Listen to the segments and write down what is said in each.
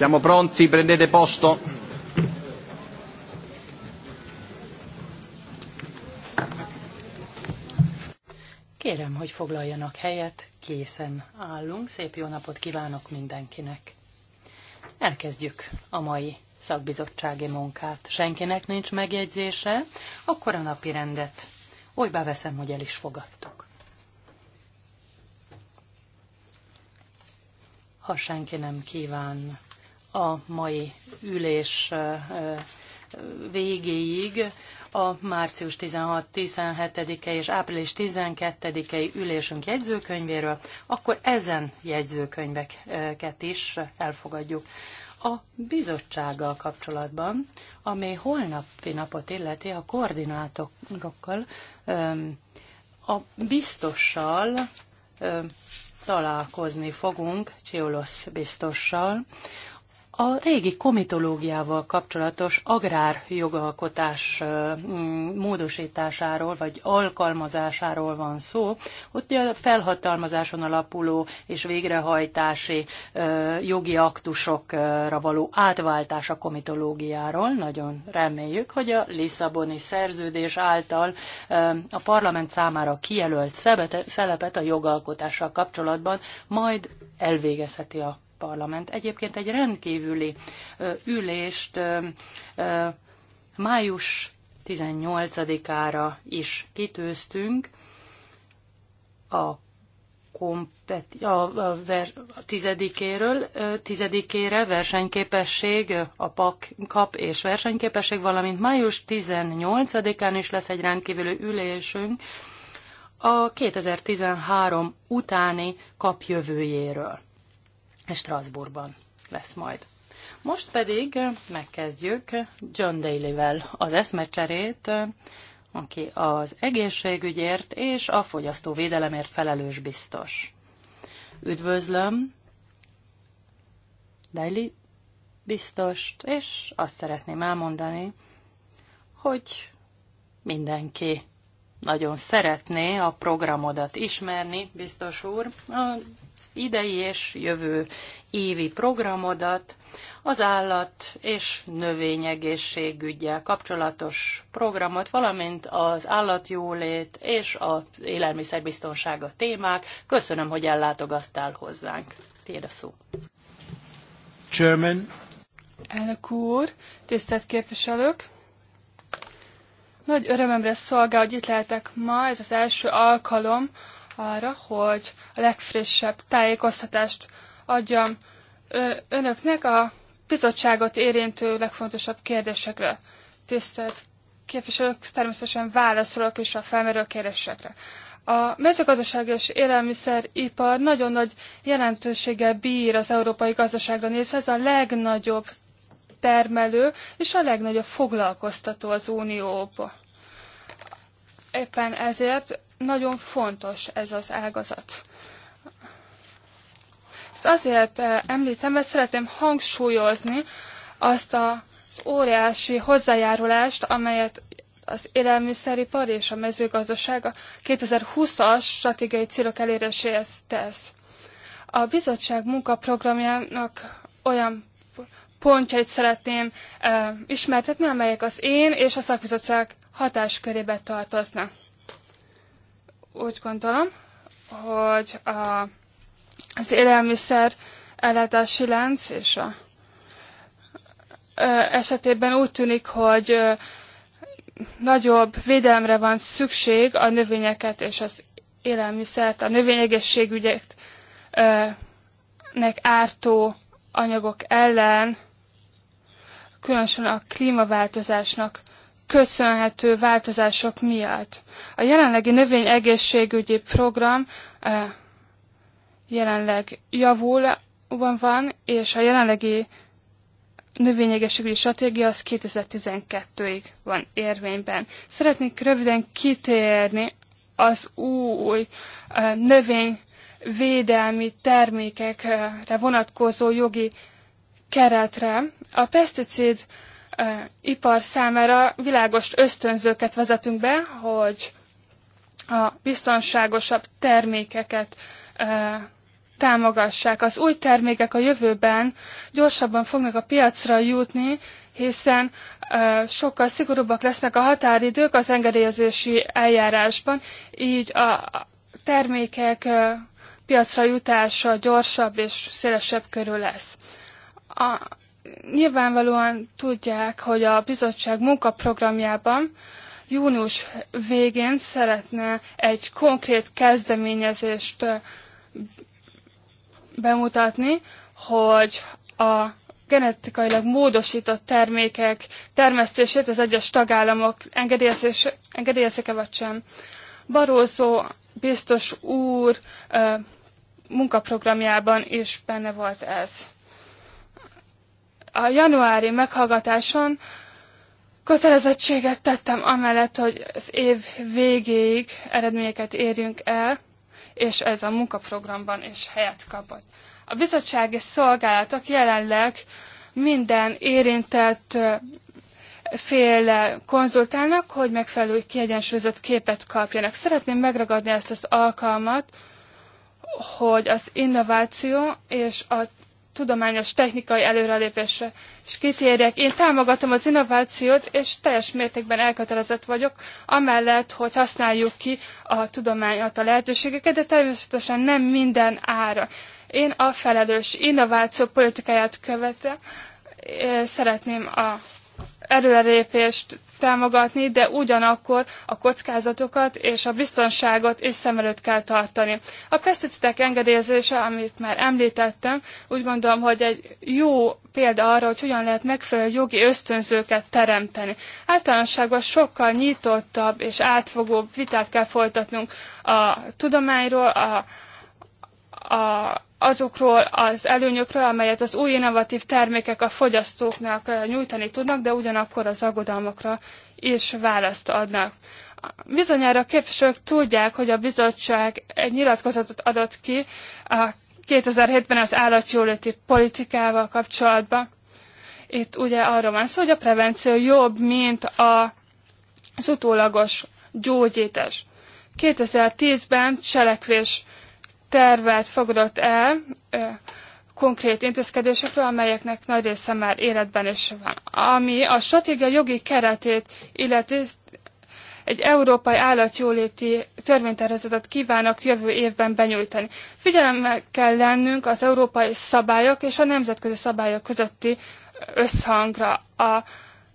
Siamo pronti? Prendete posto. Kérem, hogy foglaljanak helyet, készen állunk. Szép jó napot kívánok mindenkinek. Elkezdjük a mai szakbizottsági munkát. Senkinek nincs megjegyzése, akkor a napi rendet. Olybá veszem, hogy el is fogadtuk. ha senki nem kíván a mai ülés végéig a március 16-17-e és április 12-i ülésünk jegyzőkönyvéről, akkor ezen jegyzőkönyveket is elfogadjuk. A bizottsággal kapcsolatban, ami holnapi napot illeti a koordinátorokkal, a biztossal találkozni fogunk, Csiolosz biztossal, a régi komitológiával kapcsolatos agrárjogalkotás mm, módosításáról vagy alkalmazásáról van szó. Ott a felhatalmazáson alapuló és végrehajtási jogi aktusokra való átváltás a komitológiáról. Nagyon reméljük, hogy a Lisszaboni szerződés által a parlament számára kijelölt szelepet a jogalkotással kapcsolatban majd elvégezheti a Parlament egyébként egy rendkívüli ülést május 18-ára is kitűztünk a kompeti- a, a, ver- a tizedikéről, tizedikére versenyképesség, a PAK, kap és versenyképesség, valamint május 18-án is lesz egy rendkívüli ülésünk a 2013 utáni kap jövőjéről. Strasbourgban lesz majd. Most pedig megkezdjük John Daly-vel az eszmecserét, aki az egészségügyért és a fogyasztóvédelemért felelős biztos. Üdvözlöm Daly biztost, és azt szeretném elmondani, hogy mindenki nagyon szeretné a programodat ismerni, biztos úr, az idei és jövő évi programodat, az állat és növényegészségügyel kapcsolatos programot, valamint az állatjólét és az élelmiszerbiztonsága témák. Köszönöm, hogy ellátogattál hozzánk. Tiéd a szó. Chairman. Elnök úr, tisztelt képviselők! Nagy örömömre szolgál, hogy itt lehetek ma, ez az első alkalom arra, hogy a legfrissebb tájékoztatást adjam önöknek a bizottságot érintő legfontosabb kérdésekre. Tisztelt képviselők, természetesen válaszolok is a felmerő kérdésekre. A mezőgazdaság és élelmiszeripar nagyon nagy jelentőséggel bír az európai gazdaságra nézve. Ez a legnagyobb termelő és a legnagyobb foglalkoztató az unióban. Éppen ezért nagyon fontos ez az ágazat. Ezt azért eh, említem, mert szeretném hangsúlyozni azt az óriási hozzájárulást, amelyet az élelmiszeripar és a mezőgazdaság a 2020-as stratégiai célok eléréséhez tesz. A bizottság munkaprogramjának olyan pontjait szeretném e, ismertetni, amelyek az én és a szakbizottság hatáskörébe tartoznak. Úgy gondolom, hogy a, az élelmiszer ellátási lánc és a esetében úgy tűnik, hogy nagyobb védelemre van szükség a növényeket és az élelmiszert, a növényegészségügyeknek ártó anyagok ellen, különösen a klímaváltozásnak köszönhető változások miatt. A jelenlegi növényegészségügyi program eh, jelenleg javul van, és a jelenlegi növényegészségügyi stratégia az 2012-ig van érvényben. Szeretnék röviden kitérni az új eh, növényvédelmi termékekre vonatkozó jogi keretre. A pesticid ipar számára világos ösztönzőket vezetünk be, hogy a biztonságosabb termékeket támogassák. Az új termékek a jövőben gyorsabban fognak a piacra jutni, hiszen sokkal szigorúbbak lesznek a határidők az engedélyezési eljárásban, így a termékek piacra jutása gyorsabb és szélesebb körül lesz. A nyilvánvalóan tudják, hogy a bizottság munkaprogramjában június végén szeretne egy konkrét kezdeményezést bemutatni, hogy a genetikailag módosított termékek termesztését az egyes tagállamok engedélyezik-e vagy sem. Barózó biztos úr munkaprogramjában is benne volt ez a januári meghallgatáson kötelezettséget tettem amellett, hogy az év végéig eredményeket érjünk el, és ez a munkaprogramban is helyet kapott. A bizottsági szolgálatok jelenleg minden érintett fél konzultálnak, hogy megfelelő kiegyensúlyozott képet kapjanak. Szeretném megragadni ezt az alkalmat, hogy az innováció és a tudományos, technikai előrelépésre és kitérjek. Én támogatom az innovációt, és teljes mértékben elkötelezett vagyok, amellett, hogy használjuk ki a tudomány a lehetőségeket, de természetesen nem minden ára. Én a felelős innováció politikáját követem, eh, szeretném a előrelépést támogatni, de ugyanakkor a kockázatokat és a biztonságot is szem előtt kell tartani. A peszticidek engedélyezése, amit már említettem, úgy gondolom, hogy egy jó példa arra, hogy hogyan lehet megfelelő jogi ösztönzőket teremteni. Általánosságban sokkal nyitottabb és átfogóbb vitát kell folytatnunk a tudományról, a a, azokról az előnyökről, amelyet az új innovatív termékek a fogyasztóknak eh, nyújtani tudnak, de ugyanakkor az aggodalmakra is választ adnak. Bizonyára a képviselők tudják, hogy a bizottság egy nyilatkozatot adott ki a 2007-ben az állatjóléti politikával kapcsolatban. Itt ugye arról van szó, hogy a prevenció jobb, mint a, az utólagos gyógyítás. 2010-ben cselekvés tervet fogadott el konkrét intézkedésekről, amelyeknek nagy része már életben is van. Ami a stratégia jogi keretét illeti egy európai állatjóléti törvénytervezetet kívánnak jövő évben benyújtani. Figyelemmel kell lennünk az európai szabályok és a nemzetközi szabályok közötti összhangra. A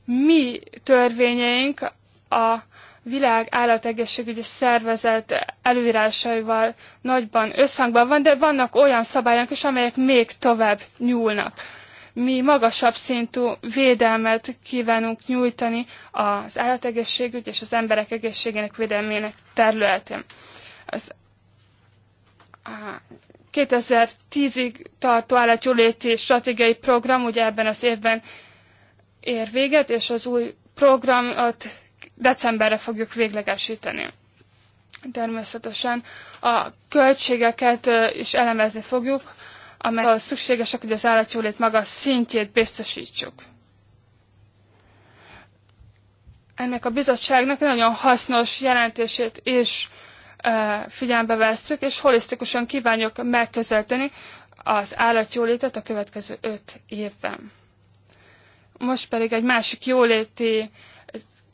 mi törvényeink a világ állategészségügyi szervezet előírásaival nagyban összhangban van, de vannak olyan szabályok is, amelyek még tovább nyúlnak. Mi magasabb szintű védelmet kívánunk nyújtani az állategészségügy és az emberek egészségének védelmének területén. Az 2010-ig tartó állatjóléti stratégiai program ugye ebben az évben ér véget, és az új programot decemberre fogjuk véglegesíteni. Természetesen a költségeket is elemezni fogjuk, amely szükségesek, hogy az állatjólét maga szintjét biztosítsuk. Ennek a bizottságnak nagyon hasznos jelentését is figyelembe vesztük, és holisztikusan kívánjuk megközelíteni az állatjólétet a következő öt évben. Most pedig egy másik jóléti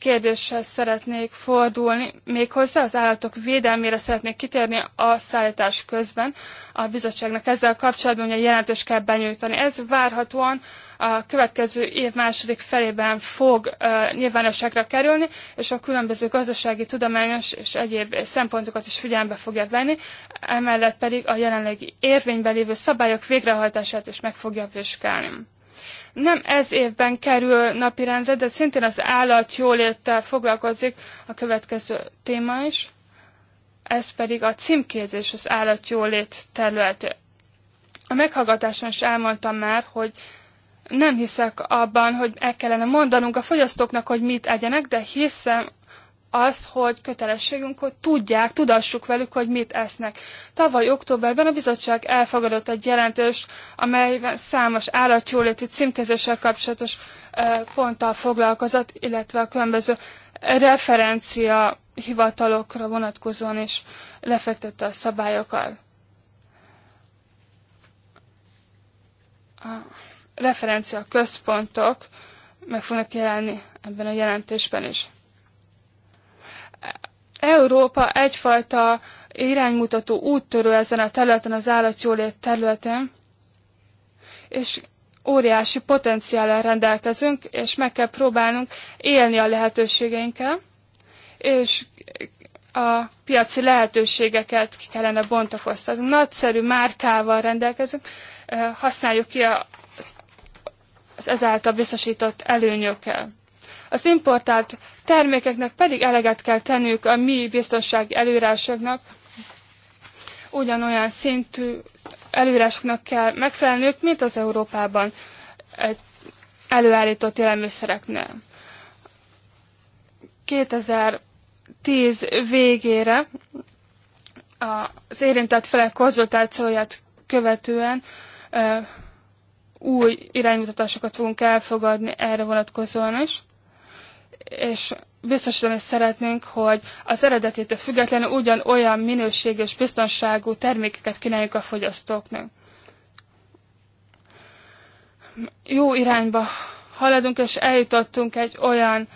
kérdéshez szeretnék fordulni, méghozzá az állatok védelmére szeretnék kitérni a szállítás közben a bizottságnak ezzel kapcsolatban ugye jelentést kell benyújtani. Ez várhatóan a következő év második felében fog uh, nyilvánosságra kerülni, és a különböző gazdasági, tudományos és egyéb szempontokat is figyelembe fogja venni, emellett pedig a jelenlegi érvényben lévő szabályok végrehajtását is meg fogja vizsgálni nem ez évben kerül napirendre, de szintén az állatjóléttel foglalkozik a következő téma is, ez pedig a címkézés az állatjólét területe. A meghallgatáson is elmondtam már, hogy nem hiszek abban, hogy el kellene mondanunk a fogyasztóknak, hogy mit egyenek, de hiszem azt, hogy kötelességünk, hogy tudják, tudassuk velük, hogy mit esznek. Tavaly októberben a bizottság elfogadott egy jelentést, amelyben számos állatjóléti címkezéssel kapcsolatos ponttal foglalkozott, illetve a különböző referencia hivatalokra vonatkozóan is lefektette a szabályokat. A referencia központok meg fognak jelenni ebben a jelentésben is. Európa egyfajta iránymutató úttörő ezen a területen, az állatjólét területén, és óriási potenciállal rendelkezünk, és meg kell próbálnunk élni a lehetőségeinkkel, és a piaci lehetőségeket ki kellene bontakoztatni. Nagyszerű márkával rendelkezünk, használjuk ki az ezáltal biztosított előnyökkel. Az importált termékeknek pedig eleget kell tenniük a mi biztonsági előírásoknak, ugyanolyan szintű előírásoknak kell megfelelniük, mint az Európában előállított élelmiszereknél. 2010 végére az érintett felek konzultációját követően új iránymutatásokat fogunk elfogadni erre vonatkozóan is és biztosítani szeretnénk, hogy az eredetétől függetlenül ugyanolyan minőség és biztonságú termékeket kínáljuk a fogyasztóknak. Jó irányba haladunk, és eljutottunk egy olyan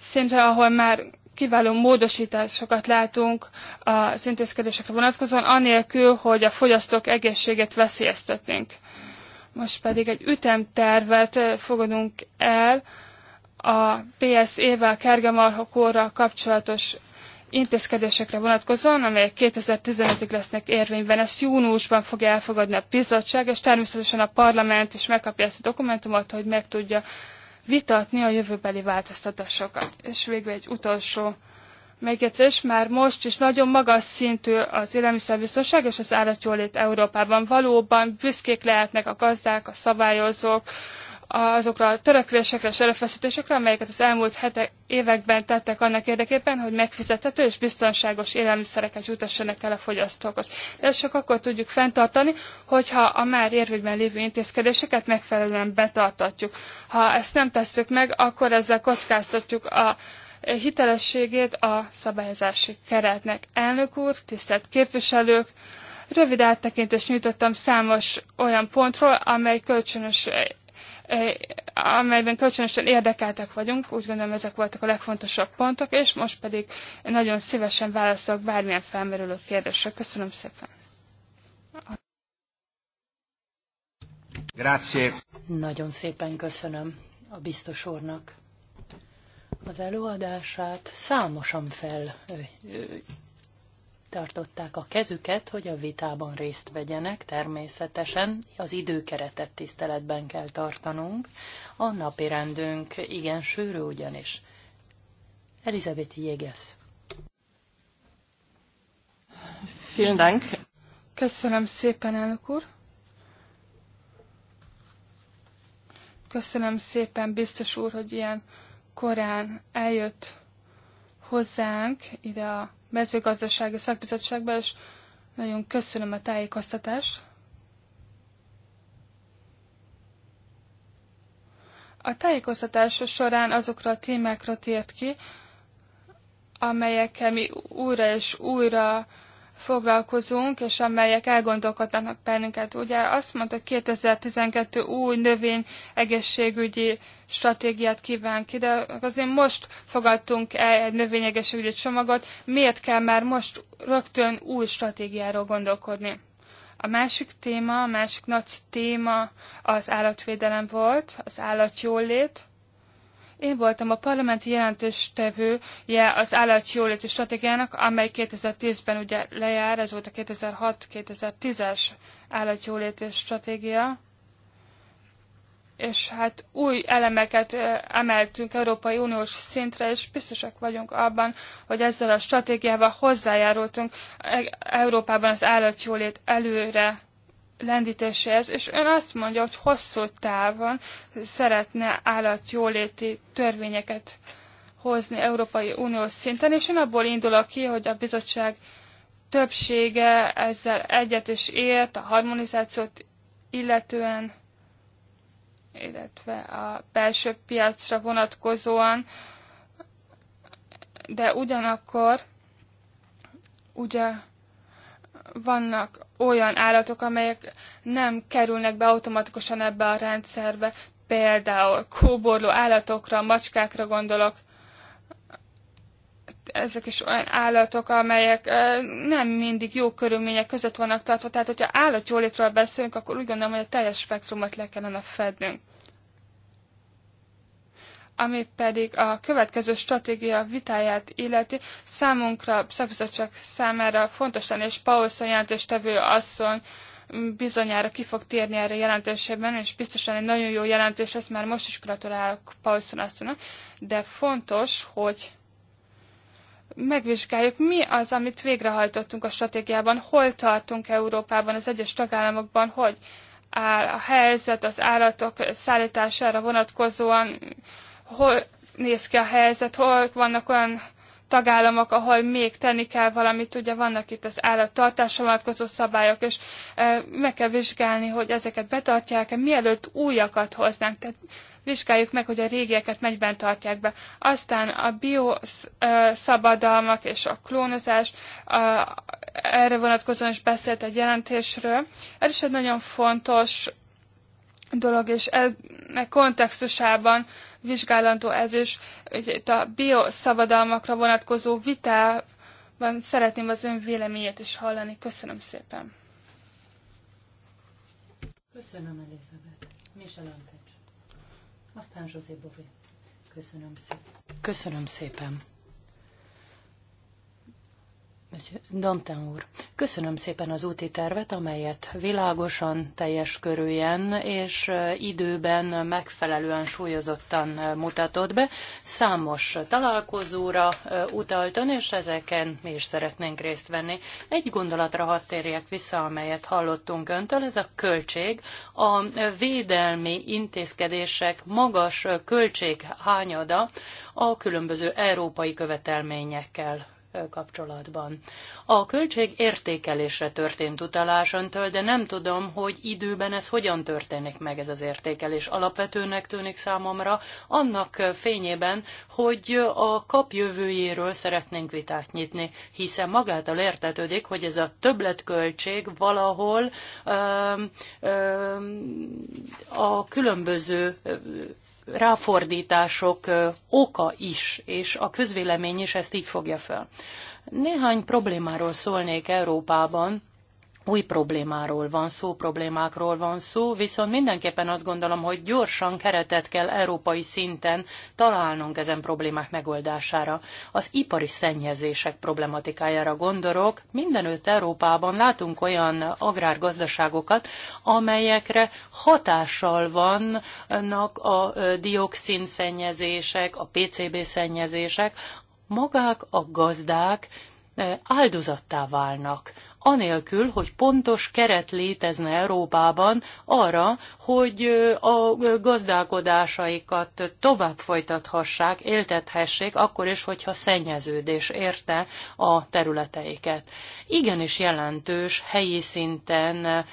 szintre, ahol már kiváló módosításokat látunk az intézkedésekre vonatkozóan, anélkül, hogy a fogyasztók egészségét veszélyeztetnénk. Most pedig egy ütemtervet fogadunk el, a PSZ-vel, kergemarhakóra kapcsolatos intézkedésekre vonatkozóan, amelyek 2015-ig lesznek érvényben. Ezt júniusban fogja elfogadni a bizottság, és természetesen a parlament is megkapja ezt a dokumentumot, hogy meg tudja vitatni a jövőbeli változtatásokat. És végül egy utolsó megjegyzés, már most is nagyon magas szintű az élelmiszerbiztonság és az állatjólét Európában. Valóban büszkék lehetnek a gazdák, a szabályozók, azokra a törekvésekre és erőfeszítésekre, amelyeket az elmúlt hetek, években tettek annak érdekében, hogy megfizethető és biztonságos élelmiszereket jutassanak el a fogyasztókhoz. Ezt csak akkor tudjuk fenntartani, hogyha a már érvényben lévő intézkedéseket megfelelően betartatjuk. Ha ezt nem tesszük meg, akkor ezzel kockáztatjuk a hitelességét a szabályozási keretnek. Elnök úr, tisztelt képviselők, rövid áttekintést nyújtottam számos olyan pontról, amely kölcsönös amelyben kölcsönösen érdekeltek vagyunk. Úgy gondolom, ezek voltak a legfontosabb pontok, és most pedig nagyon szívesen válaszolok bármilyen felmerülő kérdésre. Köszönöm szépen. Grazie. Nagyon szépen köszönöm a biztos úrnak az előadását. Számosan fel tartották a kezüket, hogy a vitában részt vegyenek. Természetesen az időkeretet tiszteletben kell tartanunk. A napi rendünk igen sűrű ugyanis. Elizabeth Jégesz. Vielen Dank. Köszönöm szépen, elnök úr. Köszönöm szépen, biztos úr, hogy ilyen korán eljött hozzánk ide a mezőgazdasági szakbizottságban, és nagyon köszönöm a tájékoztatást. A tájékoztatás során azokra a témákra tért ki, amelyekkel mi újra és újra foglalkozunk, és amelyek elgondolkodnak bennünket. Ugye azt mondta, 2012 új növény egészségügyi stratégiát kíván ki, de azért most fogadtunk el egy növényegészségügyi csomagot, miért kell már most rögtön új stratégiáról gondolkodni? A másik téma, a másik nagy téma az állatvédelem volt, az állatjólét én voltam a parlamenti jelentéstevője az állatjóléti stratégiának, amely 2010-ben ugye lejár, ez volt a 2006-2010-es állatjóléti stratégia. És hát új elemeket emeltünk Európai Uniós szintre, és biztosak vagyunk abban, hogy ezzel a stratégiával hozzájárultunk e, Európában az állatjólét előre lendítéséhez, és ön azt mondja, hogy hosszú távon szeretne állatjóléti törvényeket hozni Európai Unió szinten, és én abból indulok ki, hogy a bizottság többsége ezzel egyet is ért, a harmonizációt illetően, illetve a belső piacra vonatkozóan, de ugyanakkor ugye vannak olyan állatok, amelyek nem kerülnek be automatikusan ebbe a rendszerbe, például kóborló állatokra, macskákra gondolok, ezek is olyan állatok, amelyek nem mindig jó körülmények között vannak tartva. Tehát, hogyha állatjólétről beszélünk, akkor úgy gondolom, hogy a teljes spektrumot le kellene fednünk ami pedig a következő stratégia vitáját illeti, számunkra, szakbizottság számára fontos lenne, és Paulson jelentéstevő asszony bizonyára ki fog térni erre jelentésében, és biztosan egy nagyon jó jelentés lesz, már most is gratulálok Paulson asszonynak, de fontos, hogy megvizsgáljuk, mi az, amit végrehajtottunk a stratégiában, hol tartunk Európában, az egyes tagállamokban, hogy áll a helyzet az állatok szállítására vonatkozóan, hol néz ki a helyzet, hol vannak olyan tagállamok, ahol még tenni kell valamit, ugye vannak itt az állattartásra vonatkozó szabályok, és e, meg kell vizsgálni, hogy ezeket betartják-e, mielőtt újakat hoznánk. Tehát vizsgáljuk meg, hogy a régieket mennyiben tartják be. Aztán a bioszabadalmak e, és a klónozás, a, erre vonatkozóan is beszélt egy jelentésről. Ez is egy nagyon fontos dolog, és ennek kontextusában vizsgálandó ez is. Ugye itt a bioszabadalmakra vonatkozó vitában szeretném az ön véleményét is hallani. Köszönöm szépen. Köszönöm, Elizabeth. Michel Antecs. Aztán José Bové. Köszönöm szépen. Köszönöm szépen. Danten úr, köszönöm szépen az úti tervet, amelyet világosan, teljes körűen és időben megfelelően súlyozottan mutatott be. Számos találkozóra utaltan, és ezeken mi is szeretnénk részt venni. Egy gondolatra hadd térjek vissza, amelyet hallottunk öntől, ez a költség. A védelmi intézkedések magas költség hányada a különböző európai követelményekkel kapcsolatban. A költség értékelésre történt utalás öntől, de nem tudom, hogy időben ez hogyan történik meg ez az értékelés. Alapvetőnek tűnik számomra, annak fényében, hogy a kap jövőjéről szeretnénk vitát nyitni, hiszen magától értetődik, hogy ez a többletköltség valahol ö, ö, a különböző ráfordítások oka is, és a közvélemény is ezt így fogja fel. Néhány problémáról szólnék Európában, új problémáról van szó, problémákról van szó, viszont mindenképpen azt gondolom, hogy gyorsan keretet kell európai szinten találnunk ezen problémák megoldására. Az ipari szennyezések problematikájára gondolok. Mindenütt Európában látunk olyan agrárgazdaságokat, amelyekre hatással vannak a dioxin szennyezések, a PCB szennyezések. Magák a gazdák áldozattá válnak anélkül, hogy pontos keret létezne Európában arra, hogy a gazdálkodásaikat tovább folytathassák, éltethessék, akkor is, hogyha szennyeződés érte a területeiket. Igenis jelentős helyi szinten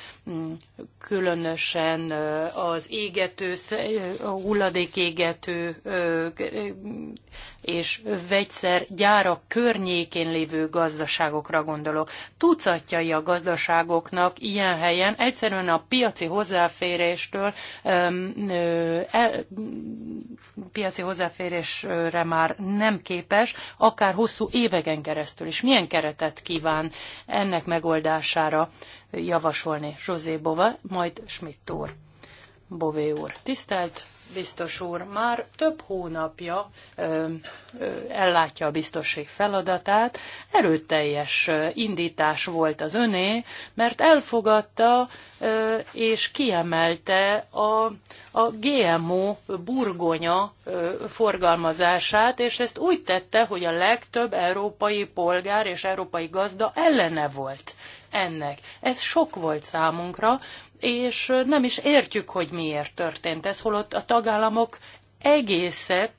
különösen az égető, a hulladékégető és gyárak környékén lévő gazdaságokra gondolok. Tucatjai a gazdaságoknak ilyen helyen egyszerűen a piaci hozzáféréstől el, piaci hozzáférésre már nem képes, akár hosszú éveken keresztül is. Milyen keretet kíván ennek megoldására? javasolni. José Bova, majd Schmidt úr. Bové úr. Tisztelt biztos úr, már több hónapja ö, ö, ellátja a biztosség feladatát. Erőteljes indítás volt az öné, mert elfogadta ö, és kiemelte a, a GMO burgonya ö, forgalmazását, és ezt úgy tette, hogy a legtöbb európai polgár és európai gazda ellene volt ennek. Ez sok volt számunkra, és nem is értjük, hogy miért történt ez, holott a tagállamok egésze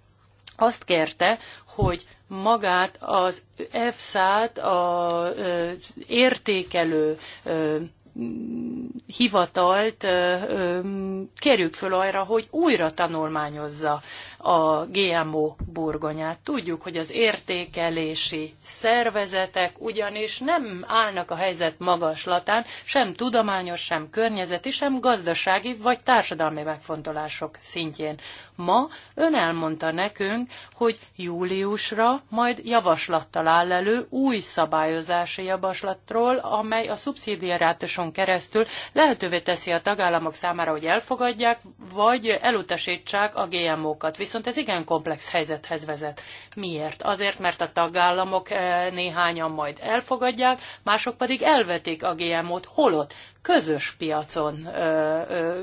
azt kérte, hogy magát az EFSA-t, a ö, értékelő ö, hivatalt kérjük föl arra, hogy újra tanulmányozza a GMO burgonyát. Tudjuk, hogy az értékelési szervezetek ugyanis nem állnak a helyzet magaslatán, sem tudományos, sem környezeti, sem gazdasági vagy társadalmi megfontolások szintjén. Ma ön elmondta nekünk, hogy júliusra majd javaslattal áll elő új szabályozási javaslatról, amely a szubszidiarátuson keresztül lehetővé teszi a tagállamok számára, hogy elfogadják, vagy elutasítsák a GMO-kat. Viszont viszont ez igen komplex helyzethez vezet. Miért? Azért, mert a tagállamok eh, néhányan majd elfogadják, mások pedig elvetik a GMO-t, holott közös piacon ö, eh, ö, eh,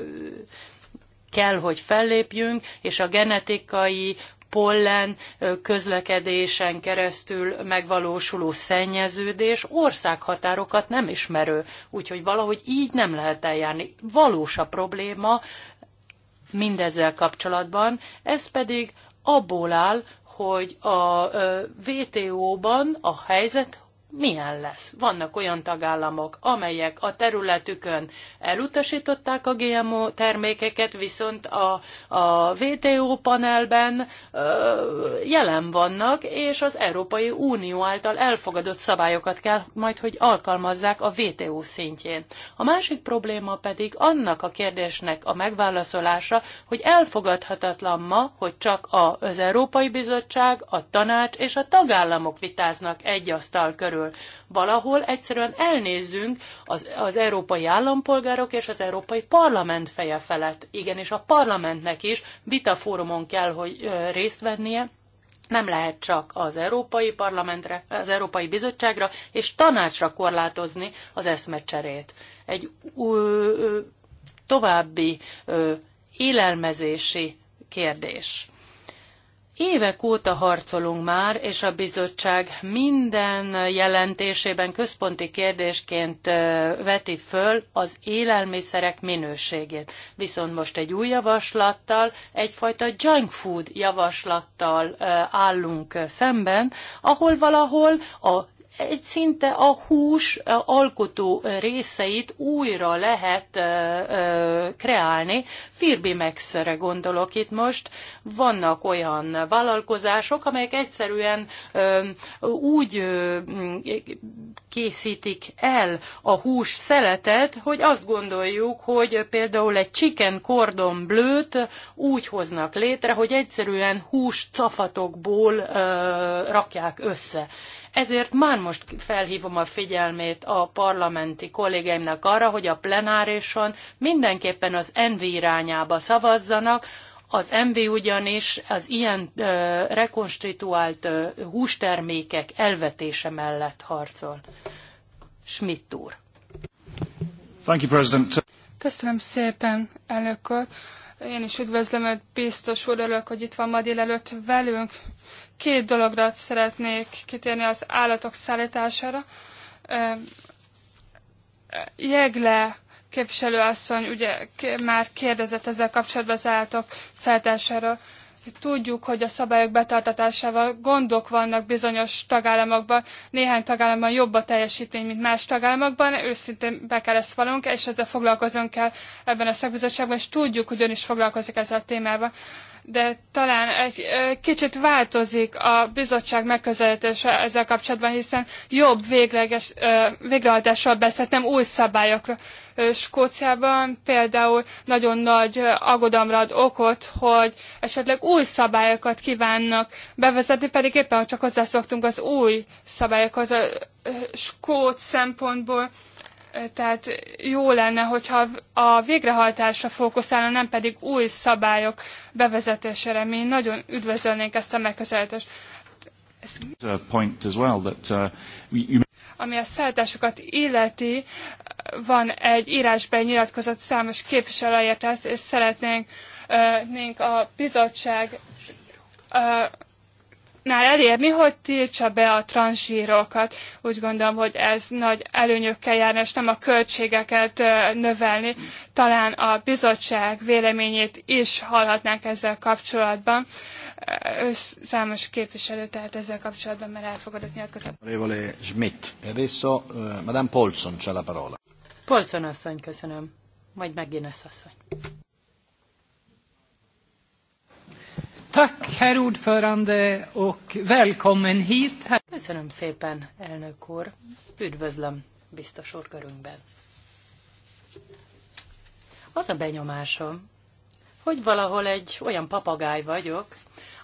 kell, hogy fellépjünk, és a genetikai pollen közlekedésen keresztül megvalósuló szennyeződés országhatárokat nem ismerő. Úgyhogy valahogy így nem lehet eljárni. Valós a probléma, mindezzel kapcsolatban. Ez pedig abból áll, hogy a WTO-ban a helyzet milyen lesz. Vannak olyan tagállamok, amelyek a területükön elutasították a GMO termékeket, viszont a, a WTO panelben ö, jelen vannak, és az Európai Unió által elfogadott szabályokat kell majd, hogy alkalmazzák a WTO szintjén. A másik probléma pedig annak a kérdésnek a megválaszolása, hogy elfogadhatatlan ma, hogy csak az Európai Bizottság, a tanács és a tagállamok vitáznak egy asztal körül erről. Valahol egyszerűen elnézzünk az, az európai állampolgárok és az európai parlament feje felett. Igen, és a parlamentnek is vitafórumon kell, hogy részt vennie, nem lehet csak az Európai Parlamentre, az Európai Bizottságra és tanácsra korlátozni az eszmecserét. Egy ö, ö, további ö, élelmezési kérdés. Évek óta harcolunk már, és a bizottság minden jelentésében központi kérdésként veti föl az élelmiszerek minőségét. Viszont most egy új javaslattal, egyfajta junk food javaslattal állunk szemben, ahol valahol a egy szinte a hús alkotó részeit újra lehet kreálni. Firbimaxre gondolok itt most. Vannak olyan vállalkozások, amelyek egyszerűen úgy készítik el a hús szeletet, hogy azt gondoljuk, hogy például egy chicken cordon blőt úgy hoznak létre, hogy egyszerűen hús cafatokból rakják össze. Ezért már most felhívom a figyelmét a parlamenti kollégáimnak arra, hogy a plenárison mindenképpen az NV irányába szavazzanak, az MV ugyanis az ilyen ö, rekonstituált ö, hústermékek elvetése mellett harcol. Schmidt úr. Thank you, President. Köszönöm szépen, elnök Én is üdvözlöm, hogy biztos úr, örülök, hogy itt van ma délelőtt velünk, Két dologra szeretnék kitérni az állatok szállítására. Jegle képviselő asszony ugye már kérdezett ezzel kapcsolatban az állatok szállítására. Tudjuk, hogy a szabályok betartatásával gondok vannak bizonyos tagállamokban. Néhány tagállamban jobb a teljesítmény, mint más tagállamokban. Őszintén be kell ezt valunk, és ezzel foglalkozunk kell ebben a szakbizottságban, és tudjuk, hogy ön is foglalkozik ezzel a témával de talán egy kicsit változik a bizottság megközelítése ezzel kapcsolatban, hiszen jobb végleges végrehajtással beszélt, nem új szabályokra. Skóciában például nagyon nagy aggodalomra ad okot, hogy esetleg új szabályokat kívánnak bevezetni, pedig éppen csak hozzászoktunk az új szabályokhoz a skót szempontból tehát jó lenne, hogyha a végrehajtásra fókuszálna, nem pedig új szabályok bevezetésére. Mi nagyon üdvözölnénk ezt a megközelítést. Uh, Ami a szállításokat illeti, van egy írásban nyilatkozott számos képviselőért ezt, és szeretnénk uh, a bizottság uh, nál elérni, hogy tiltsa be a transzsírokat. Úgy gondolom, hogy ez nagy előnyökkel járna, és nem a költségeket növelni. Talán a bizottság véleményét is hallhatnánk ezzel kapcsolatban. Számos képviselő tehát ezzel kapcsolatban már elfogadott nyilatkozat. Révolé Schmidt. Adesso, Madame Polson, c'è la parola. Polson asszony, köszönöm. Majd megint asszony. Tack, herr ordförande, och välkommen hit. Köszönöm szépen, elnök úr. Üdvözlöm, biztos úr körünkben. Az a benyomásom, hogy valahol egy olyan papagáj vagyok,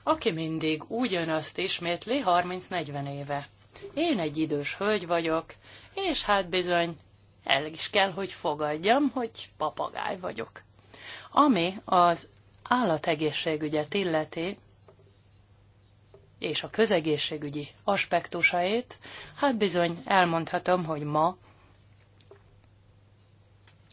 aki mindig ugyanazt ismétli 30-40 éve. Én egy idős hölgy vagyok, és hát bizony el is kell, hogy fogadjam, hogy papagáj vagyok. Ami az állategészségügyet illeti, és a közegészségügyi aspektusait, hát bizony elmondhatom, hogy ma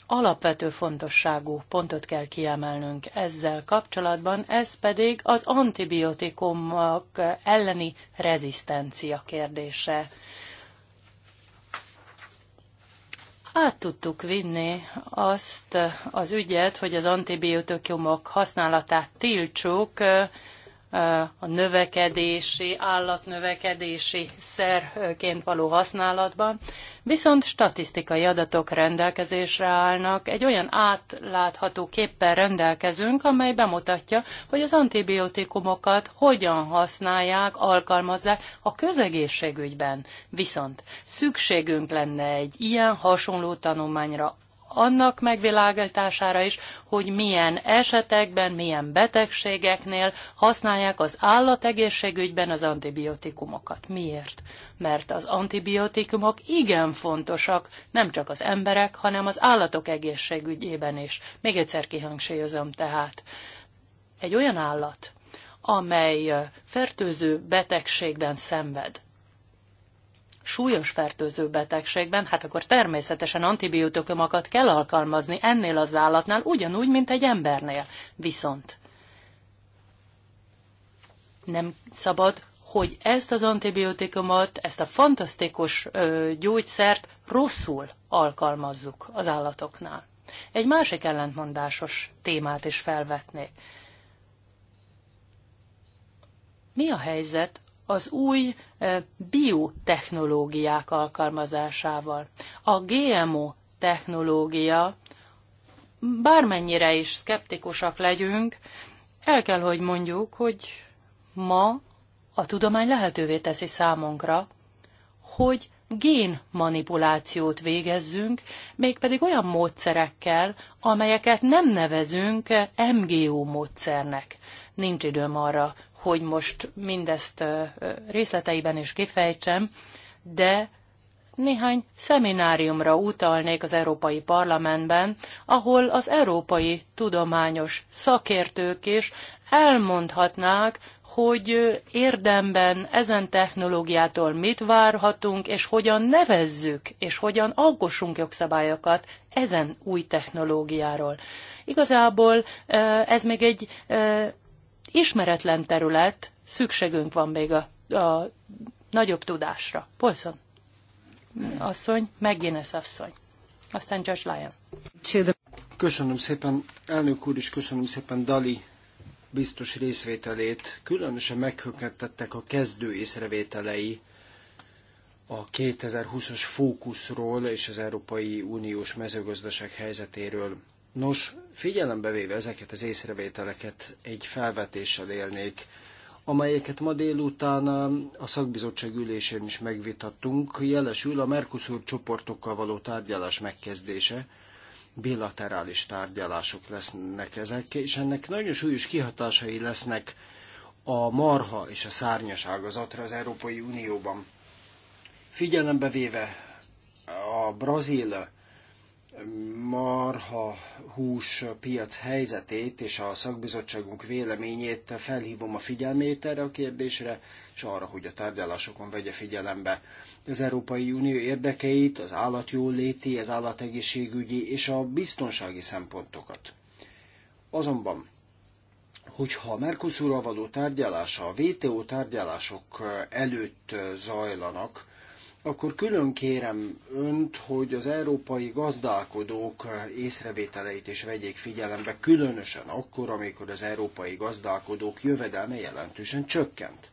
alapvető fontosságú pontot kell kiemelnünk ezzel kapcsolatban, ez pedig az antibiotikumok elleni rezisztencia kérdése. át tudtuk vinni azt az ügyet, hogy az antibiotikumok használatát tiltsuk a növekedési, állatnövekedési szerként való használatban, viszont statisztikai adatok rendelkezésre állnak, egy olyan átlátható képpel rendelkezünk, amely bemutatja, hogy az antibiotikumokat hogyan használják, alkalmazzák a közegészségügyben. Viszont szükségünk lenne egy ilyen hasonló tanulmányra annak megvilágítására is, hogy milyen esetekben, milyen betegségeknél használják az állategészségügyben az antibiotikumokat. Miért? Mert az antibiotikumok igen fontosak, nem csak az emberek, hanem az állatok egészségügyében is. Még egyszer kihangsúlyozom tehát. Egy olyan állat, amely fertőző betegségben szenved, súlyos fertőző betegségben, hát akkor természetesen antibiotikumokat kell alkalmazni ennél az állatnál, ugyanúgy, mint egy embernél. Viszont nem szabad, hogy ezt az antibiotikumot, ezt a fantasztikus ö, gyógyszert rosszul alkalmazzuk az állatoknál. Egy másik ellentmondásos témát is felvetnék. Mi a helyzet az új eh, biotechnológiák alkalmazásával. A GMO technológia, bármennyire is szkeptikusak legyünk, el kell, hogy mondjuk, hogy ma a tudomány lehetővé teszi számunkra, hogy génmanipulációt végezzünk, mégpedig olyan módszerekkel, amelyeket nem nevezünk MGO módszernek. Nincs időm arra, hogy most mindezt részleteiben is kifejtsem, de néhány szemináriumra utalnék az Európai Parlamentben, ahol az európai tudományos szakértők is elmondhatnák, hogy érdemben ezen technológiától mit várhatunk, és hogyan nevezzük, és hogyan alkossunk jogszabályokat ezen új technológiáról. Igazából ez még egy ismeretlen terület, szükségünk van még a, a nagyobb tudásra. Polszon asszony, megjénesz asszony. Aztán George Lyon. Köszönöm szépen, elnök úr, és köszönöm szépen Dali biztos részvételét. Különösen meghökkentettek a kezdő észrevételei a 2020-as fókuszról és az Európai Uniós mezőgazdaság helyzetéről. Nos, figyelembe véve ezeket az észrevételeket egy felvetéssel élnék, amelyeket ma délután a szakbizottság ülésén is megvitattunk, jelesül a Mercosur csoportokkal való tárgyalás megkezdése, bilaterális tárgyalások lesznek ezek, és ennek nagyon súlyos kihatásai lesznek a marha és a szárnyas ágazatra az Európai Unióban. Figyelembe véve a brazil marha hús piac helyzetét és a szakbizottságunk véleményét felhívom a figyelmét erre a kérdésre, és arra, hogy a tárgyalásokon vegye figyelembe az Európai Unió érdekeit, az állatjóléti, az állategészségügyi és a biztonsági szempontokat. Azonban, hogyha a Mercosurral való tárgyalása, a VTO tárgyalások előtt zajlanak, akkor külön kérem önt, hogy az európai gazdálkodók észrevételeit is vegyék figyelembe, különösen akkor, amikor az európai gazdálkodók jövedelme jelentősen csökkent.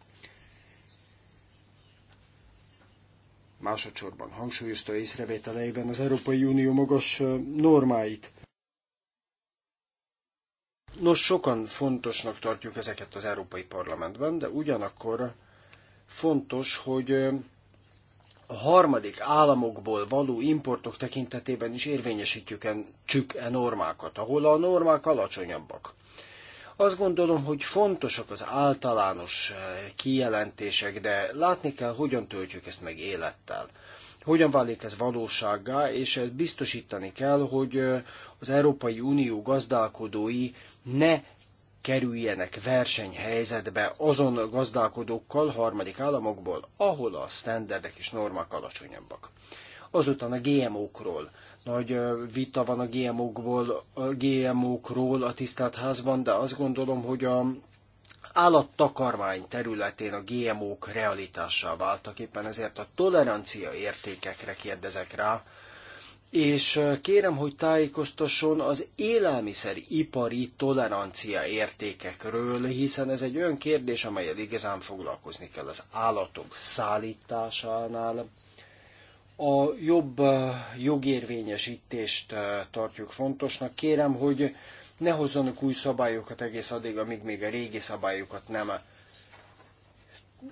Másodszorban hangsúlyozta észrevételeiben az Európai Unió magas normáit. Nos, sokan fontosnak tartjuk ezeket az Európai Parlamentben, de ugyanakkor fontos, hogy a harmadik államokból való importok tekintetében is érvényesítjük en, csük e normákat, ahol a normák alacsonyabbak. Azt gondolom, hogy fontosak az általános eh, kijelentések, de látni kell, hogyan töltjük ezt meg élettel. Hogyan válik ez valósággá, és ezt biztosítani kell, hogy eh, az Európai Unió gazdálkodói ne kerüljenek versenyhelyzetbe azon gazdálkodókkal harmadik államokból, ahol a sztenderdek és normák alacsonyabbak. Azután a GMO-król. Nagy vita van a gmo król a gmo a tisztelt házban, de azt gondolom, hogy a állattakarmány területén a GMO-k realitássá váltak, éppen ezért a tolerancia értékekre kérdezek rá, és kérem, hogy tájékoztasson az élelmiszeripari tolerancia értékekről, hiszen ez egy olyan kérdés, amelyet igazán foglalkozni kell az állatok szállításánál. A jobb jogérvényesítést tartjuk fontosnak. Kérem, hogy ne hozzanak új szabályokat egész addig, amíg még a régi szabályokat nem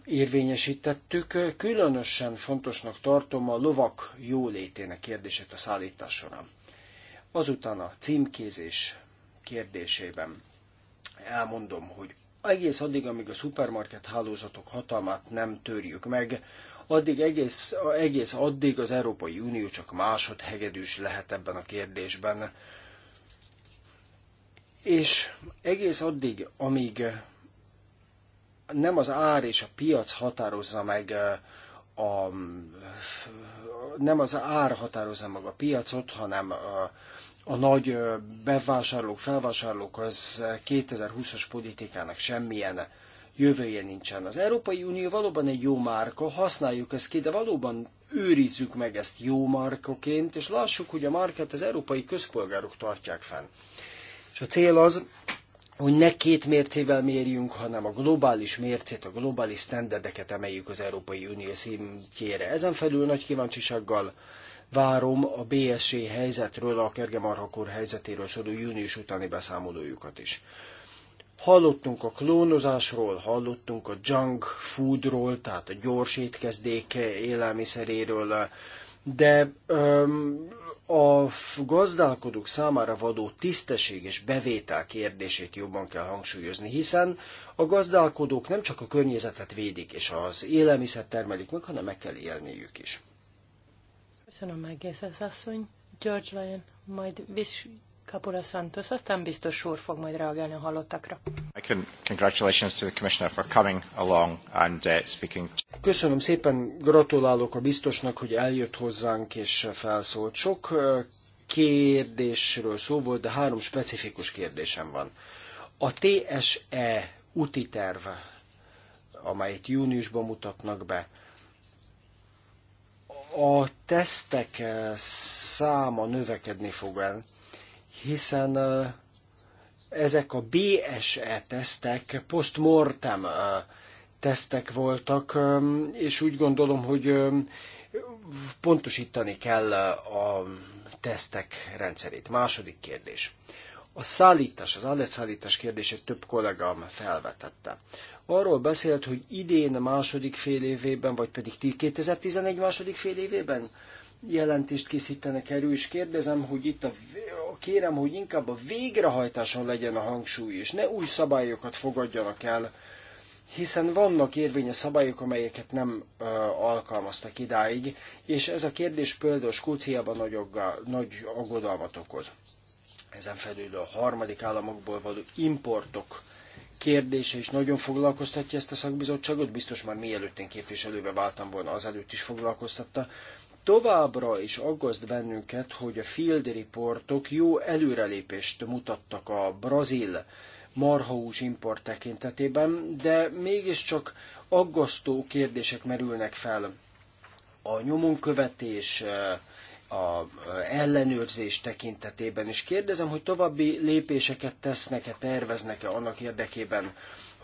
érvényesítettük. Különösen fontosnak tartom a lovak jólétének kérdését a szállításon. során. Azután a címkézés kérdésében elmondom, hogy egész addig, amíg a szupermarket hálózatok hatalmát nem törjük meg, addig egész, egész addig az Európai Unió csak másodhegedűs lehet ebben a kérdésben. És egész addig, amíg nem az ár és a piac határozza meg a, nem az ár határozza meg a piacot, hanem a, a nagy bevásárlók, felvásárlók az 2020-as politikának semmilyen jövője nincsen. Az Európai Unió valóban egy jó márka, használjuk ezt ki, de valóban őrizzük meg ezt jó márkaként, és lássuk, hogy a márkát az európai közpolgárok tartják fenn. És a cél az, hogy ne két mércével mérjünk, hanem a globális mércét, a globális standardeket emeljük az Európai Unió szintjére. Ezen felül nagy kíváncsisággal várom a BSC helyzetről, a Kergemarhakor helyzetéről szóló június utáni beszámolójukat is. Hallottunk a klónozásról, hallottunk a junk foodról, tehát a gyors étkezdék élelmiszeréről, de öm, a gazdálkodók számára vadó tisztesség és bevétel kérdését jobban kell hangsúlyozni, hiszen a gazdálkodók nem csak a környezetet védik és az élelmiszert termelik meg, hanem meg kell élniük is. Köszönöm, Megészesz asszony. George Lyon, majd Kapula Santos, aztán biztos úr fog majd reagálni a hallottakra. Uh, Köszönöm szépen, gratulálok a biztosnak, hogy eljött hozzánk és felszólt. Sok uh, kérdésről szó volt, de három specifikus kérdésem van. A TSE úti terv, amelyet júniusban mutatnak be, a tesztek uh, száma növekedni fog el hiszen ezek a BSE tesztek postmortem tesztek voltak, és úgy gondolom, hogy pontosítani kell a tesztek rendszerét. Második kérdés. A szállítás, az állatszállítás kérdését több kollégám felvetette. Arról beszélt, hogy idén második fél évében, vagy pedig 2011 második fél évében jelentést készítenek elő, és kérdezem, hogy itt a, kérem, hogy inkább a végrehajtáson legyen a hangsúly, és ne új szabályokat fogadjanak el, hiszen vannak érvényes szabályok, amelyeket nem ö, alkalmaztak idáig, és ez a kérdés például Skóciában nagy, nagy aggodalmat okoz. Ezen felül a harmadik államokból való importok kérdése is nagyon foglalkoztatja ezt a szakbizottságot, biztos már mielőtt én képviselőbe váltam volna, azelőtt is foglalkoztatta. Továbbra is aggaszt bennünket, hogy a field reportok jó előrelépést mutattak a brazil marhahús import tekintetében, de mégiscsak aggasztó kérdések merülnek fel. A nyomonkövetés, eh, a eh, ellenőrzés tekintetében, és kérdezem, hogy további lépéseket tesznek-e, terveznek-e annak érdekében,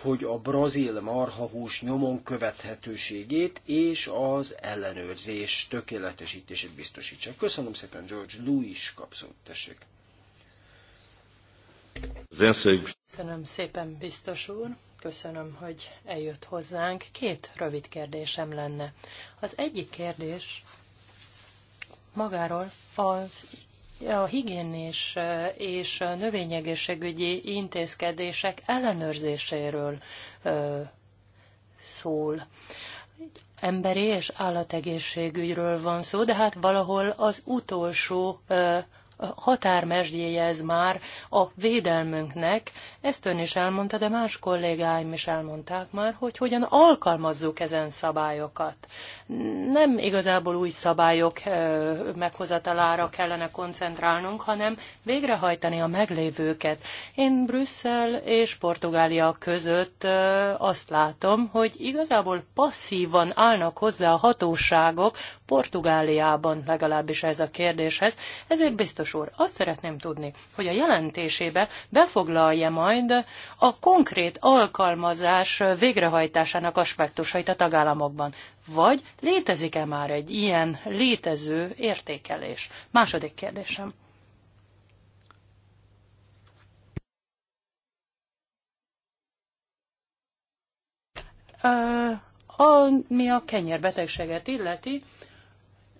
hogy a brazil marhahús nyomon követhetőségét és az ellenőrzés tökéletesítését biztosítsa. Köszönöm szépen, George Louis kapszót, tessék. Köszönöm szépen, biztos úr. Köszönöm, hogy eljött hozzánk. Két rövid kérdésem lenne. Az egyik kérdés magáról az a higiénés eh, és növényegészségügyi intézkedések ellenőrzéséről eh, szól. Emberi és állategészségügyről van szó, de hát valahol az utolsó eh, határmesdjéje ez már a védelmünknek. Ezt ön is elmondta, de más kollégáim is elmondták már, hogy hogyan alkalmazzuk ezen szabályokat. Nem igazából új szabályok meghozatalára kellene koncentrálnunk, hanem végrehajtani a meglévőket. Én Brüsszel és Portugália között azt látom, hogy igazából passzívan állnak hozzá a hatóságok, Portugáliában legalábbis ez a kérdéshez, ezért biztos biztos úr, azt szeretném tudni, hogy a jelentésébe befoglalja majd a konkrét alkalmazás végrehajtásának aspektusait a tagállamokban. Vagy létezik-e már egy ilyen létező értékelés? Második kérdésem. Ö, ami a kenyérbetegséget illeti,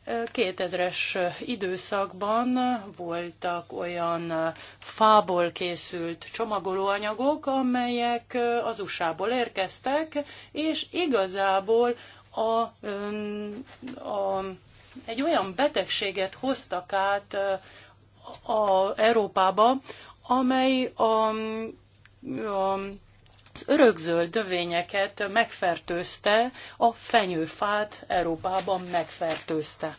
2000-es időszakban voltak olyan fából készült csomagolóanyagok, amelyek az USA-ból érkeztek, és igazából a, a, egy olyan betegséget hoztak át a, a Európába, amely a, a örökzöld dövényeket megfertőzte, a fenyőfát Európában megfertőzte.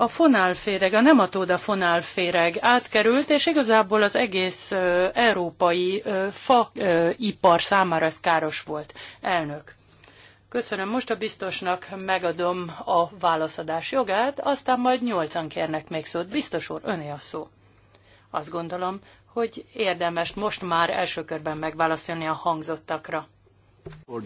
a fonálféreg, a nematóda fonálféreg átkerült, és igazából az egész európai faipar számára ez káros volt. Elnök. Köszönöm, most a biztosnak megadom a válaszadás jogát, aztán majd nyolcan kérnek még szót. Biztos úr, öné a szó. Azt gondolom, hogy érdemes most már első körben megválaszolni a hangzottakra. Uh,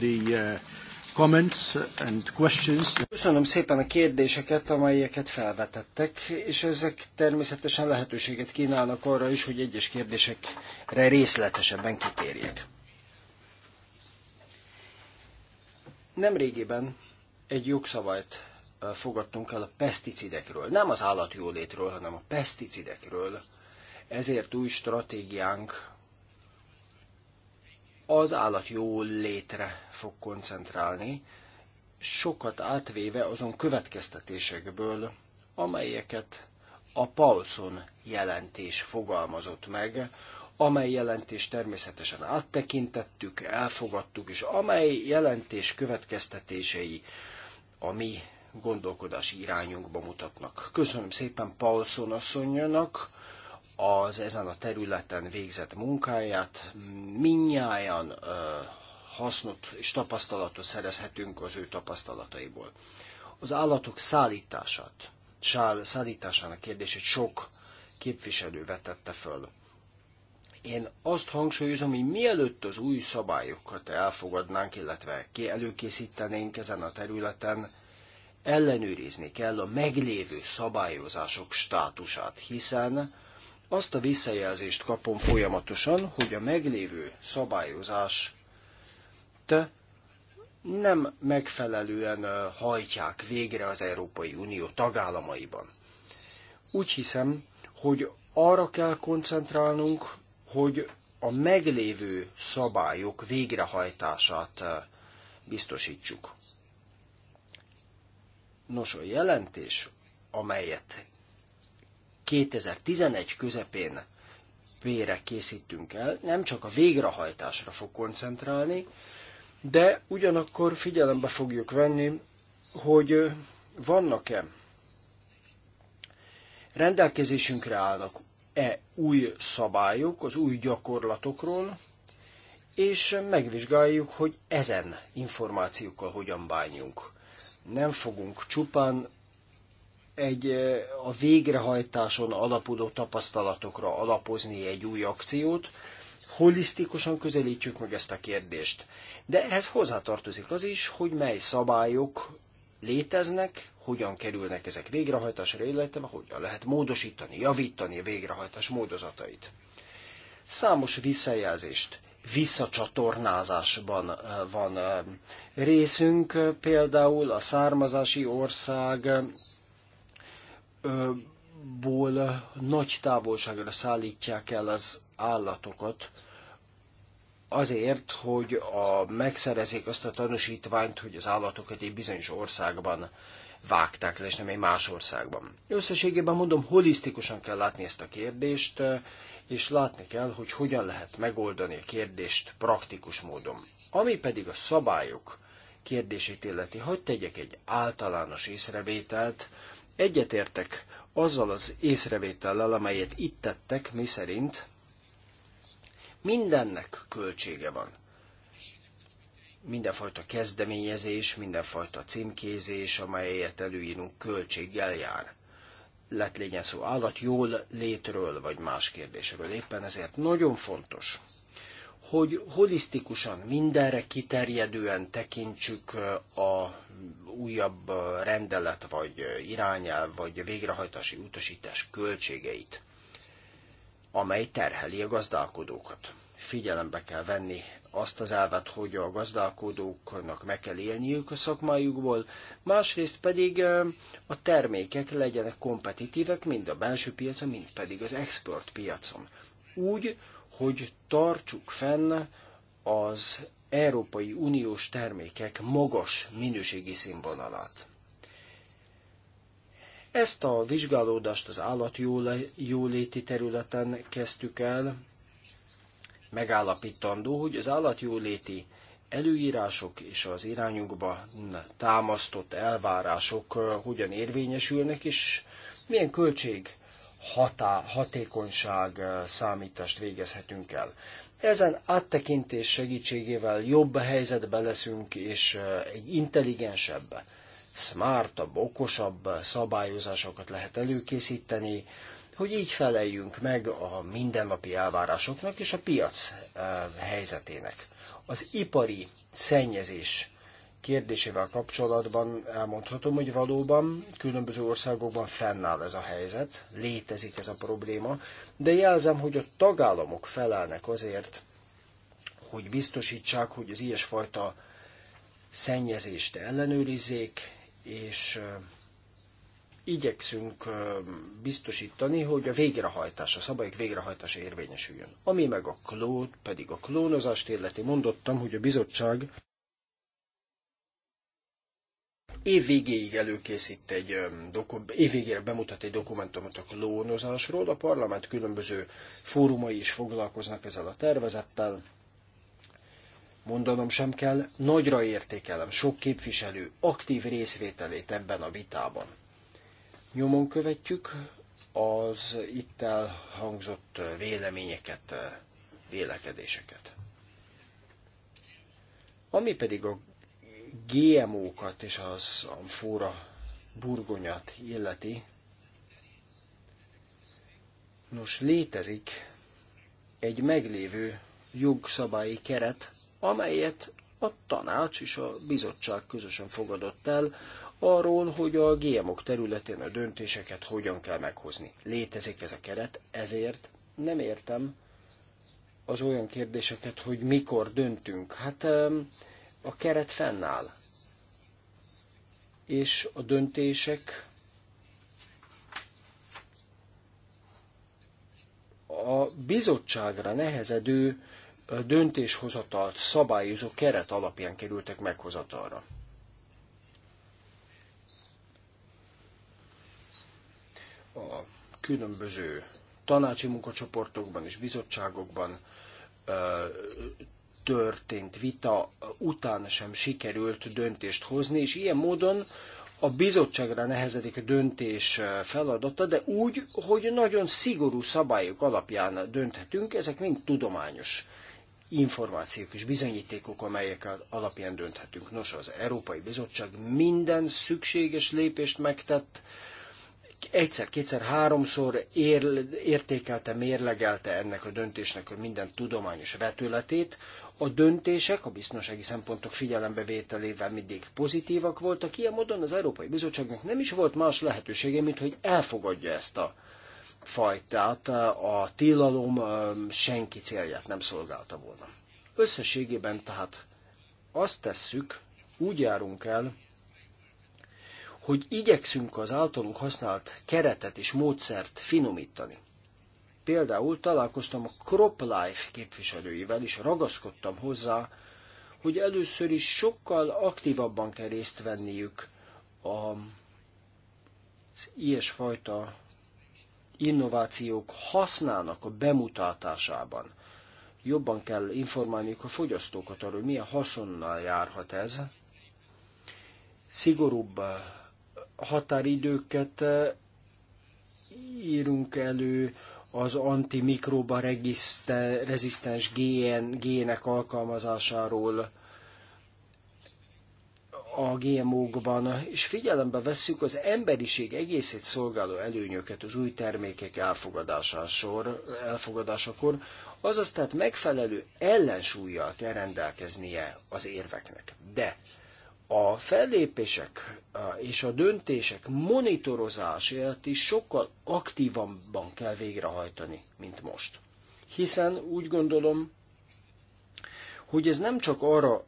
Köszönöm szépen a kérdéseket, amelyeket felvetettek, és ezek természetesen lehetőséget kínálnak arra is, hogy egyes kérdésekre részletesebben kitérjek. Nemrégiben egy jogszabályt uh, fogadtunk el a peszticidekről, nem az állatjólétről, hanem a peszticidekről, ezért új stratégiánk az állat jó létre fog koncentrálni, sokat átvéve azon következtetésekből, amelyeket a Paulson jelentés fogalmazott meg, amely jelentést természetesen áttekintettük, elfogadtuk, és amely jelentés következtetései a mi gondolkodási irányunkba mutatnak. Köszönöm szépen Paulson asszonynak, az ezen a területen végzett munkáját. Minnyáján hasznot és tapasztalatot szerezhetünk az ő tapasztalataiból. Az állatok szállítását, szállításának kérdését sok képviselő vetette föl. Én azt hangsúlyozom, hogy mielőtt az új szabályokat elfogadnánk, illetve ki előkészítenénk ezen a területen, ellenőrizni kell a meglévő szabályozások státusát, hiszen azt a visszajelzést kapom folyamatosan, hogy a meglévő szabályozás te nem megfelelően hajtják végre az Európai Unió tagállamaiban. Úgy hiszem, hogy arra kell koncentrálnunk, hogy a meglévő szabályok végrehajtását biztosítsuk. Nos, a jelentés, amelyet 2011 közepén vére készítünk el, nem csak a végrehajtásra fog koncentrálni, de ugyanakkor figyelembe fogjuk venni, hogy vannak-e rendelkezésünkre állnak-e új szabályok az új gyakorlatokról, és megvizsgáljuk, hogy ezen információkkal hogyan bánjunk. Nem fogunk csupán egy a végrehajtáson alapuló tapasztalatokra alapozni egy új akciót, holisztikusan közelítjük meg ezt a kérdést. De ehhez hozzátartozik az is, hogy mely szabályok léteznek, hogyan kerülnek ezek végrehajtásra, illetve hogyan lehet módosítani, javítani a végrehajtás módozatait. Számos visszajelzést, visszacsatornázásban van részünk, például a származási ország ból nagy távolságra szállítják el az állatokat, azért, hogy a, megszerezzék azt a tanúsítványt, hogy az állatokat egy bizonyos országban vágták le, és nem egy más országban. Összességében mondom, holisztikusan kell látni ezt a kérdést, és látni kell, hogy hogyan lehet megoldani a kérdést praktikus módon. Ami pedig a szabályok kérdését illeti, hogy tegyek egy általános észrevételt, Egyetértek azzal az észrevétellel, amelyet itt tettek, mi szerint mindennek költsége van. Mindenfajta kezdeményezés, mindenfajta címkézés, amelyet előírunk, költséggel jár lett legyen szó állat jól létről, vagy más kérdésről. Éppen ezért nagyon fontos, hogy holisztikusan, mindenre kiterjedően tekintsük a újabb rendelet, vagy irányelv, vagy végrehajtási utasítás költségeit, amely terheli a gazdálkodókat. Figyelembe kell venni azt az elvet, hogy a gazdálkodóknak meg kell élniük a szakmájukból, másrészt pedig a termékek legyenek kompetitívek mind a belső piacon, mind pedig az export piacon. Úgy, hogy tartsuk fenn az Európai Uniós termékek magas minőségi színvonalát. Ezt a vizsgálódást az állatjóléti területen kezdtük el, megállapítandó, hogy az állatjóléti előírások és az irányunkba támasztott elvárások eh, hogyan érvényesülnek, és milyen költség hatá, hatékonyság számítást végezhetünk el. Ezen áttekintés segítségével jobb helyzetbe leszünk, és egy intelligensebb, smartabb, okosabb szabályozásokat lehet előkészíteni, hogy így feleljünk meg a mindennapi elvárásoknak és a piac helyzetének. Az ipari szennyezés kérdésével kapcsolatban elmondhatom, hogy valóban különböző országokban fennáll ez a helyzet, létezik ez a probléma, de jelzem, hogy a tagállamok felelnek azért, hogy biztosítsák, hogy az ilyesfajta szennyezést ellenőrizzék, és igyekszünk biztosítani, hogy a végrehajtás, a szabályok végrehajtása érvényesüljön. Ami meg a klón, pedig a klónozást illeti, mondottam, hogy a bizottság év végéig előkészít egy dokum- év végére bemutat egy dokumentumot a klónozásról. A parlament különböző fórumai is foglalkoznak ezzel a tervezettel. Mondanom sem kell, nagyra értékelem sok képviselő aktív részvételét ebben a vitában. Nyomon követjük az itt elhangzott véleményeket, vélekedéseket. Ami pedig a GMO-kat és az amfóra burgonyat illeti, nos létezik egy meglévő jogszabályi keret, amelyet a tanács és a bizottság közösen fogadott el arról, hogy a GMO-k területén a döntéseket hogyan kell meghozni. Létezik ez a keret, ezért nem értem az olyan kérdéseket, hogy mikor döntünk. Hát a keret fennáll, és a döntések a bizottságra nehezedő döntéshozatalt szabályozó keret alapján kerültek meghozatalra. A különböző tanácsi munkacsoportokban és bizottságokban történt vita után sem sikerült döntést hozni, és ilyen módon a bizottságra nehezedik a döntés feladata, de úgy, hogy nagyon szigorú szabályok alapján dönthetünk, ezek mind tudományos információk és bizonyítékok, amelyek alapján dönthetünk. Nos, az Európai Bizottság minden szükséges lépést megtett, egyszer, kétszer, háromszor ér, értékelte, mérlegelte ennek a döntésnek a minden tudományos vetületét, a döntések a biztonsági szempontok figyelembevételével mindig pozitívak voltak, ilyen módon az Európai Bizottságnak nem is volt más lehetősége, mint hogy elfogadja ezt a fajtát, a tilalom senki célját nem szolgálta volna. Összességében tehát azt tesszük, úgy járunk el, hogy igyekszünk az általunk használt keretet és módszert finomítani. Például találkoztam a CropLife képviselőivel, és ragaszkodtam hozzá, hogy először is sokkal aktívabban kell részt venniük a ilyesfajta innovációk hasznának a bemutatásában. Jobban kell informálniuk a fogyasztókat arról, hogy milyen haszonnal járhat ez. Szigorúbb eh, határidőket eh, írunk elő, az antimikróba rezisztens GN, gének alkalmazásáról a GMO-kban, és figyelembe vesszük az emberiség egészét szolgáló előnyöket az új termékek elfogadásakor, elfogadásakor azaz tehát megfelelő ellensúlyjal kell rendelkeznie az érveknek. De a fellépések és a döntések monitorozását is sokkal aktívabban kell végrehajtani, mint most. Hiszen úgy gondolom, hogy ez nem csak arra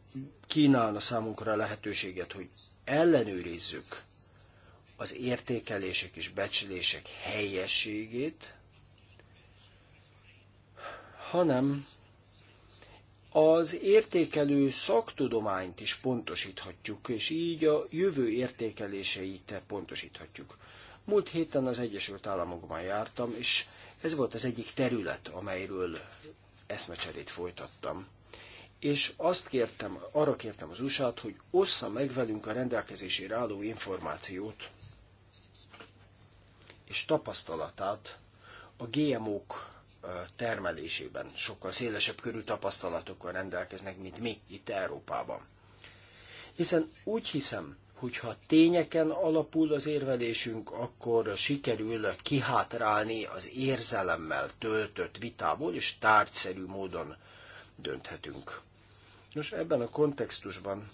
kínálna számunkra lehetőséget, hogy ellenőrizzük az értékelések és becslések helyességét, hanem az értékelő szaktudományt is pontosíthatjuk, és így a jövő értékeléseit pontosíthatjuk. Múlt héten az Egyesült Államokban jártam, és ez volt az egyik terület, amelyről eszmecserét folytattam. És azt kértem, arra kértem az usa hogy ossza meg velünk a rendelkezésére álló információt és tapasztalatát a GMO-k termelésében sokkal szélesebb körű tapasztalatokkal rendelkeznek, mint mi itt Európában. Hiszen úgy hiszem, hogyha tényeken alapul az érvelésünk, akkor sikerül kihátrálni az érzelemmel töltött vitából, és tárgyszerű módon dönthetünk. Nos, ebben a kontextusban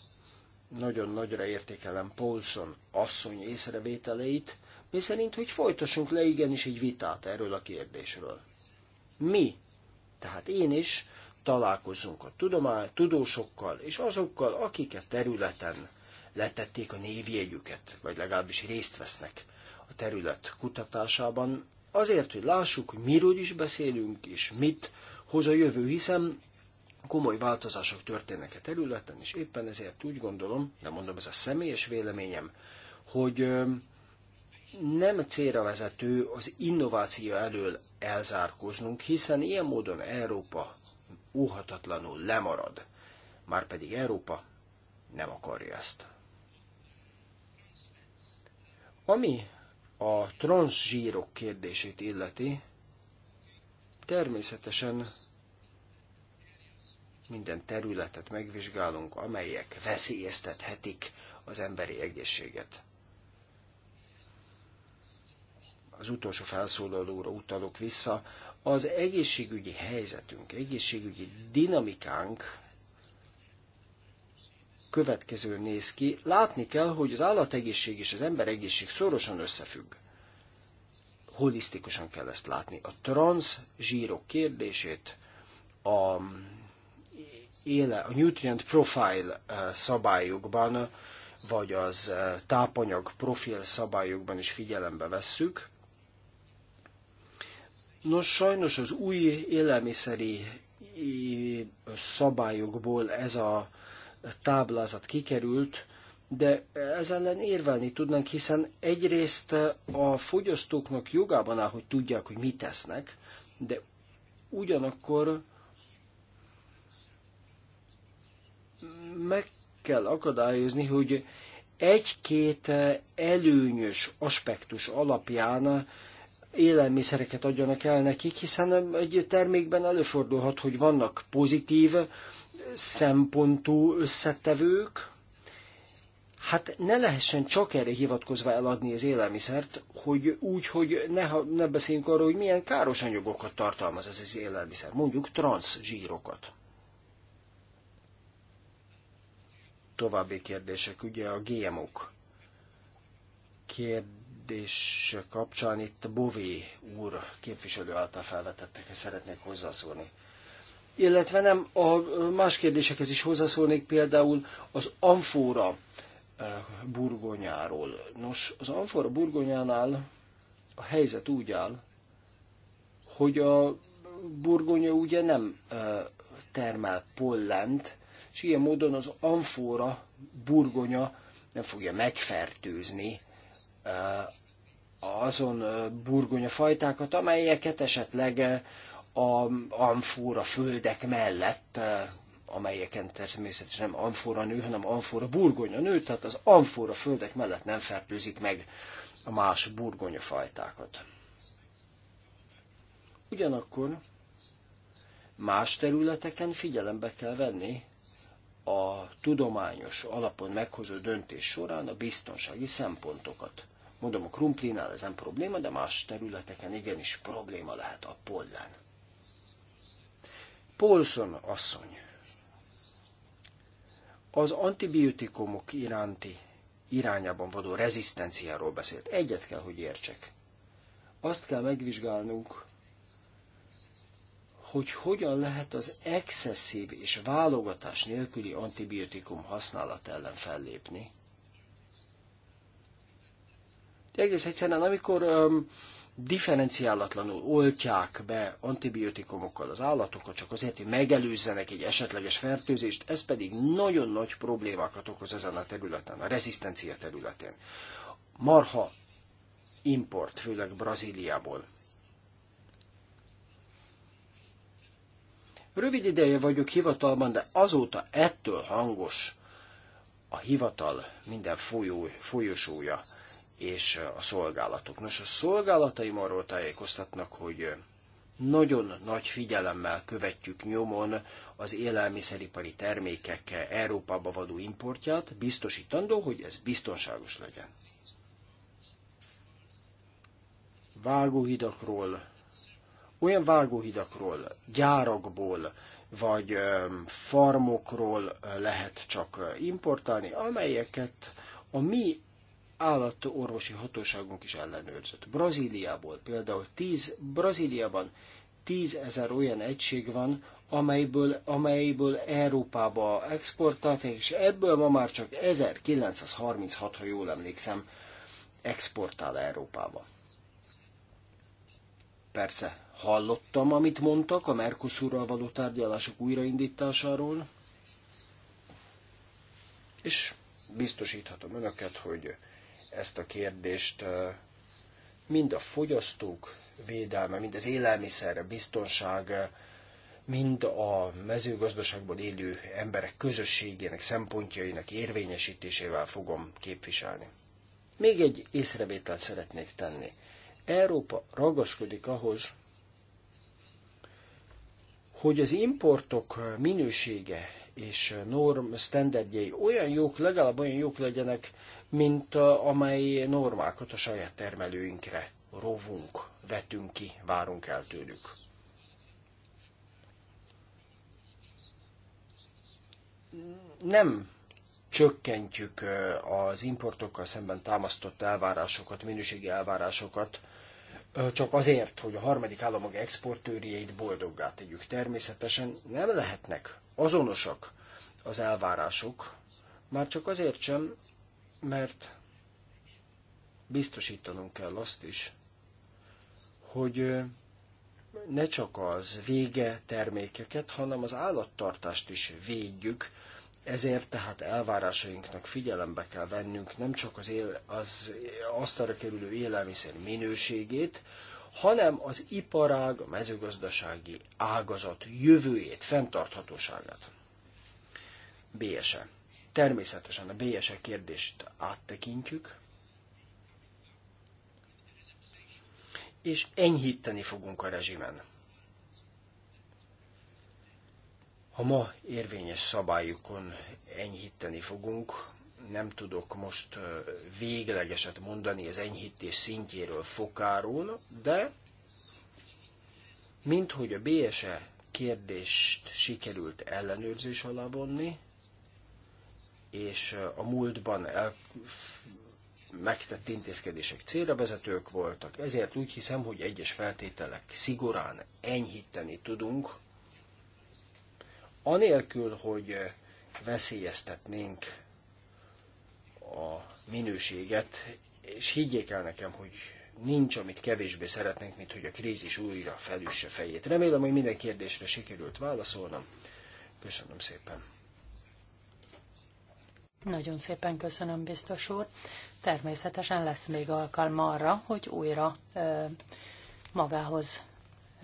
nagyon nagyra értékelem Paulson asszony észrevételeit, szerint, hogy folytassunk le igenis egy vitát erről a kérdésről. Mi, tehát én is találkozunk a tudomány, tudósokkal és azokkal, akik a területen letették a névjegyüket, vagy legalábbis részt vesznek a terület kutatásában, azért, hogy lássuk, hogy miről is beszélünk, és mit hoz a jövő, hiszen komoly változások történnek a e területen, és éppen ezért úgy gondolom, de mondom, ez a személyes véleményem, hogy nem célra vezető az innováció elől elzárkóznunk, hiszen ilyen módon Európa óhatatlanul lemarad, márpedig Európa nem akarja ezt. Ami a transzsírok kérdését illeti, természetesen minden területet megvizsgálunk, amelyek veszélyeztethetik az emberi egészséget. az utolsó felszólalóra utalok vissza, az egészségügyi helyzetünk, egészségügyi dinamikánk következő néz ki. Látni kell, hogy az állategészség és az ember egészség szorosan összefügg. Holisztikusan kell ezt látni. A trans zsírok kérdését, a, éle, a nutrient profile eh, szabályokban, vagy az eh, tápanyag profil szabályokban is figyelembe vesszük, Nos, sajnos az új élelmiszeri szabályokból ez a táblázat kikerült, de ez ellen érvelni tudnánk, hiszen egyrészt a fogyasztóknak jogában áll, hogy tudják, hogy mit tesznek, de ugyanakkor meg kell akadályozni, hogy egy-két előnyös aspektus alapján élelmiszereket adjanak el nekik, hiszen egy termékben előfordulhat, hogy vannak pozitív szempontú összetevők, hát ne lehessen csak erre hivatkozva eladni az élelmiszert, hogy úgy, hogy ne, ne beszéljünk arról, hogy milyen káros anyagokat tartalmaz ez az élelmiszer, mondjuk zsírokat. További kérdések, ugye a GMO-k Kérd kérdés kapcsán itt Bové úr képviselő által és szeretnék hozzászólni. Illetve nem, a más kérdésekhez is hozzászólnék például az amfora eh, burgonyáról. Nos, az amfora burgonyánál a helyzet úgy áll, hogy a burgonya ugye nem eh, termel pollent, és ilyen módon az amfora burgonya nem fogja megfertőzni Eh, azon eh, burgonya fajtákat, amelyeket esetleg eh, a amfora földek mellett, amelyeken természetesen nem amfora nő, hanem amfora burgonya nő, tehát az amfora földek mellett nem fertőzik meg a más burgonya fajtákat. Ugyanakkor más területeken figyelembe kell venni a tudományos alapon meghozott döntés során a biztonsági szempontokat. Mondom, a krumplinál ez nem probléma, de más területeken igenis probléma lehet a pollen. Polson asszony. Az antibiotikumok iránti irányában vadó rezisztenciáról beszélt. Egyet kell, hogy értsek. Azt kell megvizsgálnunk, hogy hogyan lehet az excesszív és válogatás nélküli antibiotikum használat ellen fellépni. Egész egyszerűen, amikor öm, differenciálatlanul oltják be antibiotikumokkal az állatokat, csak azért, hogy megelőzzenek egy esetleges fertőzést, ez pedig nagyon nagy problémákat okoz ezen a területen, a rezisztencia területén. Marha import, főleg Brazíliából Rövid ideje vagyok hivatalban, de azóta ettől hangos a hivatal minden folyó, folyosója és a szolgálatok. Nos, a szolgálataim arról tájékoztatnak, hogy nagyon nagy figyelemmel követjük nyomon az élelmiszeripari termékek Európába való importját, biztosítandó, hogy ez biztonságos legyen. Vágóhidakról, olyan vágóhidakról, gyárakból, vagy farmokról lehet csak importálni, amelyeket a mi állatorvosi hatóságunk is ellenőrzött. Brazíliából például 10, Brazíliában 10 ezer olyan egység van, amelyből, amelyből Európába exportálták, és ebből ma már csak 1936, ha jól emlékszem, exportál Európába. Persze, Hallottam, amit mondtak a Mercosurral való tárgyalások újraindításáról, és biztosíthatom önöket, hogy ezt a kérdést mind a fogyasztók védelme, mind az élelmiszer biztonság, mind a mezőgazdaságban élő emberek közösségének szempontjainak érvényesítésével fogom képviselni. Még egy észrevételt szeretnék tenni. Európa ragaszkodik ahhoz, hogy az importok minősége és norm standardjai olyan jók, legalább olyan jók legyenek, mint amely normákat a saját termelőinkre rovunk, vetünk ki, várunk el tőlük. Nem csökkentjük az importokkal szemben támasztott elvárásokat, minőségi elvárásokat, csak azért, hogy a harmadik államok exportőrjeit boldoggá tegyük. Természetesen nem lehetnek azonosak az elvárások, már csak azért sem, mert biztosítanunk kell azt is, hogy ne csak az vége termékeket, hanem az állattartást is védjük, ezért tehát elvárásainknak figyelembe kell vennünk nem csak az, él, az asztalra kerülő élelmiszer minőségét, hanem az iparág, a mezőgazdasági ágazat jövőjét, fenntarthatóságát. BSE. Természetesen a BSE kérdést áttekintjük, és enyhíteni fogunk a rezsimen. a ma érvényes szabályokon enyhíteni fogunk. Nem tudok most véglegeset mondani az enyhítés szintjéről, fokáról, de mint hogy a BSE kérdést sikerült ellenőrzés alá vonni, és a múltban el, megtett intézkedések célra vezetők voltak, ezért úgy hiszem, hogy egyes feltételek szigorán enyhíteni tudunk, anélkül, hogy eh, veszélyeztetnénk a minőséget, és higgyék el nekem, hogy nincs, amit kevésbé szeretnénk, mint hogy a krízis újra felüsse fejét. Remélem, hogy minden kérdésre sikerült válaszolnom. Köszönöm szépen. Nagyon szépen köszönöm, biztos úr. Természetesen lesz még alkalma arra, hogy újra ö, magához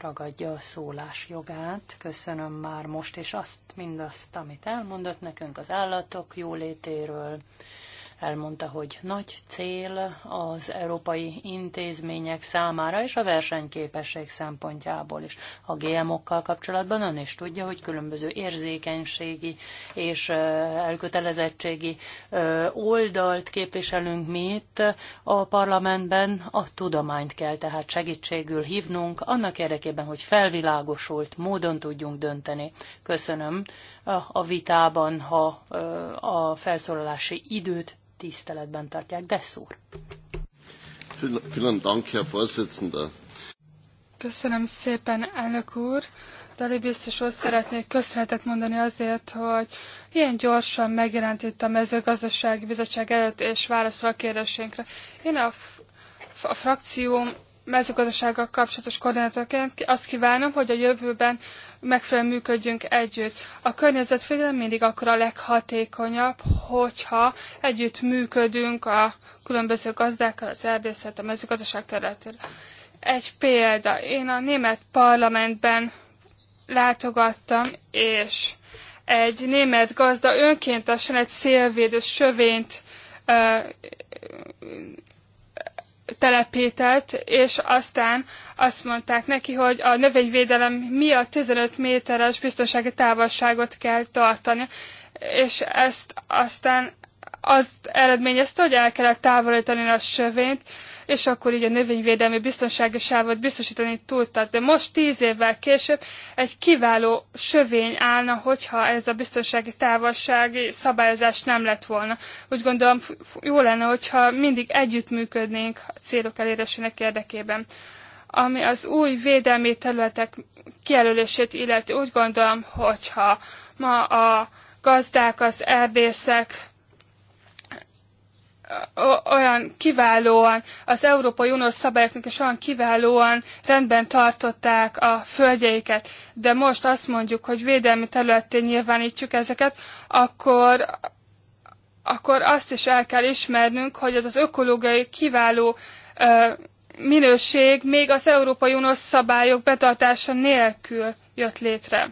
ragadja a szólás jogát. Köszönöm már most és azt, mindazt, amit elmondott nekünk az állatok jólétéről, elmondta, hogy nagy cél az európai intézmények számára és a versenyképesség szempontjából is. A GMO-kkal kapcsolatban ön is tudja, hogy különböző érzékenységi és elkötelezettségi oldalt képviselünk mi itt a parlamentben. A tudományt kell tehát segítségül hívnunk, annak érdekében, hogy felvilágosult módon tudjunk dönteni. Köszönöm a vitában, ha a felszólalási időt tiszteletben tartják. De szúr. Vielen Dank, Herr Vorsitzender. Köszönöm szépen, elnök úr. Dali biztos úr, szeretnék köszönetet mondani azért, hogy ilyen gyorsan megjelent itt a mezőgazdasági bizottság előtt, és válaszol a kérdéseinkre. Én a, a frakcióm mezőgazdasággal kapcsolatos koordinátorként azt kívánom, hogy a jövőben megfelelően működjünk együtt. A környezetvédelem mindig akkor a leghatékonyabb, hogyha együtt működünk a különböző gazdákkal, az erdészet, a mezőgazdaság területén. Egy példa, én a német parlamentben látogattam, és egy német gazda önkéntesen egy szélvédő sövényt telepített, és aztán azt mondták neki, hogy a növényvédelem miatt 15 méteres biztonsági távolságot kell tartani, és ezt aztán azt eredményezte, hogy el kellett távolítani a sövényt, és akkor így a növényvédelmi biztonsági sávot biztosítani tudtad. De most tíz évvel később egy kiváló sövény állna, hogyha ez a biztonsági távolsági szabályozás nem lett volna. Úgy gondolom, jó lenne, hogyha mindig együttműködnénk a célok elérésének érdekében ami az új védelmi területek kijelölését illeti. Úgy gondolom, hogyha ma a gazdák, az erdészek olyan kiválóan, az Európai Uniós szabályoknak is olyan kiválóan rendben tartották a földjeiket, de most azt mondjuk, hogy védelmi területén nyilvánítjuk ezeket, akkor, akkor azt is el kell ismernünk, hogy ez az ökológiai kiváló ö, minőség még az Európai Uniós szabályok betartása nélkül jött létre.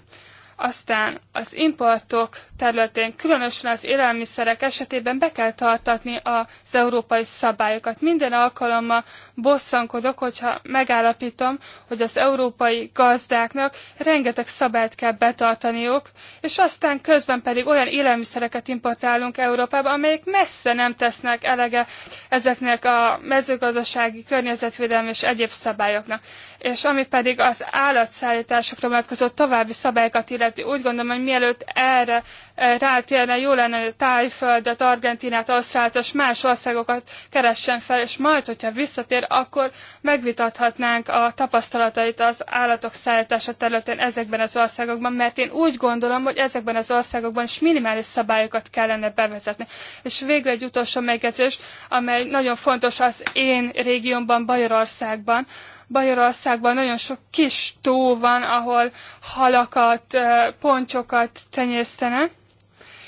Aztán az importok területén, különösen az élelmiszerek esetében be kell tartatni az európai szabályokat. Minden alkalommal bosszankodok, hogyha megállapítom, hogy az európai gazdáknak rengeteg szabályt kell betartaniuk, és aztán közben pedig olyan élelmiszereket importálunk Európába, amelyek messze nem tesznek elege ezeknek a mezőgazdasági, környezetvédelmi és egyéb szabályoknak. És ami pedig az állatszállításokra vonatkozó további szabályokat illeti, úgy gondolom, hogy mielőtt erre rátérne, jó lenne Tájföldet, Argentinát, Ausztrált és más országokat keressen fel, és majd, hogyha visszatér, akkor megvitathatnánk a tapasztalatait az állatok szállítása területén ezekben az országokban, mert én úgy gondolom, hogy ezekben az országokban is minimális szabályokat kellene bevezetni. És végül egy utolsó megjegyzés, amely nagyon fontos az én régiómban, Bajorországban, Bajorországban nagyon sok kis tó van, ahol halakat, pontyokat tenyésztenek,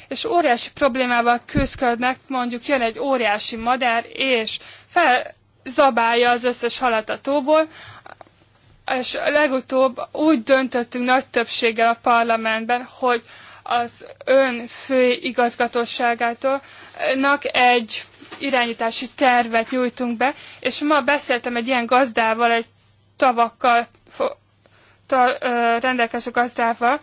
és óriási problémával küzdködnek, mondjuk jön egy óriási madár, és felzabálja az összes halat a tóból, és legutóbb úgy döntöttünk nagy többséggel a parlamentben, hogy az ön fő igazgatóságától egy irányítási tervet nyújtunk be, és ma beszéltem egy ilyen gazdával, egy tavakkal ta, ö, rendelkező gazdával,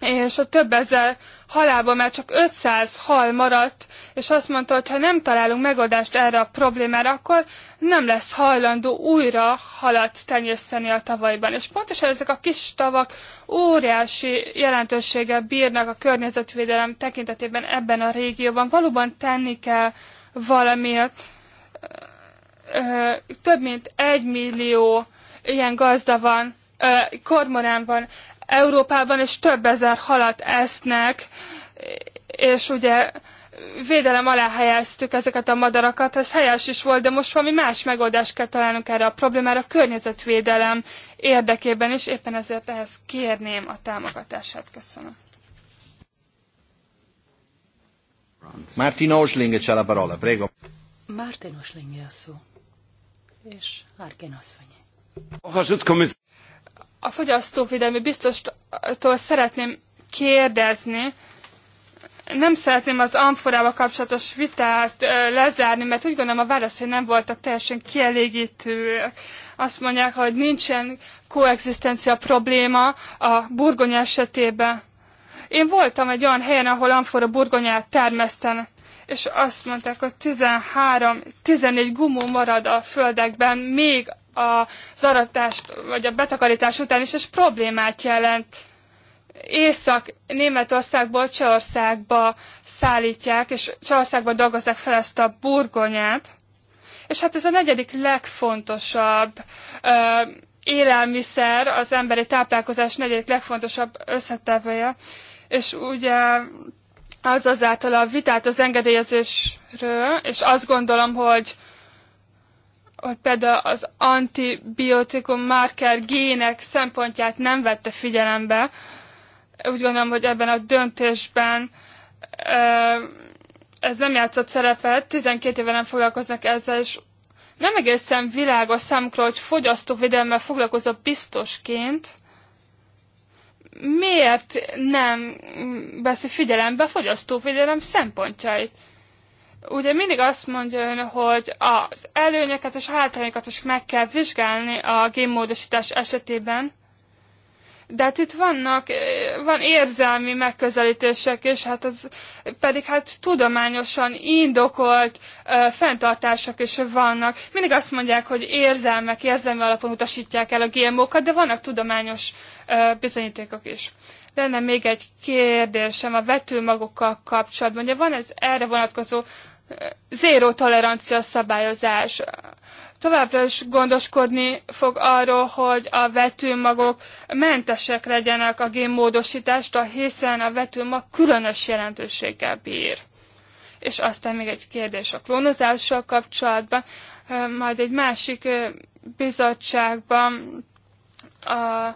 és a több ezer halálból már csak 500 hal maradt, és azt mondta, hogy ha nem találunk megoldást erre a problémára, akkor nem lesz hajlandó újra halat tenyészteni a tavalyban. És pontosan ezek a kis tavak óriási jelentősége bírnak a környezetvédelem tekintetében ebben a régióban. Valóban tenni kell valamiért. Több mint egy millió ilyen gazda van, kormorán van Európában, és több ezer halat esznek, és ugye védelem alá helyeztük ezeket a madarakat, ez helyes is volt, de most valami más megoldást kell találnunk erre a problémára, a környezetvédelem érdekében is, éppen ezért ehhez kérném a támogatását. Köszönöm. Martin Osling c'è la parola, prego. Martin Osling a szó, és Harkin asszony a fogyasztóvédelmi biztostól szeretném kérdezni, nem szeretném az amforával kapcsolatos vitát lezárni, mert úgy gondolom a válaszai nem voltak teljesen kielégítőek. Azt mondják, hogy nincsen koexisztencia probléma a burgonya esetében. Én voltam egy olyan helyen, ahol amfora burgonyát termesztenek és azt mondták, hogy 13-14 gumó marad a földekben, még a zaratás vagy a betakarítás után is, és problémát jelent. Észak-Németországból Csehországba szállítják, és Csehországba dolgozzák fel ezt a burgonyát. És hát ez a negyedik legfontosabb ö, élelmiszer, az emberi táplálkozás negyedik legfontosabb összetevője. És ugye az azáltal a vitát az engedélyezésről, és azt gondolom, hogy hogy például az antibiotikum marker gének szempontját nem vette figyelembe. Úgy gondolom, hogy ebben a döntésben ez nem játszott szerepet, 12 éve nem foglalkoznak ezzel, és nem egészen világos számukra, hogy fogyasztóvédelemmel foglalkozó biztosként miért nem veszi figyelembe a fogyasztóvédelem szempontjait ugye mindig azt mondja ön, hogy az előnyeket és hátrányokat is meg kell vizsgálni a gémmódosítás esetében, de hát itt vannak, eh, van érzelmi megközelítések, és hát az pedig hát tudományosan indokolt ö, eh, fenntartások is vannak. Mindig azt mondják, hogy érzelmek, érzelmi alapon utasítják el a GMO-kat, de vannak tudományos ö, eh, bizonyítékok is. Lenne még egy kérdésem a vetőmagokkal kapcsolatban. Ugye van ez erre vonatkozó eh, zéró tolerancia szabályozás. Továbbra is gondoskodni fog arról, hogy a vetőmagok mentesek legyenek a génmódosítástól, hiszen a vetőmag különös jelentőséggel bír. És aztán még egy kérdés a klónozással kapcsolatban, eh, majd egy másik eh, bizottságban a,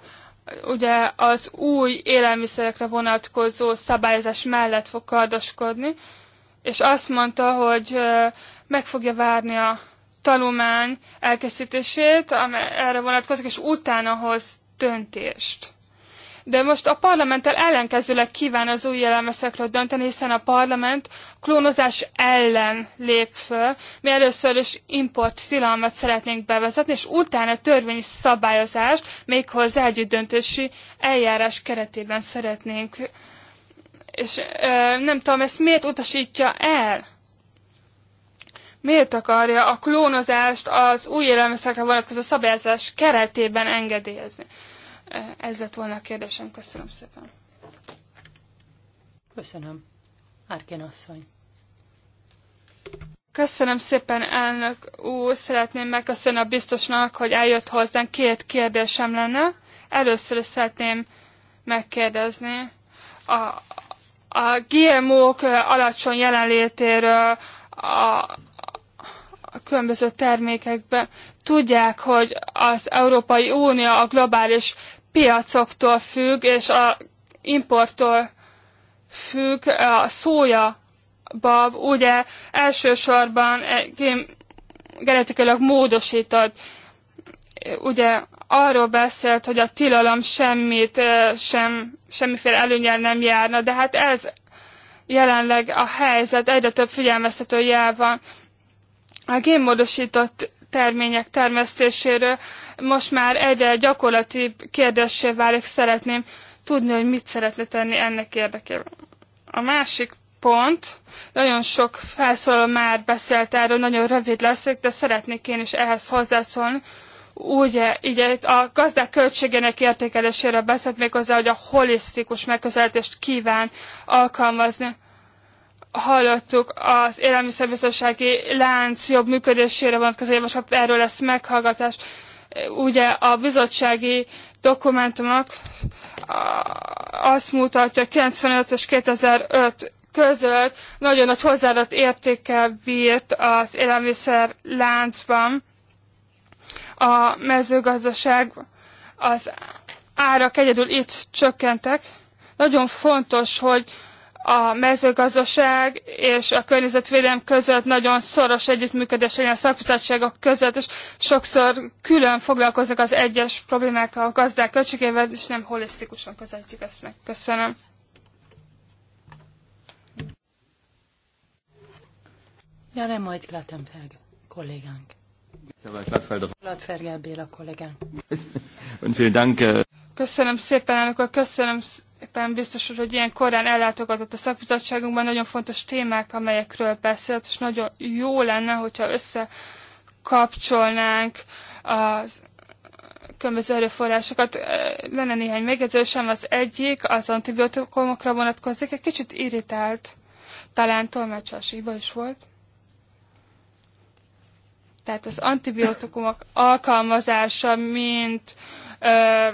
ugye az új élelmiszerekre vonatkozó szabályozás mellett fog kardoskodni, és azt mondta, hogy meg fogja várni a tanulmány elkészítését, amely erre vonatkozik, és utána hoz döntést de most a parlamenttel ellenkezőleg kíván az új jellemeszekről dönteni, hiszen a parlament klónozás ellen lép föl. Mi először is import tilalmat szeretnénk bevezetni, és utána törvényi szabályozást, méghozzá együttdöntési eljárás keretében szeretnénk. És ö, nem tudom, ezt miért utasítja el? miért akarja a klónozást az új élelmiszerekre vonatkozó szabályozás keretében engedélyezni? Eh, ez lett volna a kérdésem. Köszönöm szépen. Köszönöm. Árkén asszony. Köszönöm szépen, elnök úr. Szeretném megköszönni a biztosnak, hogy eljött hozzánk. Két kérdésem lenne. Először is szeretném megkérdezni a, a GMO-k alacsony jelenlétéről a, a különböző termékekben. Tudják, hogy az Európai Unió a globális piacoktól függ, és a importtól függ a szója bab, ugye elsősorban e genetikailag módosított, ugye arról beszélt, hogy a tilalom semmit, sem, semmiféle előnyel nem járna, de hát ez jelenleg a helyzet, egyre több figyelmeztető jel van. A génmódosított termények termesztéséről most már egyre gyakorlati kérdéssé válik, szeretném tudni, hogy mit szeretne tenni ennek érdekében. A másik pont, nagyon sok felszólaló már beszélt erről, nagyon rövid leszek, de szeretnék én is ehhez hozzászólni. Ugye, ugye a gazdák költségének értékelésére beszélt még hozzá, hogy a holisztikus megközelítést kíván alkalmazni hallottuk az élelmiszerbiztonsági lánc jobb működésére vonatkozó javaslat, erről lesz meghallgatás ugye a bizottsági dokumentumok azt mutatja, 95 és 2005 között nagyon nagy hozzáadott értékkel bírt az élelmiszer láncban a mezőgazdaság, az árak egyedül itt csökkentek. Nagyon fontos, hogy a mezőgazdaság és a környezetvédelem között nagyon szoros együttműködés legyen a szakbizottságok között, és sokszor külön foglalkoznak az egyes problémákkal a gazdák költségével, és nem holisztikusan közelítjük ezt meg. Köszönöm. Ja, nem majd Glattenberg kollégánk. Glattenberg Béla kollégánk. Äh, köszönöm szépen, elnök köszönöm éppen biztos úr, hogy ilyen korán ellátogatott a szakbizottságunkban, nagyon fontos témák, amelyekről beszélt, és nagyon jó lenne, hogyha összekapcsolnánk az különböző erőforrásokat. Lenne néhány megjegyzésem, az egyik az antibiotikumokra vonatkozik, egy kicsit irritált, talán tolmácsásiba is volt. Tehát az antibiotikumok alkalmazása, mint ö,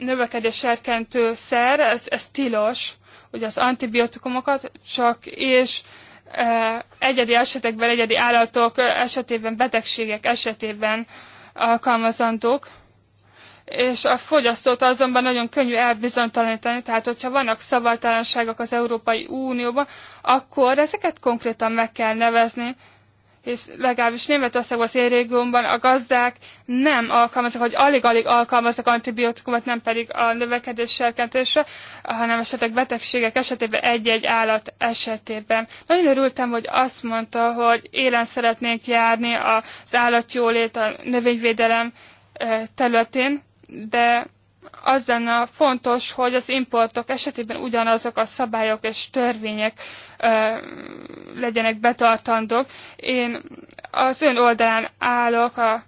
növekedés serkentő szer, ez, ez tilos, hogy az antibiotikumokat csak és e, egyedi esetekben, egyedi állatok esetében, betegségek esetében alkalmazandók, és a fogyasztót azonban nagyon könnyű elbizonytalanítani, tehát hogyha vannak szabálytalanságok az Európai Unióban, akkor ezeket konkrétan meg kell nevezni, és legalábbis Németországban, az én régiómban a gazdák nem alkalmaznak, hogy alig-alig alkalmaznak antibiotikumot, nem pedig a növekedés serkentésre, hanem esetleg betegségek esetében egy-egy állat esetében. Nagyon örültem, hogy azt mondta, hogy élen szeretnénk járni az állatjólét, a növényvédelem eh, területén, de az lenne fontos, hogy az importok esetében ugyanazok a szabályok és törvények ö, legyenek betartandók. Én az ön oldalán állok a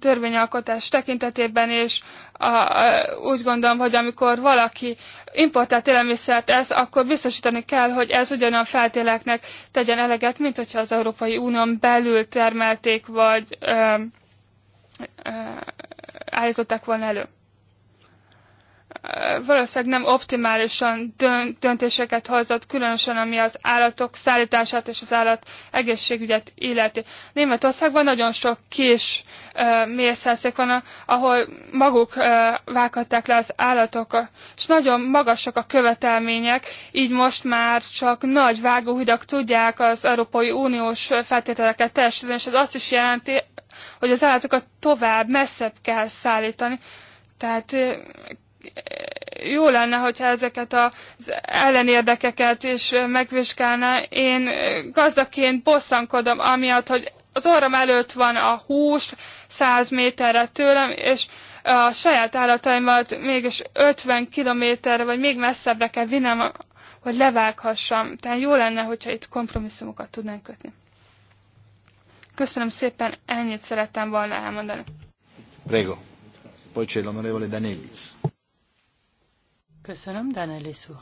törvényalkotás tekintetében, és a, a, úgy gondolom, hogy amikor valaki importált élelmiszert ez, akkor biztosítani kell, hogy ez ugyanolyan feltéleknek tegyen eleget, mint hogyha az Európai Unión belül termelték, vagy ö, ö, állították volna elő valószínűleg nem optimálisan döntéseket hozott, különösen ami az állatok szállítását és az állat egészségügyet illeti. Németországban nagyon sok kis mészászék van, ahol maguk vághatták le az állatokat, és nagyon magasak a követelmények, így most már csak nagy vágóhidak tudják az Európai Uniós feltételeket teljesíteni, és ez azt is jelenti, hogy az állatokat tovább, messzebb kell szállítani. Tehát jó lenne, hogyha ezeket az ellenérdekeket is megvizsgálná. Én gazdaként bosszankodom amiatt, hogy az orrom előtt van a hús, száz méterre tőlem, és a saját állataimat mégis 50 kilométerre, vagy még messzebbre kell vinnem, hogy levághassam. Tehát jó lenne, hogyha itt kompromisszumokat tudnánk kötni. Köszönöm szépen, ennyit szerettem volna elmondani. Prego. Poi c'è l'onorevole Danellis. Köszönöm, Danelis úr.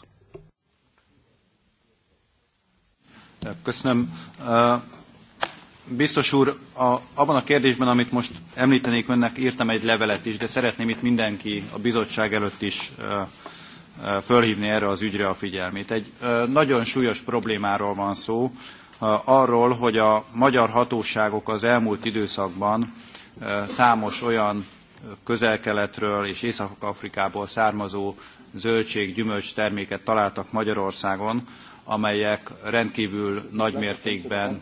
Köszönöm. Biztos úr, a, abban a kérdésben, amit most említenék önnek, írtam egy levelet is, de szeretném itt mindenki a bizottság előtt is fölhívni erre az ügyre a figyelmét. Egy nagyon súlyos problémáról van szó, arról, hogy a magyar hatóságok az elmúlt időszakban számos olyan közelkeletről és Észak-Afrikából származó zöldség, gyümölcs terméket találtak Magyarországon, amelyek rendkívül nagy mértékben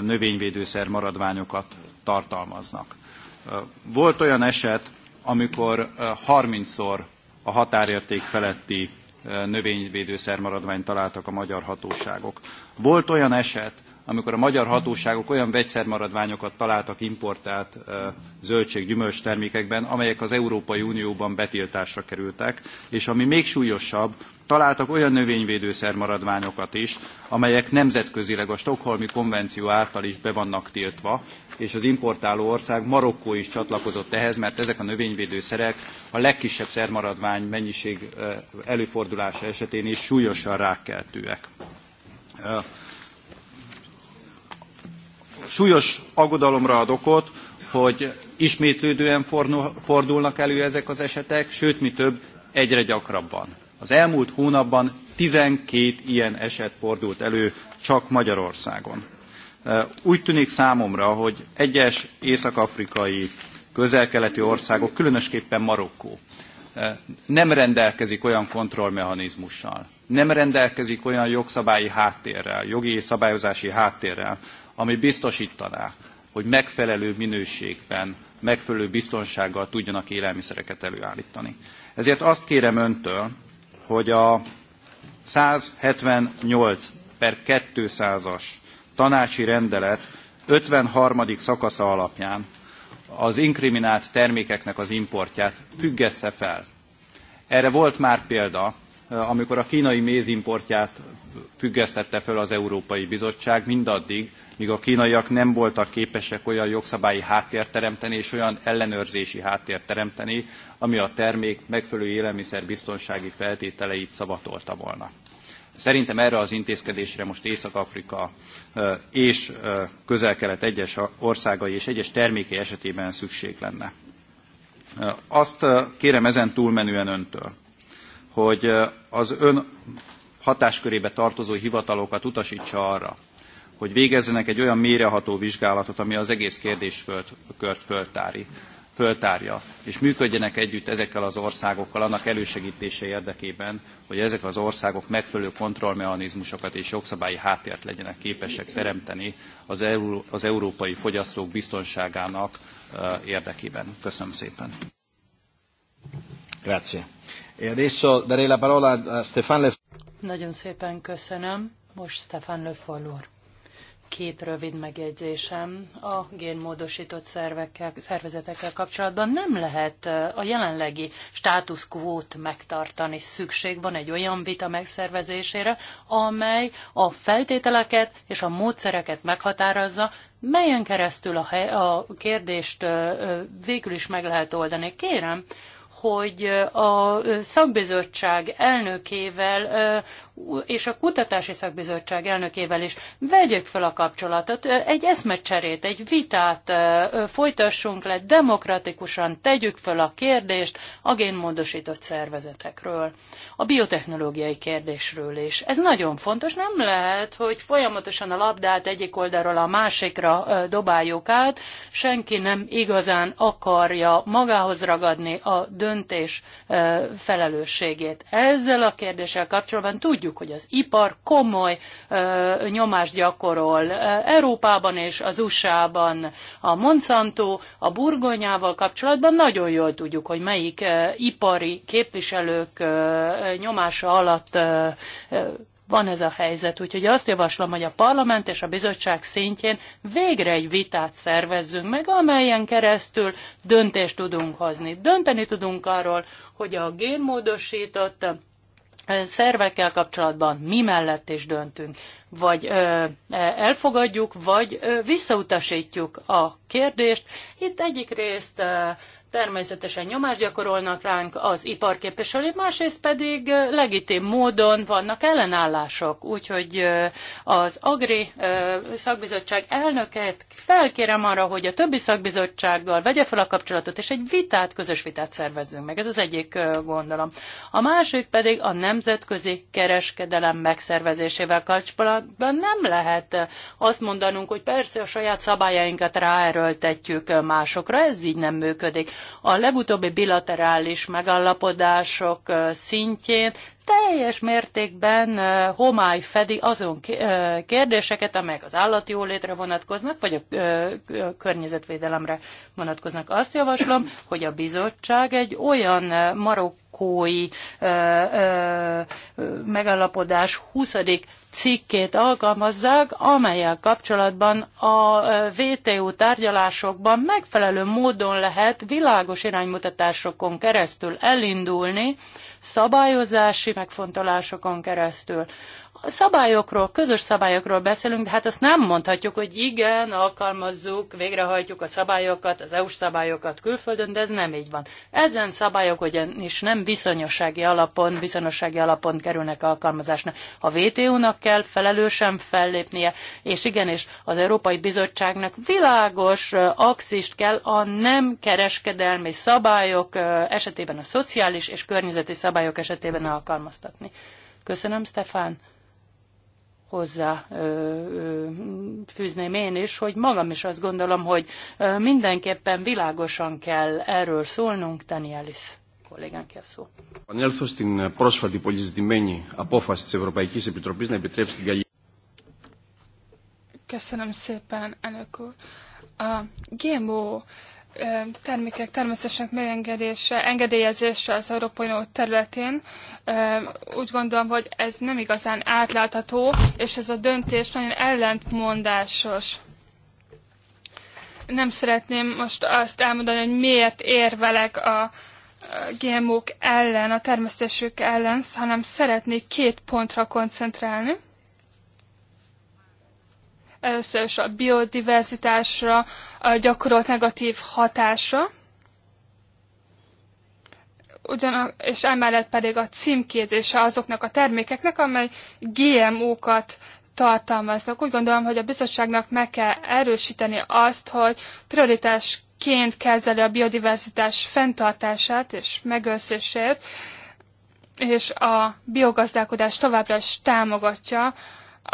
növényvédőszer maradványokat tartalmaznak. Volt olyan eset, amikor 30-szor a határérték feletti növényvédőszer maradványt találtak a magyar hatóságok. Volt olyan eset, amikor a magyar hatóságok olyan vegyszermaradványokat találtak importált zöldség, gyümölcs termékekben, amelyek az Európai Unióban betiltásra kerültek, és ami még súlyosabb, találtak olyan növényvédőszer maradványokat is, amelyek nemzetközileg a Stockholmi konvenció által is be vannak tiltva, és az importáló ország Marokkó is csatlakozott ehhez, mert ezek a növényvédőszerek a legkisebb szermaradvány mennyiség előfordulása esetén is súlyosan rákkeltőek súlyos aggodalomra ad okot, hogy ismétlődően fordulnak elő ezek az esetek, sőt, mi több, egyre gyakrabban. Az elmúlt hónapban 12 ilyen eset fordult elő csak Magyarországon. E, úgy tűnik számomra, hogy egyes észak-afrikai közel-keleti országok, különösképpen Marokkó, e, nem rendelkezik olyan kontrollmechanizmussal, nem rendelkezik olyan jogszabályi háttérrel, jogi szabályozási háttérrel, ami biztosítaná, hogy megfelelő minőségben, megfelelő biztonsággal tudjanak élelmiszereket előállítani. Ezért azt kérem öntől, hogy a 178 per 200-as tanácsi rendelet 53. szakasza alapján az inkriminált termékeknek az importját függessze fel. Erre volt már példa, amikor a kínai mézimportját függesztette föl az Európai Bizottság mindaddig, míg a kínaiak nem voltak képesek olyan jogszabályi háttért teremteni és olyan ellenőrzési háttért teremteni, ami a termék megfelelő biztonsági feltételeit szavatolta volna. Szerintem erre az intézkedésre most Észak-Afrika és közel-kelet egyes országai és egyes termékei esetében szükség lenne. Azt kérem ezen túlmenően öntől, hogy az ön hatáskörébe tartozó hivatalokat utasítsa arra, hogy végezzenek egy olyan méreható vizsgálatot, ami az egész kérdéskört föltári, föltárja, és működjenek együtt ezekkel az országokkal annak elősegítése érdekében, hogy ezek az országok megfelelő kontrollmechanizmusokat és jogszabályi háttért legyenek képesek teremteni az, az európai fogyasztók biztonságának érdekében. Köszönöm szépen. Grazie. E adesso darei la parola a Stefan Le... Nagyon szépen köszönöm. Most Stefan Löfoll Két rövid megjegyzésem a génmódosított szervekkel, szervezetekkel kapcsolatban. Nem lehet a jelenlegi státuszkvót megtartani. Szükség van egy olyan vita megszervezésére, amely a feltételeket és a módszereket meghatározza, melyen keresztül a, hely, a kérdést végül is meg lehet oldani. Kérem, hogy a szakbizottság elnökével és a Kutatási Szakbizottság elnökével is vegyük fel a kapcsolatot, egy eszmecserét, egy vitát folytassunk le, demokratikusan tegyük fel a kérdést a génmódosított szervezetekről, a biotechnológiai kérdésről is. Ez nagyon fontos, nem lehet, hogy folyamatosan a labdát egyik oldalról a másikra dobáljuk át, senki nem igazán akarja magához ragadni a döntés felelősségét. Ezzel a kérdéssel kapcsolatban tudjuk, tudjuk, hogy az ipar komoly ö, nyomást gyakorol Európában és az USA-ban. A Monsanto a burgonyával kapcsolatban nagyon jól tudjuk, hogy melyik ö, ipari képviselők ö, nyomása alatt ö, ö, van ez a helyzet. Úgyhogy azt javaslom, hogy a parlament és a bizottság szintjén végre egy vitát szervezzünk meg, amelyen keresztül döntést tudunk hozni. Dönteni tudunk arról, hogy a génmódosított szervekkel kapcsolatban mi mellett is döntünk, vagy ö, e, elfogadjuk, vagy ö, visszautasítjuk a kérdést. Itt egyik részt ö, természetesen nyomást gyakorolnak ránk az iparképviselők, másrészt pedig legitim módon vannak ellenállások. Úgyhogy az Agri szakbizottság elnöket felkérem arra, hogy a többi szakbizottsággal vegye fel a kapcsolatot, és egy vitát, közös vitát szervezzünk meg. Ez az egyik gondolom. A másik pedig a nemzetközi kereskedelem megszervezésével kapcsolatban nem lehet azt mondanunk, hogy persze a saját szabályainkat ráerőltetjük másokra, ez így nem működik. A legutóbbi bilaterális megállapodások szintjén teljes mértékben homály fedi azon kérdéseket, amelyek az állati jólétre vonatkoznak, vagy a környezetvédelemre vonatkoznak. Azt javaslom, hogy a bizottság egy olyan marok marokkói ö, ö, megállapodás 20. cikkét alkalmazzák, amelyel kapcsolatban a VTU tárgyalásokban megfelelő módon lehet világos iránymutatásokon keresztül elindulni, szabályozási megfontolásokon keresztül a szabályokról, közös szabályokról beszélünk, de hát azt nem mondhatjuk, hogy igen, alkalmazzuk, végrehajtjuk a szabályokat, az EU-s szabályokat külföldön, de ez nem így van. Ezen szabályok ugyanis nem viszonyossági alapon, viszonyossági alapon kerülnek alkalmazásra. A WTO-nak kell felelősen fellépnie, és igen és az Európai Bizottságnak világos axist kell a nem kereskedelmi szabályok esetében, a szociális és környezeti szabályok esetében alkalmaztatni. Köszönöm, Stefán! hozzá fűzném én is, hogy magam is azt gondolom, hogy mindenképpen világosan kell erről szólnunk, Danielis kollégánk a szó. Επανέλθω στην πρόσφατη πολυζητημένη απόφαση της Ευρωπαϊκής Επιτροπής να επιτρέψει την szépen, elnök A GMO termékek természetesen megengedése, engedélyezése az Európai Unió területén. Úgy gondolom, hogy ez nem igazán átlátható, és ez a döntés nagyon ellentmondásos. Nem szeretném most azt elmondani, hogy miért érvelek a GMO-k ellen, a termesztésük ellen, hanem szeretnék két pontra koncentrálni először is a biodiverzitásra a gyakorolt negatív hatása, ugyan, és emellett pedig a címkézése azoknak a termékeknek, amely GMO-kat tartalmaznak. Úgy gondolom, hogy a bizottságnak meg kell erősíteni azt, hogy prioritásként kezeli a biodiverzitás fenntartását és megőrzését, és a biogazdálkodást továbbra is támogatja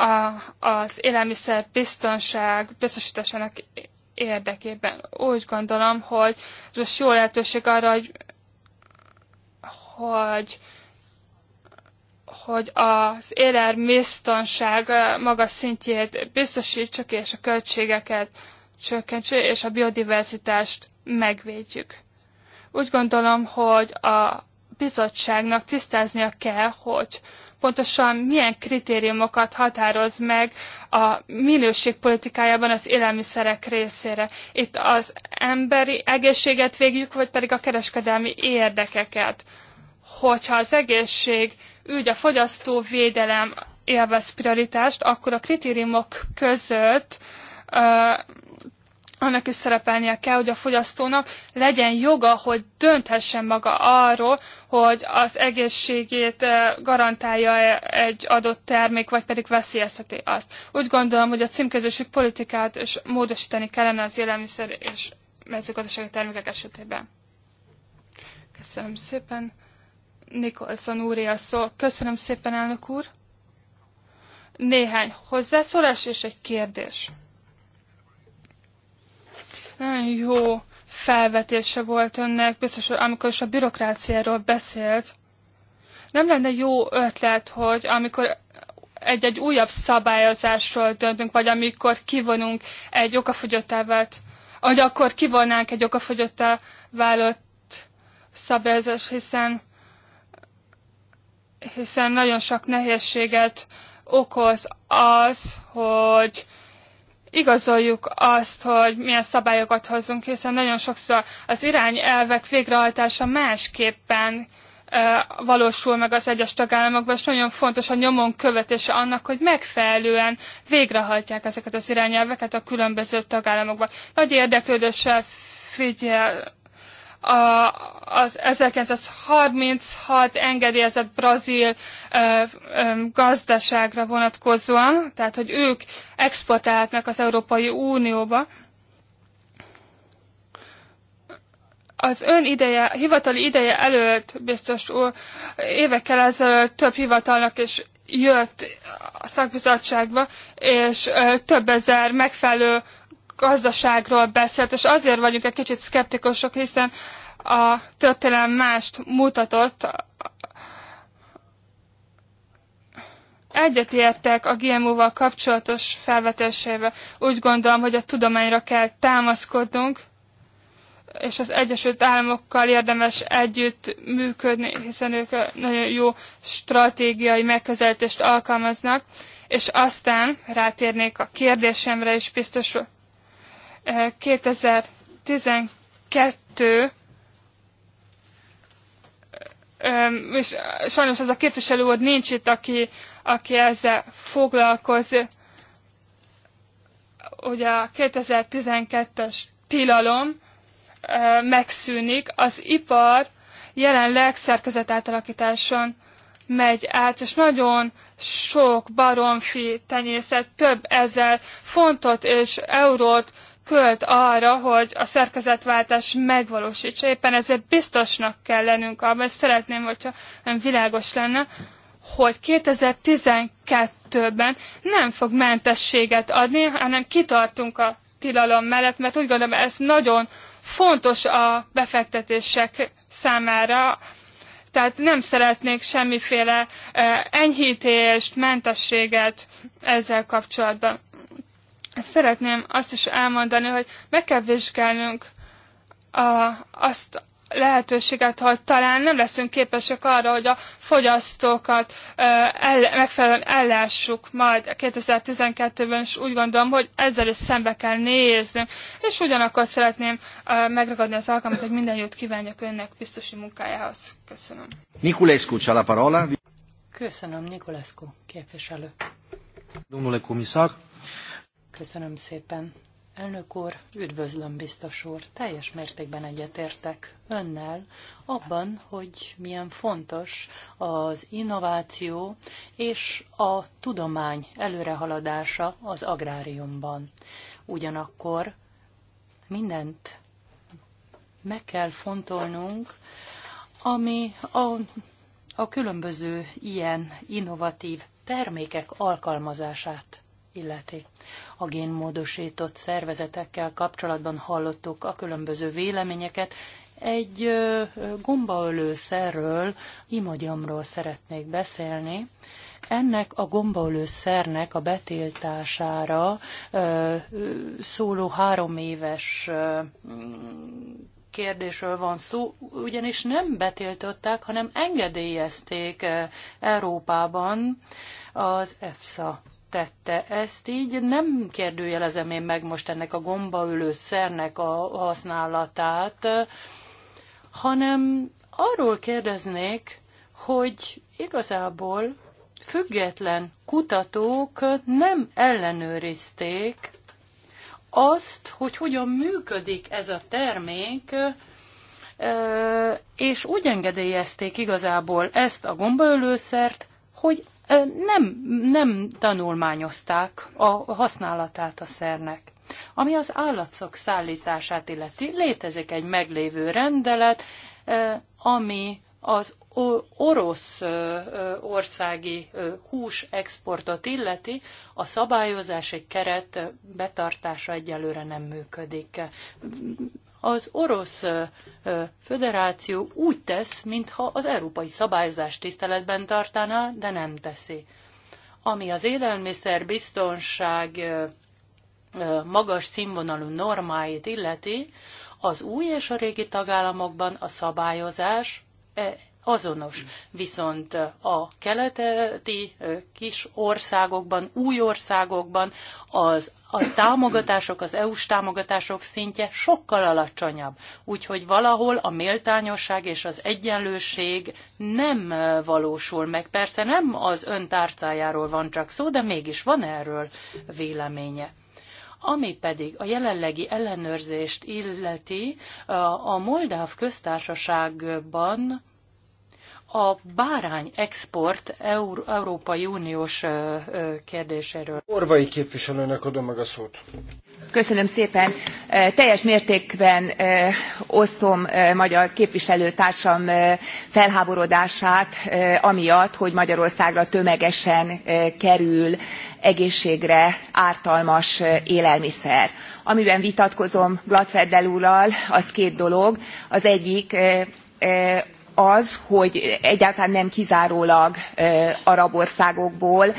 a, az élelmiszer biztonság biztosításának érdekében. Úgy gondolom, hogy ez most jó lehetőség arra, hogy, hogy, hogy az élelmiztonság magas szintjét biztosítsuk, és a költségeket csökkentsük, és a biodiverzitást megvédjük. Úgy gondolom, hogy a bizottságnak tisztáznia kell, hogy pontosan milyen kritériumokat határoz meg a minőségpolitikájában az élelmiszerek részére. Itt az emberi egészséget végjük, vagy pedig a kereskedelmi érdekeket. Hogyha az egészség ügy, a fogyasztóvédelem élvez prioritást, akkor a kritériumok között annak is szerepelnie kell, hogy a fogyasztónak legyen joga, hogy dönthessen maga arról, hogy az egészségét eh, garantálja egy adott termék, vagy pedig veszélyezteti azt. Úgy gondolom, hogy a címkezésük politikát is módosítani kellene az élelmiszer és mezőgazdasági termékek esetében. Köszönöm szépen. Nikolson úr a szó. Köszönöm szépen, elnök úr. Néhány hozzászólás és egy kérdés. Nagyon jó felvetése volt önnek, biztos, amikor is a bürokráciáról beszélt. Nem lenne jó ötlet, hogy amikor egy-egy újabb szabályozásról döntünk, vagy amikor kivonunk egy okafogyottá vált, vagy akkor kivonnánk egy okafogyottá vált szabályozás, hiszen, hiszen nagyon sok nehézséget okoz az, hogy igazoljuk azt, hogy milyen szabályokat hozzunk, hiszen nagyon sokszor az irányelvek végrehajtása másképpen valósul meg az egyes tagállamokban, és nagyon fontos a nyomon követése annak, hogy megfelelően végrehajtják ezeket az irányelveket a különböző tagállamokban. Nagy érdeklődéssel figyel, a, az 1936 engedélyezett brazil ö, ö, gazdaságra vonatkozóan, tehát hogy ők exportálhatnak az Európai Unióba. Az ön ideje, hivatali ideje előtt, biztos úr, évekkel ezelőtt több hivatalnak is jött a szakbizottságba, és ö, több ezer megfelelő gazdaságról beszélt, és azért vagyunk egy kicsit szkeptikusok, hiszen a történelem mást mutatott. Egyetértek a GMO-val kapcsolatos felvetésével. Úgy gondolom, hogy a tudományra kell támaszkodnunk, és az Egyesült Államokkal érdemes együtt működni, hiszen ők nagyon jó stratégiai megközelítést alkalmaznak. És aztán rátérnék a kérdésemre is, biztosul. 2012 és sajnos az a képviselő úr nincs itt, aki, aki ezzel foglalkozik. Ugye a 2012-es tilalom megszűnik, az ipar jelenleg szerkezetátalakításon megy át, és nagyon sok baromfi tenyészet több ezer fontot és eurót költ arra, hogy a szerkezetváltás megvalósítsa. Éppen ezért biztosnak kell lennünk abban, és szeretném, hogyha nem világos lenne, hogy 2012-ben nem fog mentességet adni, hanem kitartunk a tilalom mellett, mert úgy gondolom, ez nagyon fontos a befektetések számára, tehát nem szeretnék semmiféle eh, enyhítést, mentességet ezzel kapcsolatban szeretném azt is elmondani, hogy meg kell vizsgálnunk a, azt lehetőséget, hogy talán nem leszünk képesek arra, hogy a fogyasztókat el, megfelelően ellássuk majd 2012-ben, és úgy gondolom, hogy ezzel is szembe kell néznünk, és ugyanakkor szeretném megragadni az alkalmat, hogy minden jót kívánjak önnek biztosi munkájához. Köszönöm. Niculescu, la parola. Köszönöm, Niculescu képviselő. Domnule comisar, Köszönöm szépen. Elnök úr, üdvözlöm biztos úr, teljes mértékben egyetértek önnel abban, hogy milyen fontos az innováció és a tudomány előrehaladása az agráriumban. Ugyanakkor mindent meg kell fontolnunk, ami a, a különböző ilyen innovatív termékek alkalmazását illeti. A génmódosított szervezetekkel kapcsolatban hallottuk a különböző véleményeket. Egy gombaölőszerről, imagyamról szeretnék beszélni. Ennek a gombaölőszernek a betiltására szóló három éves kérdésről van szó, ugyanis nem betiltották, hanem engedélyezték Európában az EFSA tette ezt így. Nem kérdőjelezem én meg most ennek a gombaülő szernek a használatát, hanem arról kérdeznék, hogy igazából független kutatók nem ellenőrizték azt, hogy hogyan működik ez a termék, és úgy engedélyezték igazából ezt a gombaölőszert, hogy nem, nem tanulmányozták a használatát a szernek. Ami az állatszok szállítását illeti, létezik egy meglévő rendelet, ami az orosz országi hús exportot illeti, a szabályozási keret betartása egyelőre nem működik az Orosz Föderáció úgy tesz, mintha az európai szabályozást tiszteletben tartaná, de nem teszi. Ami az élelmiszer biztonság magas színvonalú normáit illeti, az új és a régi tagállamokban a szabályozás e, azonos. Viszont a keleti kis országokban, új országokban az a támogatások, az EU-s támogatások szintje sokkal alacsonyabb. Úgyhogy valahol a méltányosság és az egyenlőség nem valósul meg. Persze nem az tárcájáról van csak szó, de mégis van erről véleménye. Ami pedig a jelenlegi ellenőrzést illeti, a Moldáv köztársaságban a bárány export Eur- Európai Uniós ö, ö, kérdéséről. Orvai képviselőnek adom meg a szót. Köszönöm szépen. Teljes mértékben osztom magyar képviselőtársam felháborodását amiatt, hogy Magyarországra tömegesen kerül egészségre ártalmas élelmiszer. Amiben vitatkozom Gladfeddel úrral, az két dolog. Az egyik az hogy egyáltalán nem kizárólag arab országokból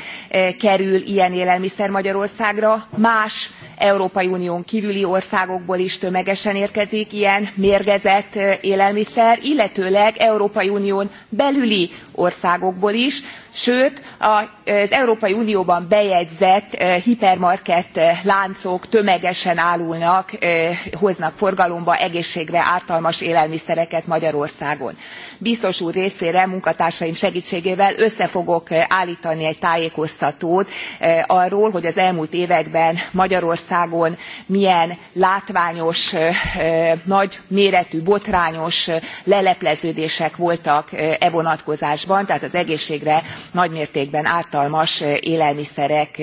kerül ilyen élelmiszer magyarországra más európai unión kvüli országokból is tömegesen érkezik ilyen mérgezett élelmiszer illetőleg európai unión belüli országokból is sőt az európai unióban bejegyzett hipermarketláncok tömegesen árulnak hoznak forgalomba egészségre ártalmas élelmiszereket magyarországon. biztos úr részére munkatársaim segtségével össze fogok álltani egy tájékoztatót arról hogy az elmúlt években magyarországon magyarországon milyen látványos nagy méretű botrányos lelepleződések voltak e vonatkozásban tehát az egészségre nagymértékben ártalmas élelmiszerek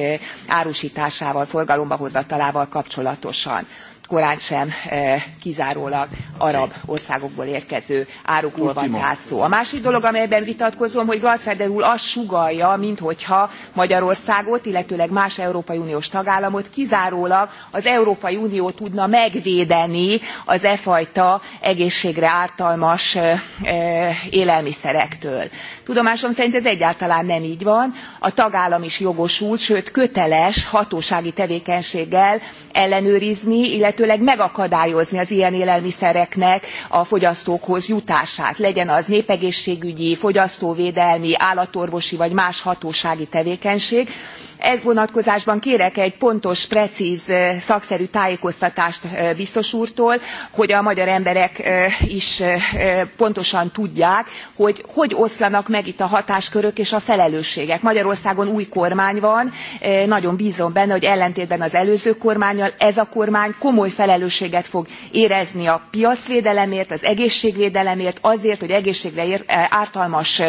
árustásával forgalomba hozatalával kapcsolatosan korántsem e, kizárólag arab országokból érkező árukról van tehát szó. a másik dolog amelyben vitatkozom hogy gladfeder úr azt sugallja minthogyha magyarországot illetőleg más európai uniós tagállamot kizárólag az európai unió tudna megvédeni az e fajta egészségre ártalmas e, e, élelmiszerektől. tudomásom szerint ez egyáltalán nem gy van a tagállam is jogosult sőt köteles hatósági tevékenységgel ellenőrizni illetőleg megakadályozni az ilyen élelmiszereknek a fogyasztókhoz jutását legyen az népegészségügyi fogyasztóvédelmi állatorvosi vagy más hatósági tevékenység e vonatkozásban kérek egy pontos precz szakszerű tájékoztatást biztos úrtól hogy a magyar emberek is pontosan tudják hogy hogy oszlanak meg itt a hatáskörök és a felelősségek. magyarországon új kormány van nagyon bzom benne hogy ellentétben az előző kormánnyal ez a kormány komoly felelősséget fog érezni a piacvédelemért az egészségvédelemért azért hogy egészségre ártalmas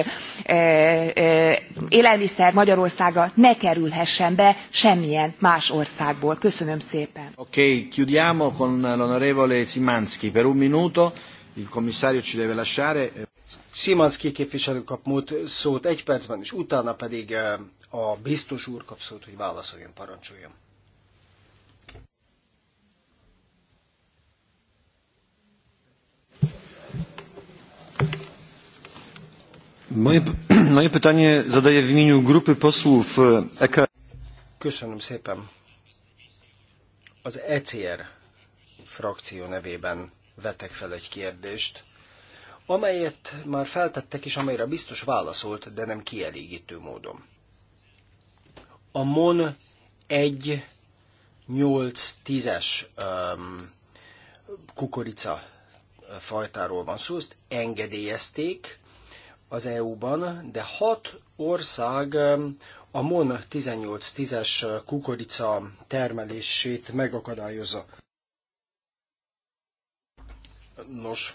élelmiszer magyarországra ne kerülhessen jöhessen be semmilyen más országból. Köszönöm szépen. Ok, chiudiamo con l'onorevole Simanski per un minuto. Il commissario ci deve lasciare. Simanski képviselő kap múlt szót egy percben, és utána pedig eh, a biztos úr kap szót, hogy válaszoljon, parancsoljon. Moje, moje pytanie zadaję w imieniu grupy posłów eh, EKR. Köszönöm szépen. Az ECR frakció nevében vetek fel egy kérdést, amelyet már feltettek, és amelyre biztos válaszolt, de nem kielégítő módon. A MON 1 8 10-es um, kukorica fajtáról van szó, ezt engedélyezték az EU-ban, de hat ország a MON 18-10-es kukorica termelését megakadályozza. Nos,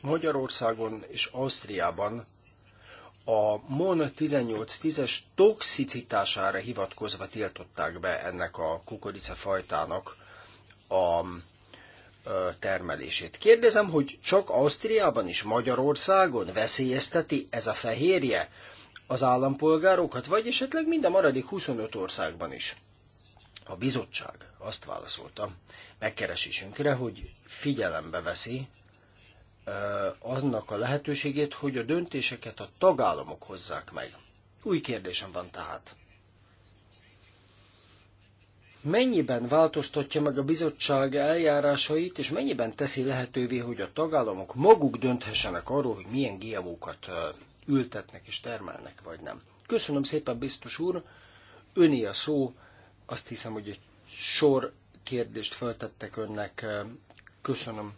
Magyarországon és Ausztriában a MON 1810-es toxicitására hivatkozva tiltották be ennek a kukoricafajtának a termelését. Kérdezem, hogy csak Ausztriában és Magyarországon veszélyezteti ez a fehérje az állampolgárokat, vagy esetleg mind a maradék 25 országban is. A bizottság azt válaszolta megkeresésünkre, hogy figyelembe veszi annak a lehetőségét, hogy a döntéseket a tagállamok hozzák meg. Új kérdésem van tehát. Mennyiben változtatja meg a bizottság eljárásait, és mennyiben teszi lehetővé, hogy a tagállamok maguk dönthessenek arról, hogy milyen GMO-kat ültetnek és termelnek, vagy nem. Köszönöm szépen, biztos úr, öné a szó, azt hiszem, hogy egy sor kérdést föltettek önnek. Köszönöm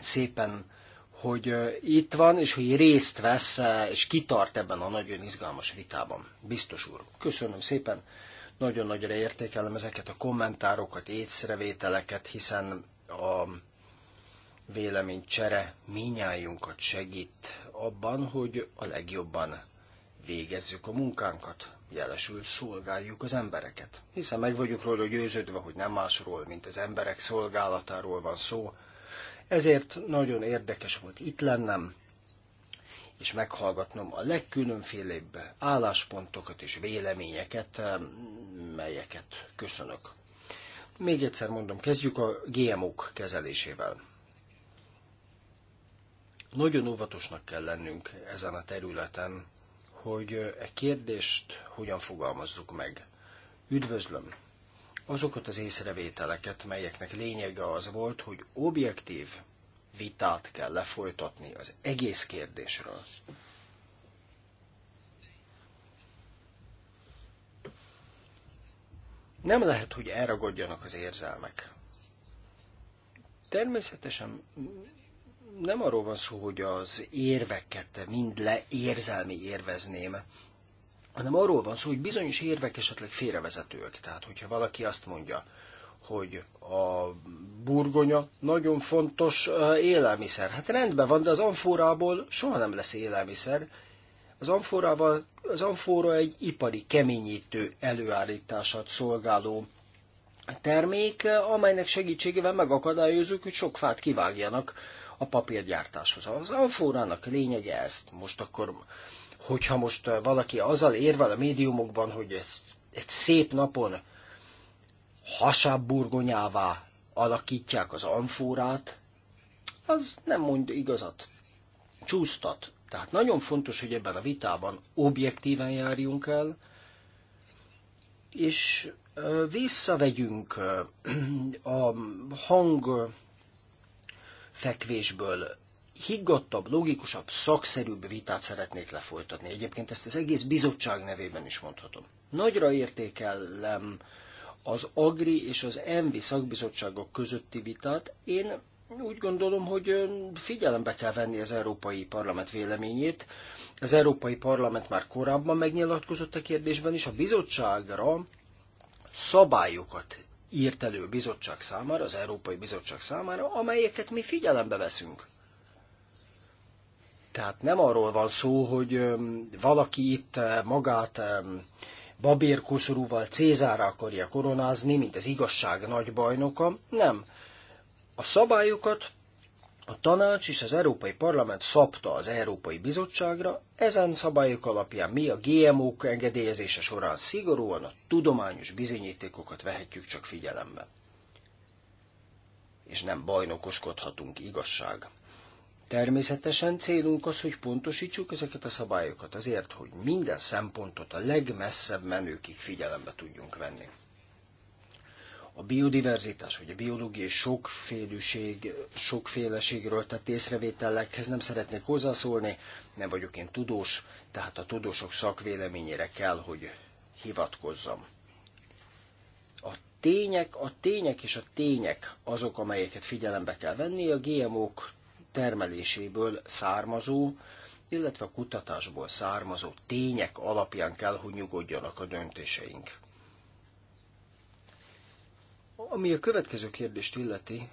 szépen, hogy eh, itt van, és hogy részt vesz, eh, és kitart ebben a nagyon izgalmas vitában. Biztos úr, köszönöm szépen. Nagyon nagyra értékelem ezeket a kommentárokat, észrevételeket, hiszen a véleménycsere minnyájunkat segít abban, hogy a legjobban végezzük a munkánkat, jelesül szolgáljuk az embereket. Hiszen meg vagyok róla győződve, hogy nem másról, mint az emberek szolgálatáról van szó. Ezért nagyon érdekes volt itt lennem, és meghallgatnom a legkülönfélebb álláspontokat és véleményeket, melyeket köszönök. Még egyszer mondom, kezdjük a GMO-k kezelésével. Nagyon óvatosnak kell lennünk ezen a területen, hogy e kérdést hogyan fogalmazzuk meg. Üdvözlöm azokat az észrevételeket, melyeknek lényege az volt, hogy objektív vitát kell lefolytatni az egész kérdésről. Nem lehet, hogy elragadjanak az érzelmek. Természetesen nem arról van szó, hogy az érveket mind leérzelmi érvezném, hanem arról van szó, hogy bizonyos érvek esetleg félrevezetőek. Tehát, hogyha valaki azt mondja, hogy a burgonya nagyon fontos élelmiszer. Hát rendben van, de az amforából soha nem lesz élelmiszer. Az, amforával, az amfora egy ipari keményítő előállítását szolgáló termék, amelynek segítségével megakadályozzuk, hogy sok fát kivágjanak a papírgyártáshoz. Az alfórának lényege ezt. Most akkor, hogyha most eh, valaki azzal érvel a médiumokban, hogy egy szép napon hasábburgonyává alakítják az amfórát, az nem mond igazat. Csúsztat. Tehát nagyon fontos, hogy ebben a vitában objektíven járjunk el, és eh, visszavegyünk eh, a hang fekvésből higgadtabb, logikusabb, szakszerűbb vitát szeretnék lefolytatni. Egyébként ezt az egész bizottság nevében is mondhatom. Nagyra értékelem az Agri és az Envi szakbizottságok közötti vitát. Én úgy gondolom, hogy figyelembe kell venni az Európai Parlament véleményét. Az Európai Parlament már korábban megnyilatkozott a kérdésben is, a bizottságra szabályokat írt elő a bizottság számára, az Európai Bizottság számára, amelyeket mi figyelembe veszünk. Tehát nem arról van szó, hogy valaki itt magát babérkoszorúval Cézára akarja koronázni, mint az igazság nagy bajnoka. Nem. A szabályokat a tanács és az Európai Parlament szabta az Európai Bizottságra, ezen szabályok alapján mi a GMO-k engedélyezése során szigorúan a tudományos bizonyítékokat vehetjük csak figyelembe. És nem bajnokoskodhatunk igazság. Természetesen célunk az, hogy pontosítsuk ezeket a szabályokat azért, hogy minden szempontot a legmesszebb menőkig figyelembe tudjunk venni a biodiverzitás, vagy a biológiai sokféleség, sokféleségről tett észrevételekhez nem szeretnék hozzászólni, nem vagyok én tudós, tehát a tudósok szakvéleményére kell, hogy hivatkozzam. A tények, a tények és a tények azok, amelyeket figyelembe kell venni, a GMO-k termeléséből származó, illetve a kutatásból származó tények alapján kell, hogy nyugodjanak a döntéseink. Ami a következő kérdést illeti,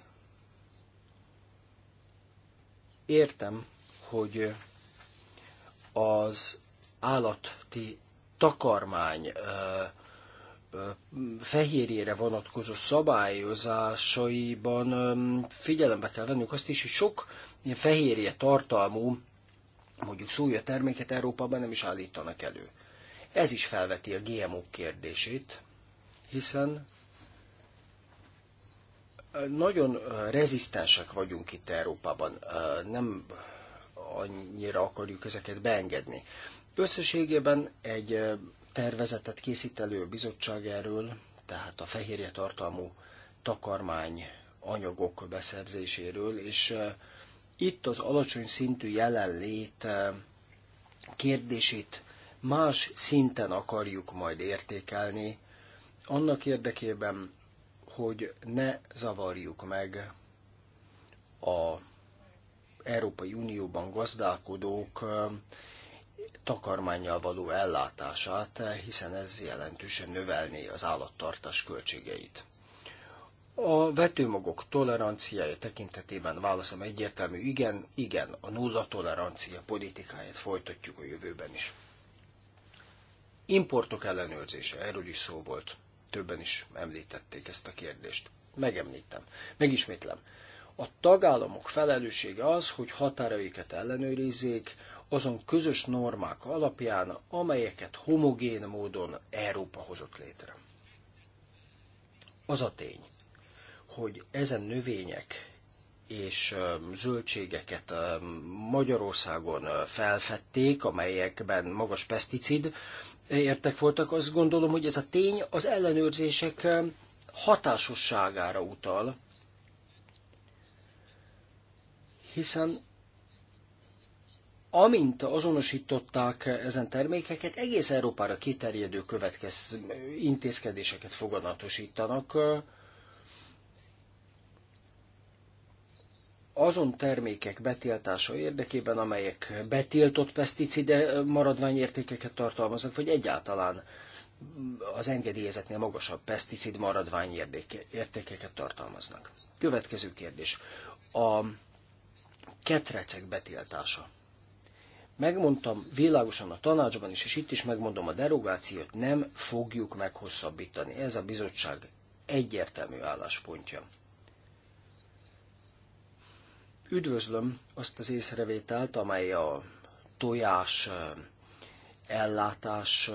értem, hogy az állati takarmány fehérjére vonatkozó szabályozásaiban figyelembe kell vennünk azt is, hogy sok ilyen fehérje tartalmú, mondjuk szója terméket Európában nem is állítanak elő. Ez is felveti a GMO kérdését, hiszen nagyon rezisztensek vagyunk itt Európában. Nem annyira akarjuk ezeket beengedni. Összességében egy tervezetet készít elő a bizottság erről, tehát a fehérje tartalmú takarmány anyagok beszerzéséről, és itt az alacsony szintű jelenlét kérdését más szinten akarjuk majd értékelni, annak érdekében, hogy ne zavarjuk meg a Európai Unióban gazdálkodók takarmányjal való ellátását, hiszen ez jelentősen növelné az állattartás költségeit. A vetőmagok toleranciája tekintetében válaszom egyértelmű igen, igen, a nulla tolerancia politikáját folytatjuk a jövőben is. Importok ellenőrzése, erről is szó volt. Többen is említették ezt a kérdést. Megemlítem. Megismétlem. A tagállamok felelőssége az, hogy határaiket ellenőrizzék, azon közös normák alapján, amelyeket homogén módon Európa hozott létre. Az a tény, hogy ezen növények és zöldségeket Magyarországon felfedték, amelyekben magas peszticid, értek voltak, azt gondolom, hogy ez a tény az ellenőrzések um, hatásosságára utal, hiszen amint azonosították ezen termékeket, egész Európára kiterjedő következő intézkedéseket foganatosítanak, uh, azon termékek betiltása érdekében, amelyek betiltott peszticide maradványértékeket tartalmaznak, vagy egyáltalán az engedélyezetnél magasabb peszticid maradványértékeket tartalmaznak. Következő kérdés. A ketrecek betiltása. Megmondtam világosan a tanácsban is, és itt is megmondom, a derogációt nem fogjuk meghosszabbítani. Ez a bizottság egyértelmű álláspontja. Üdvözlöm azt az észrevételt, amely a tojás ellátás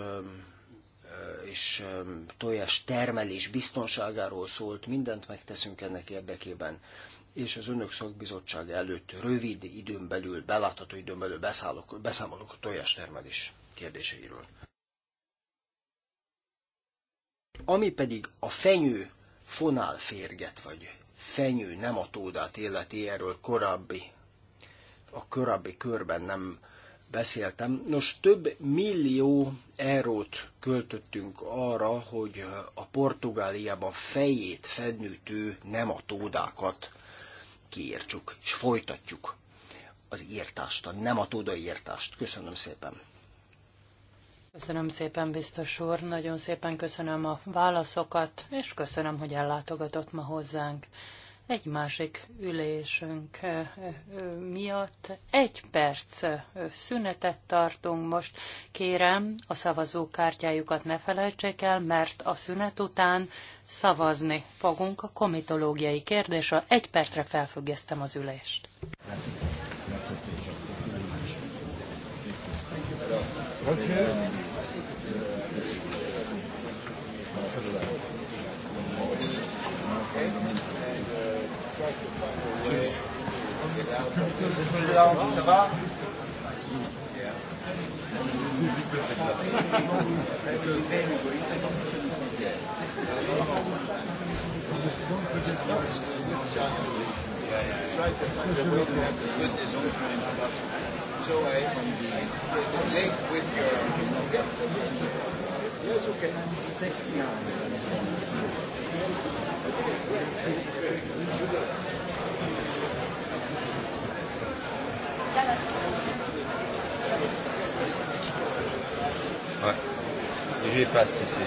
és tojás termelés biztonságáról szólt, mindent megteszünk ennek érdekében, és az önök szakbizottság előtt rövid időn belül, belátható időn belül beszállok, beszámolok a tojás termelés kérdéseiről. Ami pedig a fenyő fonálférget vagy fenyő, nem a tódát erről korábbi, a korábbi körben nem beszéltem. Nos, több millió eurót költöttünk arra, hogy a Portugáliában fejét fednyűtő nem a tódákat kiírtsuk, és folytatjuk az írtást, a nem a tódai írtást. Köszönöm szépen! Köszönöm szépen, biztos úr, nagyon szépen köszönöm a válaszokat, és köszönöm, hogy ellátogatott ma hozzánk. Egy másik ülésünk eh, eh, miatt egy perc eh, szünetet tartunk most. Kérem, a szavazókártyájukat ne felejtsék el, mert a szünet után szavazni fogunk a komitológiai kérdésre. Egy percre felfüggesztem az ülést. Köszönöm. Try to find a way to have a good design for introduction so I, I link with your okay. You also can stick Ouais. J'y passe ici.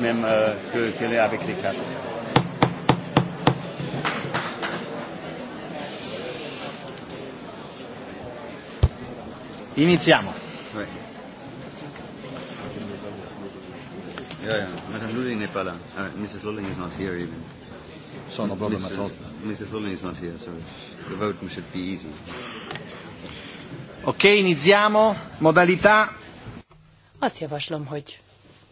même euh, qu'elle qu est avec les cartes. Iniziamo. Yeah, yeah. Madame n'est pas là. Uh, Mrs. Luling is not here even. So no problem at all. Mrs. Luling is not here, so the vote should be easy. Ok, iniziamo. Modalità. Azt javaslom, hogy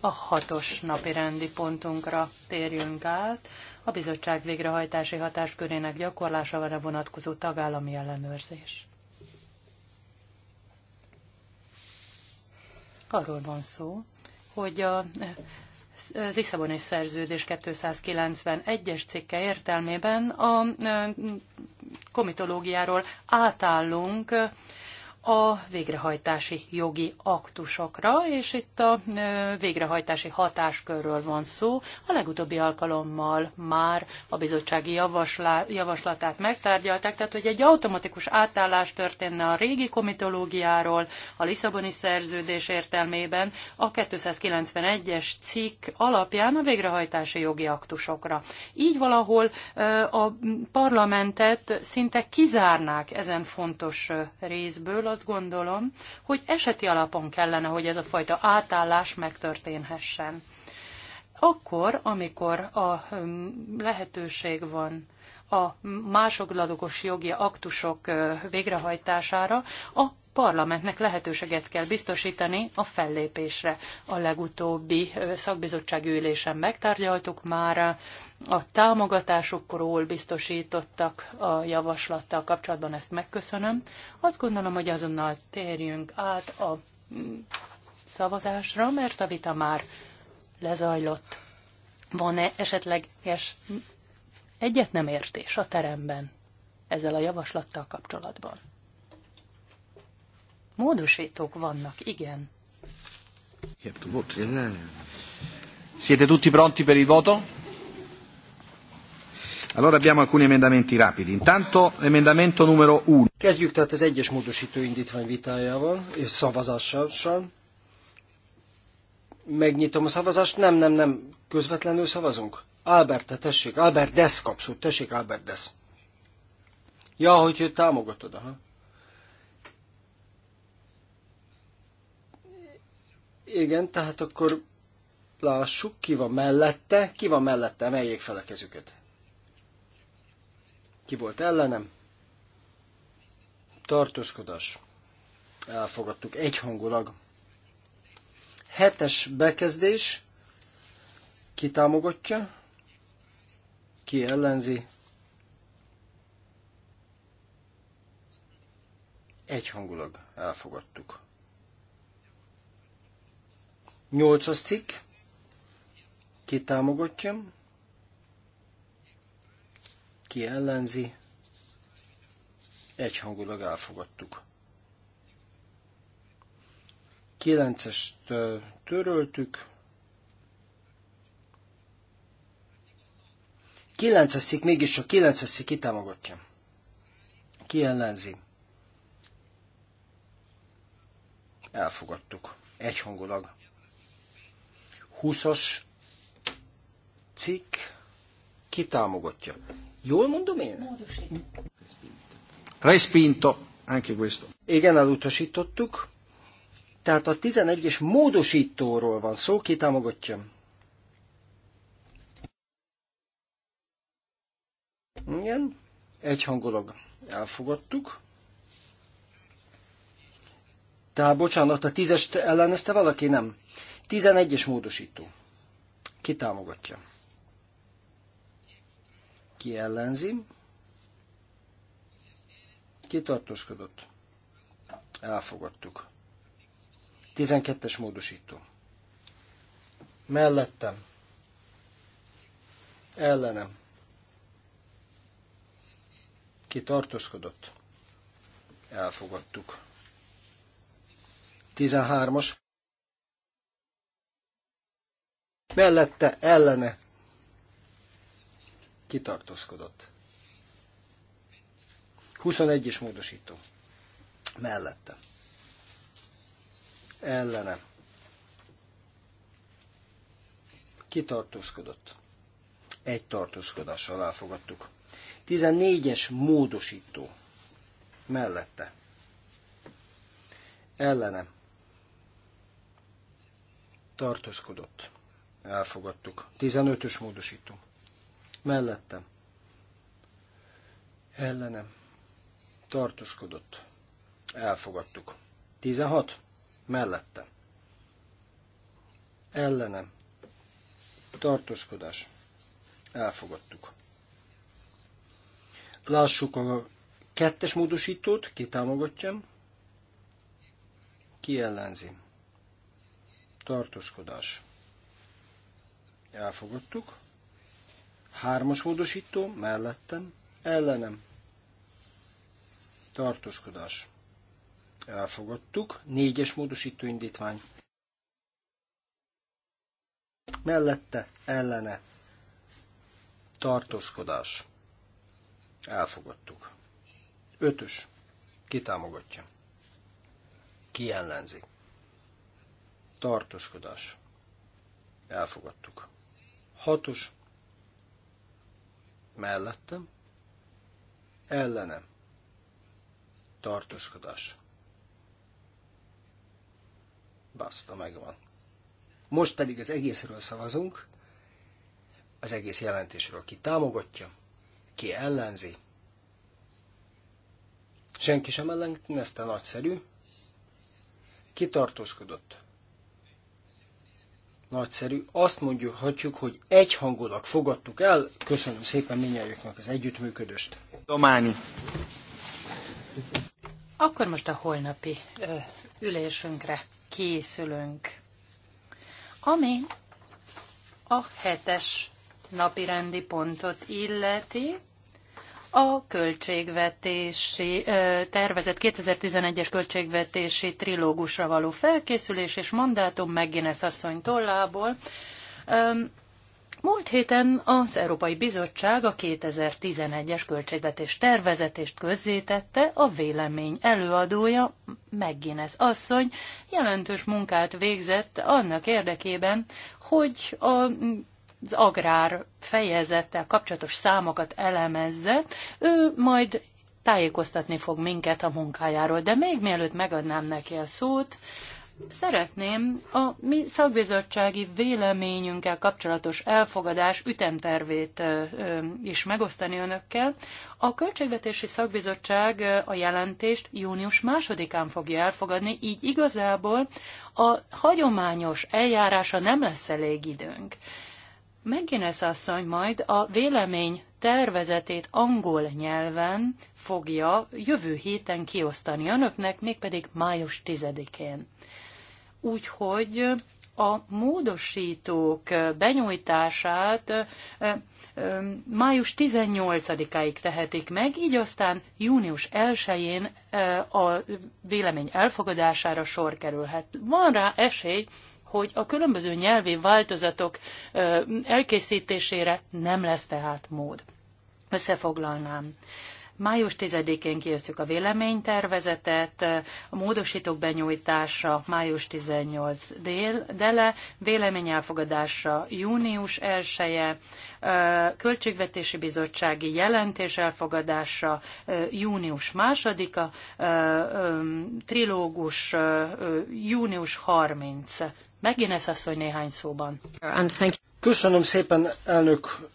a hatos napi rendi pontunkra térjünk át, a bizottság végrehajtási hatáskörének a vonatkozó tagállami ellenőrzés. Arról van szó, hogy a eh, eh, Lisszaboni szerződés 291-es cikke értelmében a eh, komitológiáról átállunk a végrehajtási jogi aktusokra, és itt a végrehajtási hatáskörről van szó. A legutóbbi alkalommal már a bizottsági javaslatát megtárgyalták, tehát hogy egy automatikus átállás történne a régi komitológiáról, a Lisszaboni szerződés értelmében a 291-es cikk alapján a végrehajtási jogi aktusokra. Így valahol a parlamentet szinte kizárnák ezen fontos részből, azt gondolom, hogy eseti alapon kellene, hogy ez a fajta átállás megtörténhessen. Akkor, amikor a hmm, lehetőség van a másodlagos jogi aktusok végrehajtására, a parlamentnek lehetőséget kell biztosítani a fellépésre. A legutóbbi szakbizottsági ülésen megtárgyaltuk már, a támogatásukról biztosítottak a javaslattal kapcsolatban, ezt megköszönöm. Azt gondolom, hogy azonnal térjünk át a mm, szavazásra, mert a vita már lezajlott. Van-e esetleges egyet nem értés a teremben ezzel a javaslattal kapcsolatban. Módosítók vannak, igen. Siete tutti pronti per il voto? Allora abbiamo alcuni emendamenti rapidi. Intanto emendamento numero 1. Kezdjük tehát az egyes módosító indítvány vitájával és szavazással. Megnyitom a szavazást. Nem, nem, nem. Közvetlenül szavazunk? Albert, tessék, Albert Desz kapszult, tessék, Albert Desz. Ja, hogy őt támogatod, aha. Igen, tehát akkor lássuk, ki van mellette, ki van mellette, emeljék fel a kezüket. Ki volt ellenem? Tartózkodás. Elfogadtuk egyhangulag. Hetes bekezdés. Ki támogatja? ki ellenzi. Egyhangulag elfogadtuk. Nyolcas cikk, ki támogatja, ki ellenzi, egyhangulag elfogadtuk. 9 töröltük, 9 szik, mégis a 9 szik kitámogatja. Ki ellenzi? Elfogadtuk. Egyhangulag. 20-as cikk kitámogatja. Jól mondom én? Respinto. Anche questo. Igen, elutasítottuk. Tehát a 11-es módosítóról van szó, kitámogatja. támogatja? Igen, egyhangulag elfogadtuk. Tehát bocsánat, a tízest ellenezte valaki? Nem. Tizenegyes módosító. Ki támogatja? Ki ellenzi? Ki tartózkodott? Elfogadtuk. 12-es módosító. Mellettem. Ellenem ki tartózkodott. Elfogadtuk. 13-as. Mellette ellene kitartózkodott. 21 is módosító. Mellette. Ellene. Kitartózkodott. Egy tartózkodással elfogadtuk. 14-es módosító. Mellette. Ellenem. Tartózkodott. Elfogadtuk. 15-ös módosító. Mellettem. Ellenem. Tartózkodott. Elfogadtuk. 16. Mellettem. Ellenem. Tartózkodás. Elfogadtuk. Lássuk a kettes módosítót, ki támogatja, ki ellenzi. Tartózkodás. Elfogadtuk. Hármas módosító, mellettem, ellenem. Tartózkodás. Elfogadtuk. Négyes módosító indítvány. Mellette, ellene. Tartózkodás Elfogadtuk. Ötös. Ki támogatja? Ki ellenzi? Tartoskodás. Elfogadtuk. Hatos. Mellettem. Ellenem. Tartoskodás. Basta, megvan. Most pedig az egészről szavazunk, az egész jelentésről ki támogatja, ki ellenzi? Senki sem ellenezte, nagyszerű. Ki tartózkodott? Nagyszerű. Azt mondjuk, hogy egyhangulag fogadtuk el. Köszönöm szépen minnyájuknak az együttműködést. Dománi. Akkor most a holnapi ö, ülésünkre készülünk, ami a hetes napi rendi pontot illeti, a költségvetési tervezett 2011-es költségvetési trilógusra való felkészülés és mandátum Megginesz asszony tollából. Múlt héten az Európai Bizottság a 2011-es költségvetés tervezetést közzétette, a vélemény előadója, Megginez asszony, jelentős munkát végzett annak érdekében, hogy a az agrár fejezettel kapcsolatos számokat elemezze, ő majd tájékoztatni fog minket a munkájáról. De még mielőtt megadnám neki a szót, Szeretném a mi szakbizottsági véleményünkkel kapcsolatos elfogadás ütemtervét is megosztani önökkel. A Költségvetési Szakbizottság a jelentést június másodikán fogja elfogadni, így igazából a hagyományos eljárása nem lesz elég időnk. McGuinness asszony majd a vélemény tervezetét angol nyelven fogja jövő héten kiosztani önöknek, mégpedig május 10-én. Úgyhogy a módosítók benyújtását május 18-áig tehetik meg, így aztán június 1-én a vélemény elfogadására sor kerülhet. Van rá esély, hogy a különböző nyelvi változatok elkészítésére nem lesz tehát mód. Összefoglalnám. Május 10-én kiöztjük a véleménytervezetet, a módosítók benyújtása május 18 dél, dele, vélemény elfogadása június 1 -e, Költségvetési Bizottsági jelentés elfogadása június 2-a, trilógus június 30 Megint az, hogy néhány szóban. Köszönöm szépen, elnök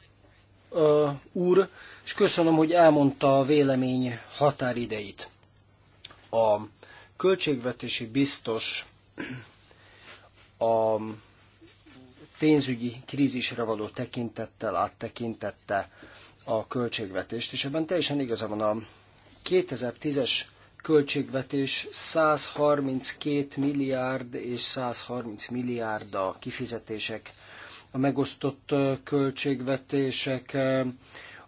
uh, úr, és köszönöm, hogy elmondta a vélemény határideit. A költségvetési biztos a pénzügyi krízisre való tekintettel áttekintette a költségvetést, és ebben teljesen igaza van a 2010-es költségvetés 132 milliárd és 130 milliárd a kifizetések. A megosztott költségvetések,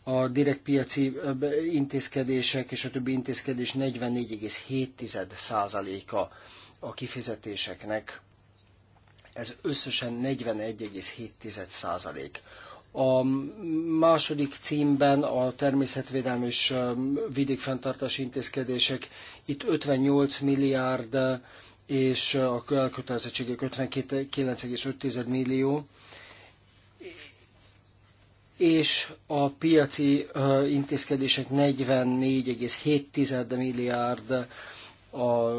a direkt piaci intézkedések és a többi intézkedés 44,7%-a a kifizetéseknek. Ez összesen 41,7%. A második címben a természetvédelmi és vidékfenntartási intézkedések itt 58 milliárd és a elkötelezettségek 59,5 millió, és a piaci intézkedések 44,7 milliárd, a,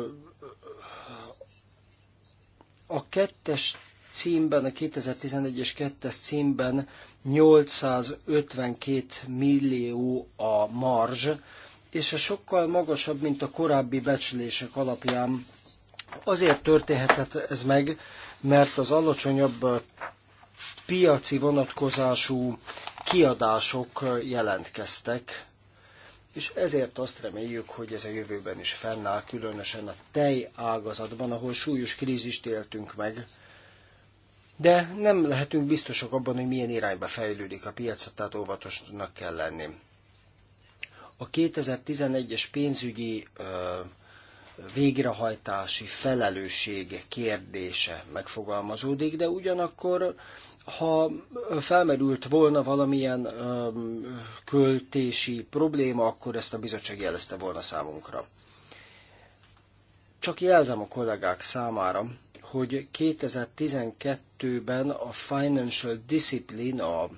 a kettes címben, a 2011-es 2-es címben 852 millió a marzs, és ez sokkal magasabb, mint a korábbi becslések alapján. Azért történhetett ez meg, mert az alacsonyabb piaci vonatkozású kiadások jelentkeztek, és ezért azt reméljük, hogy ez a jövőben is fennáll, különösen a tej ágazatban, ahol súlyos krízist éltünk meg, de nem lehetünk biztosak abban, hogy milyen irányba fejlődik a piac, tehát óvatosnak kell lenni. A 2011-es pénzügyi ö, végrehajtási felelősség kérdése megfogalmazódik, de ugyanakkor ha felmerült volna valamilyen öm, költési probléma, akkor ezt a bizottság jelezte volna számunkra. Csak jelzem a kollégák számára, hogy 2012-ben a Financial Discipline, a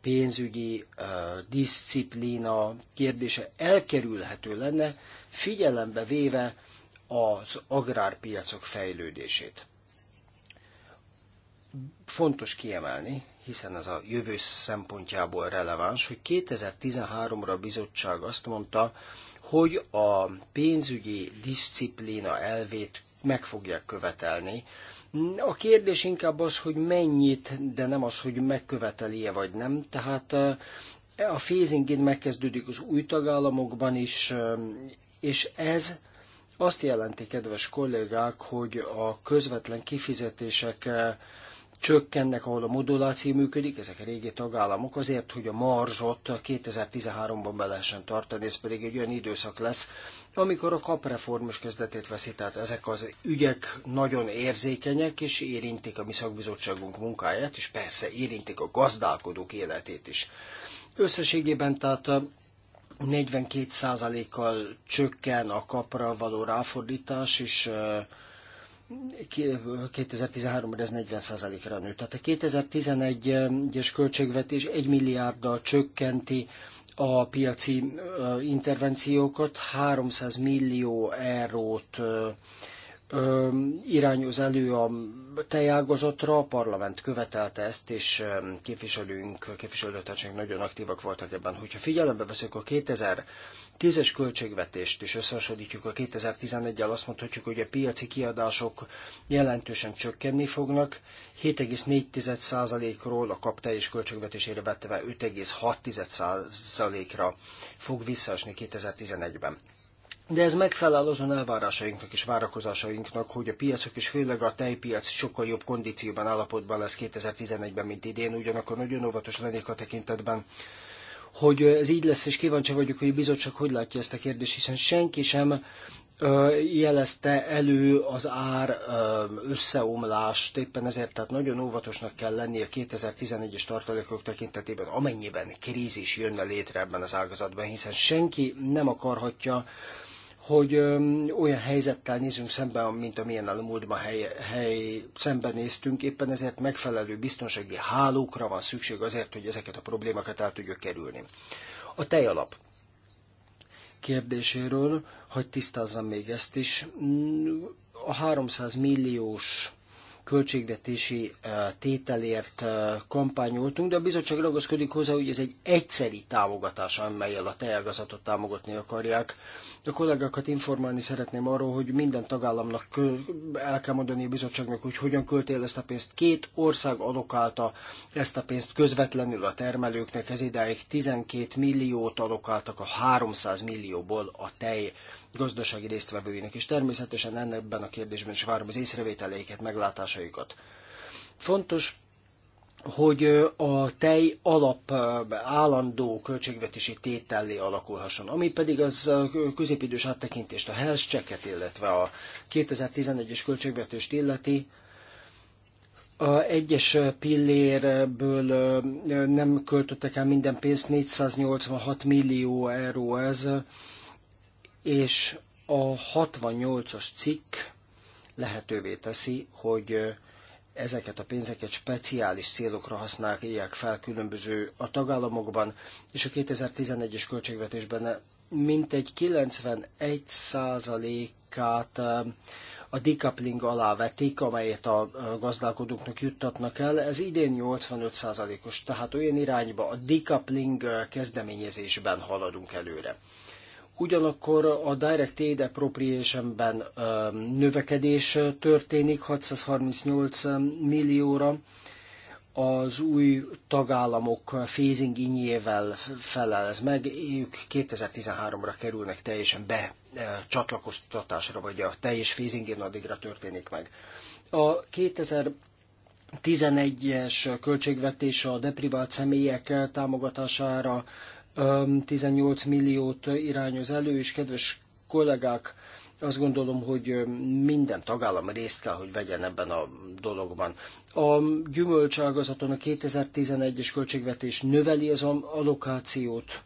pénzügyi uh, disziplína kérdése elkerülhető lenne, figyelembe véve az agrárpiacok fejlődését. Fontos kiemelni, hiszen ez a jövő szempontjából releváns, hogy 2013-ra a bizottság azt mondta, hogy a pénzügyi disziplína elvét meg fogják követelni. A kérdés inkább az, hogy mennyit, de nem az, hogy megköveteli-e vagy nem. Tehát eh, a phasing megkezdődik az új tagállamokban is, eh, és ez azt jelenti, kedves kollégák, hogy a közvetlen kifizetések eh, csökkennek, ahol a moduláció működik, ezek a régi tagállamok, azért, hogy a marzsot 2013-ban be lehessen tartani, ez pedig egy olyan időszak lesz, amikor a kapreform is kezdetét veszi, tehát ezek az ügyek nagyon érzékenyek, és érintik a mi szakbizottságunk munkáját, és persze érintik a gazdálkodók életét is. Összességében tehát 42%-kal csökken a kapra való ráfordítás, és 2013 ban ez 40%-ra nőtt. Tehát a 2011-es költségvetés 1 milliárddal csökkenti a piaci intervenciókat, 300 millió eurót irányoz elő a tejágazatra, a parlament követelte ezt, és képviselőnk, képviselőtársaink nagyon aktívak voltak ebben. Hogyha figyelembe veszük a 2000 tízes költségvetést is összehasonlítjuk a 2011-el, azt mondhatjuk, hogy a piaci kiadások jelentősen csökkenni fognak, 7,4%-ról a kap teljes költségvetésére vetve 5,6%-ra fog visszaesni 2011-ben. De ez megfelel azon elvárásainknak és várakozásainknak, hogy a piacok és főleg a tejpiac sokkal jobb kondícióban állapotban lesz 2011-ben, mint idén, ugyanakkor nagyon óvatos lennék a tekintetben, hogy ez így lesz, és kíváncsi vagyok, hogy a bizottság hogy látja ezt a kérdést, hiszen senki sem jelezte elő az ár összeomlást, éppen ezért tehát nagyon óvatosnak kell lenni a 2011-es tartalékok tekintetében, amennyiben krízis jönne létre ebben az ágazatban, hiszen senki nem akarhatja, hogy olyan helyzettel nézünk szembe, mint amilyen a múltban hely, hely, szemben néztünk. éppen ezért megfelelő biztonsági hálókra van szükség azért, hogy ezeket a problémákat el tudjuk kerülni. A tejalap kérdéséről, hogy tisztázzam még ezt is, a 300 milliós költségvetési tételért kampányoltunk, de a bizottság ragaszkodik hozzá, hogy ez egy egyszeri támogatás, amelyel a tejágazatot támogatni akarják. A kollégákat informálni szeretném arról, hogy minden tagállamnak el kell mondani a bizottságnak, hogy hogyan költél ezt a pénzt. Két ország alokálta ezt a pénzt közvetlenül a termelőknek, ez idáig 12 milliót alokáltak a 300 millióból a tej gazdasági résztvevőinek, és természetesen ebben a kérdésben is várom az észrevételeiket, meglátásaikat. Fontos, hogy a tej alap állandó költségvetési tétellé alakulhasson, ami pedig az középidős áttekintést, a health checket, illetve a 2011-es költségvetést illeti, a egyes pillérből nem költöttek el minden pénzt, 486 millió euró ez, és a 68-as cikk lehetővé teszi, hogy ezeket a pénzeket speciális célokra használják fel különböző a tagállamokban, és a 2011-es költségvetésben mintegy 91%-át a decoupling alá vetik, amelyet a gazdálkodóknak juttatnak el. Ez idén 85%-os, tehát olyan irányba a decoupling kezdeményezésben haladunk előre. Ugyanakkor a Direct Aid Appropriation-ben um, növekedés uh, történik 638 um, millióra, az új tagállamok phasing inyével felel ez meg, ők 2013-ra kerülnek teljesen be uh, csatlakoztatásra, vagy a teljes phasing addigra történik meg. A 2011 es költségvetés a deprivált személyek uh, támogatására 18 milliót irányoz elő, és kedves kollégák, azt gondolom, hogy minden tagállam részt kell, hogy vegyen ebben a dologban. A gyümölcságazaton a 2011-es költségvetés növeli az allokációt.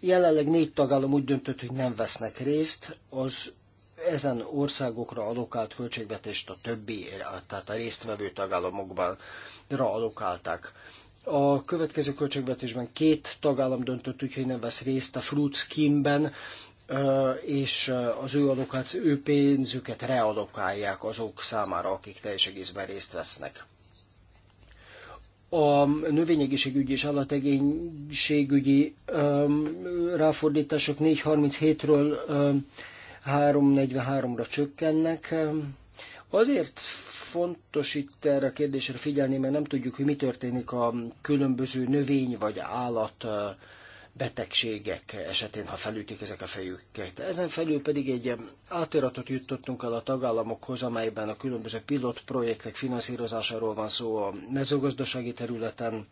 Jelenleg négy tagállam úgy döntött, hogy nem vesznek részt az ezen országokra alokált költségvetést a többi, tehát a résztvevő tagállamokban alokálták. A következő költségvetésben két tagállam döntött, úgy, hogy nem vesz részt a Fruit Scheme-ben, és az ő adókat, ő pénzüket realokálják azok számára, akik teljes egészben részt vesznek. A növényegészségügyi és állategészségügyi ráfordítások 437-ről 343-ra csökkennek. Azért Fontos itt erre a kérdésre figyelni, mert nem tudjuk, hogy mi történik a különböző növény vagy állat betegségek esetén, ha felütik ezek a fejüket. Ezen felül pedig egy átöratot juttottunk el a tagállamokhoz, amelyben a különböző pilot projektek finanszírozásáról van szó a mezőgazdasági területen,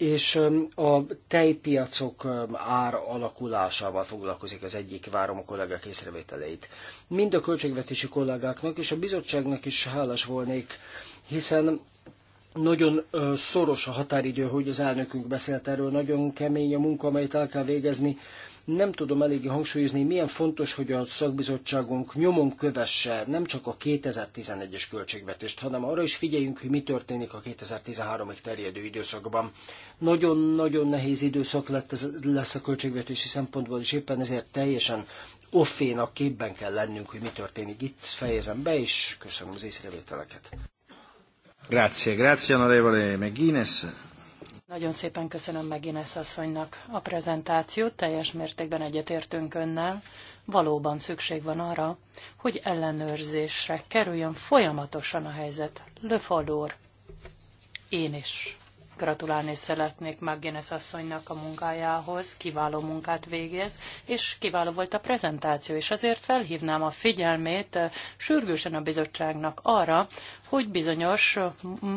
és a tejpiacok ár alakulásával foglalkozik az egyik, várom a kollégák észrevételeit. Mind a költségvetési kollégáknak és a bizottságnak is hálás volnék, hiszen nagyon szoros a határidő, hogy az elnökünk beszélt erről, nagyon kemény a munka, amelyet el kell végezni, nem tudom eléggé hangsúlyozni, milyen fontos, hogy a szakbizottságunk nyomon kövesse nem csak a 2011-es költségvetést, hanem arra is figyeljünk, hogy mi történik a 2013-ig terjedő időszakban. Nagyon-nagyon nehéz időszak lett ez, lesz a költségvetési szempontból, és éppen ezért teljesen offénak képben kell lennünk, hogy mi történik. Itt fejezem be, és köszönöm az észrevételeket. Grazie, grazie onorevole McGuinness. Nagyon szépen köszönöm meg Ines asszonynak a prezentációt, teljes mértékben egyetértünk önnel. Valóban szükség van arra, hogy ellenőrzésre kerüljön folyamatosan a helyzet. Le úr, én is Gratulálni szeretnék Maggienes asszonynak a munkájához, kiváló munkát végez, és kiváló volt a prezentáció, és azért felhívnám a figyelmét eh, sürgősen a bizottságnak arra, hogy bizonyos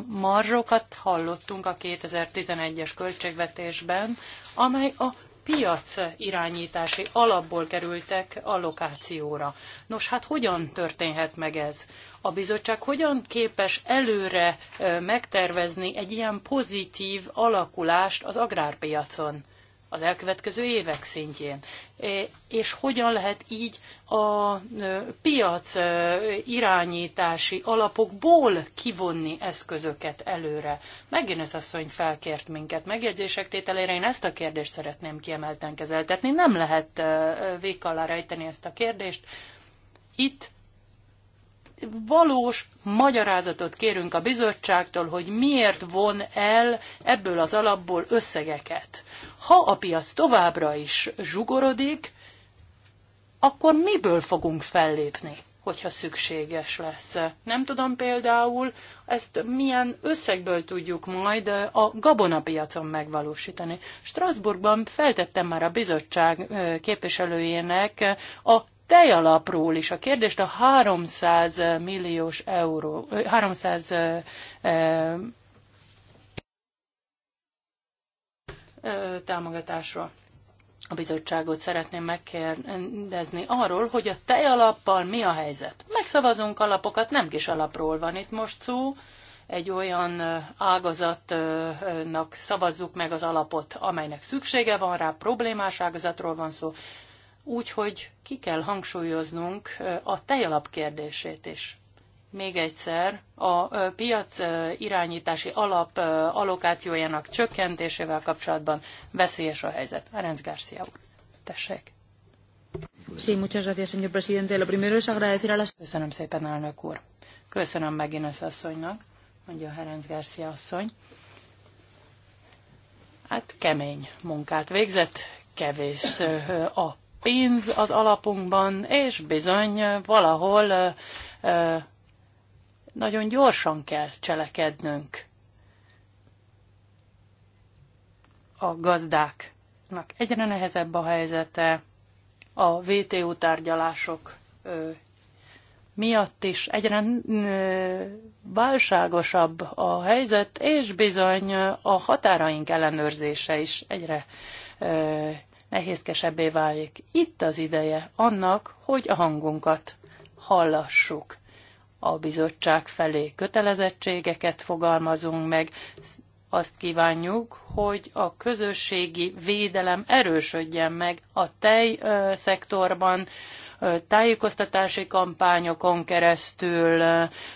marzsokat hallottunk a 2011-es költségvetésben, amely a piac irányítási alapból kerültek allokációra. Nos, hát hogyan történhet meg ez? A bizottság hogyan képes előre megtervezni egy ilyen pozitív alakulást az agrárpiacon? az elkövetkező évek szintjén. E, és hogyan lehet így a e, piac e, irányítási alapokból kivonni eszközöket előre? Megint ez asszony felkért minket megjegyzések tételére, én ezt a kérdést szeretném kiemelten kezeltetni. Nem lehet vék alá rejteni ezt a kérdést. Itt valós magyarázatot kérünk a bizottságtól, hogy miért von el ebből az alapból összegeket. Ha a piac továbbra is zsugorodik, akkor miből fogunk fellépni, hogyha szükséges lesz? Nem tudom például, ezt milyen összegből tudjuk majd a gabonapiacon megvalósítani. Strasbourgban feltettem már a bizottság képviselőjének a tejalapról is. A kérdést a 300 milliós euró, 300 támogatásról a bizottságot szeretném megkérdezni arról, hogy a tejalappal mi a helyzet. Megszavazunk alapokat, nem kis alapról van itt most szó, egy olyan ágazatnak szavazzuk meg az alapot, amelynek szüksége van rá, problémás ágazatról van szó, úgyhogy ki kell hangsúlyoznunk a tejalap kérdését is. Még egyszer, a piac irányítási alap allokációjának csökkentésével kapcsolatban veszélyes a helyzet. Arenz Garcia úr, tessék. a Köszönöm szépen, elnök úr. Köszönöm megint az asszonynak, mondja Herenc Garcia asszony. Hát kemény munkát végzett, kevés a pénz az alapunkban, és bizony valahol nagyon gyorsan kell cselekednünk a gazdáknak. Egyre nehezebb a helyzete a VTO tárgyalások miatt is egyre válságosabb a helyzet, és bizony a határaink ellenőrzése is egyre nehézkesebbé válik. Itt az ideje annak, hogy a hangunkat hallassuk. A bizottság felé kötelezettségeket fogalmazunk meg, azt kívánjuk, hogy a közösségi védelem erősödjen meg a tej szektorban, tájékoztatási kampányokon keresztül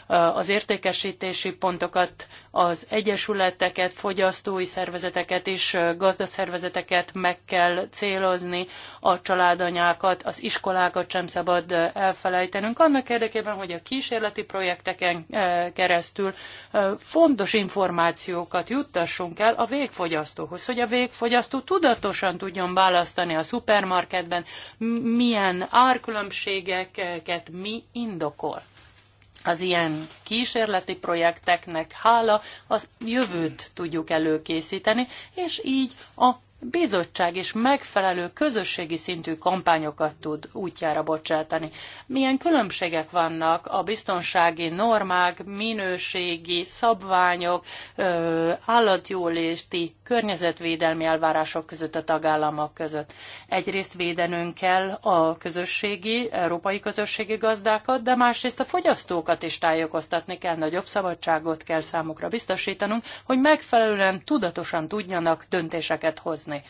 az értékesítési pontokat, az egyesületeket, fogyasztói szervezeteket és gazdaszervezeteket meg kell célozni, a családanyákat, az iskolákat sem szabad elfelejtenünk. Annak érdekében, hogy a kísérleti projekteken keresztül fontos információkat juttassunk el a végfogyasztóhoz, hogy a végfogyasztó tudatosan tudjon választani a szupermarketben, milyen árkülönbséget különbségeket mi indokol. Az ilyen kísérleti projekteknek hála az jövőt tudjuk előkészíteni, és így a bizottság is megfelelő közösségi szintű kampányokat tud útjára bocsátani. Milyen különbségek vannak a biztonsági normák, minőségi szabványok, állatjóléti, környezetvédelmi elvárások között a tagállamok között. Egyrészt védenünk kell a közösségi, európai közösségi gazdákat, de másrészt a fogyasztókat is tájékoztatni kell, nagyobb szabadságot kell számukra biztosítanunk, hogy megfelelően tudatosan tudjanak döntéseket hozni létezni.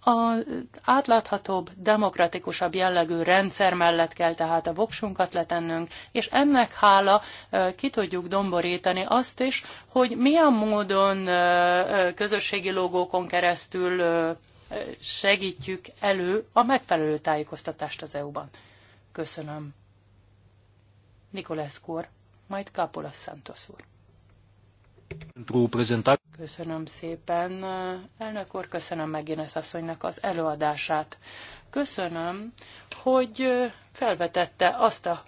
Az átláthatóbb, demokratikusabb jellegű rendszer mellett kell tehát a voksunkat letennünk, és ennek hála ki tudjuk domborítani azt is, hogy milyen módon közösségi logókon keresztül segítjük elő a megfelelő tájékoztatást az EU-ban. Köszönöm. Nikolász Kór, majd Kápolas Santos úr. Köszönöm szépen. Elnök úr, köszönöm megint asszonynak az előadását. Köszönöm, hogy felvetette azt a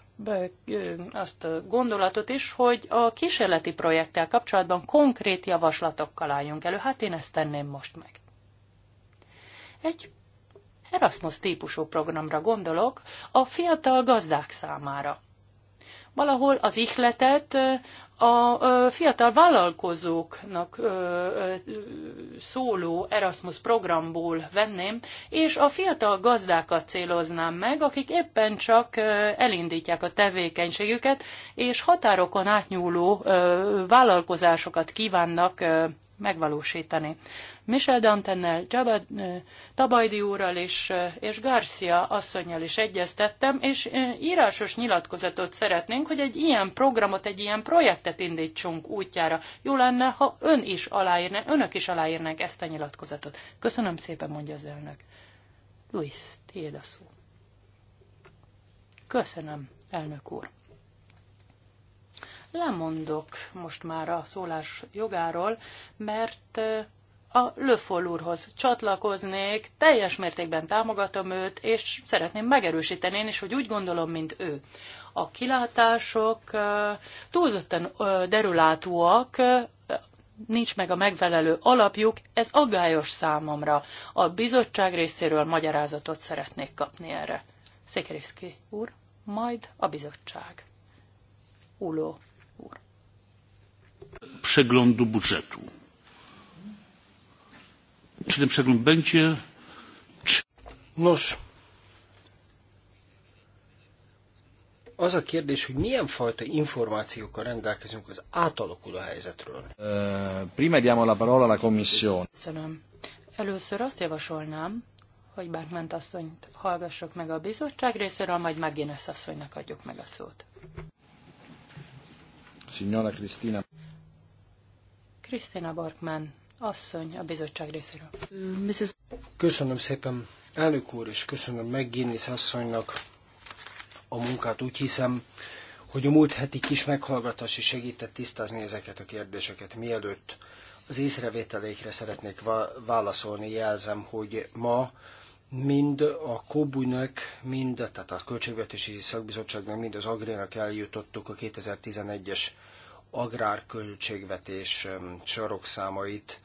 azt a gondolatot is, hogy a kísérleti projekttel kapcsolatban konkrét javaslatokkal álljunk elő. Hát én ezt tenném most meg. Egy Erasmus típusú programra gondolok a fiatal gazdák számára. Valahol az ihletet a fiatal vállalkozóknak szóló Erasmus programból venném, és a fiatal gazdákat céloznám meg, akik éppen csak elindítják a tevékenységüket, és határokon átnyúló vállalkozásokat kívánnak megvalósítani. Michel Dantennel, Tabajdi úrral és, és Garcia asszonynal is egyeztettem, és írásos nyilatkozatot szeretnénk, hogy egy ilyen programot, egy ilyen projektet projektet indítsunk útjára. Jó lenne, ha ön is aláírne, önök is aláírnák ezt a nyilatkozatot. Köszönöm szépen, mondja az elnök. Luis, tiéd a szó. Köszönöm, elnök úr. Lemondok most már a szólás jogáról, mert a Löffol úrhoz csatlakoznék, teljes mértékben támogatom őt, és szeretném megerősíteni én is, hogy úgy gondolom, mint ő. A kilátások túlzottan derülátúak, nincs meg a megfelelő alapjuk, ez aggályos számomra. A bizottság részéről magyarázatot szeretnék kapni erre. Szekeriszki úr, majd a bizottság. Uló úr. Przeglądu budżetu Czy ten przegląd będzie? Czy... Nos, az a kérdés, hogy milyen fajta információkkal rendelkezünk az átalakuló helyzetről. Prima diamo la parola alla commissione. Köszönöm. Először azt javasolnám, hogy Bárkment asszonyt hallgassuk meg a bizottság részéről, majd Megénes asszonynak adjuk meg a szót. Signora Cristina. Cristina Borkman, asszony a bizottság részéről. Köszönöm szépen, elnök úr, és köszönöm McGinnis asszonynak a munkát. Úgy hiszem, hogy a múlt heti kis meghallgatás is segített tisztázni ezeket a kérdéseket. Mielőtt az észrevételeikre szeretnék válaszolni, jelzem, hogy ma mind a Kobunek, mind, tehát a Költségvetési Szakbizottságnak, mind az Agrénak eljutottuk a 2011-es agrárköltségvetés sarokszámait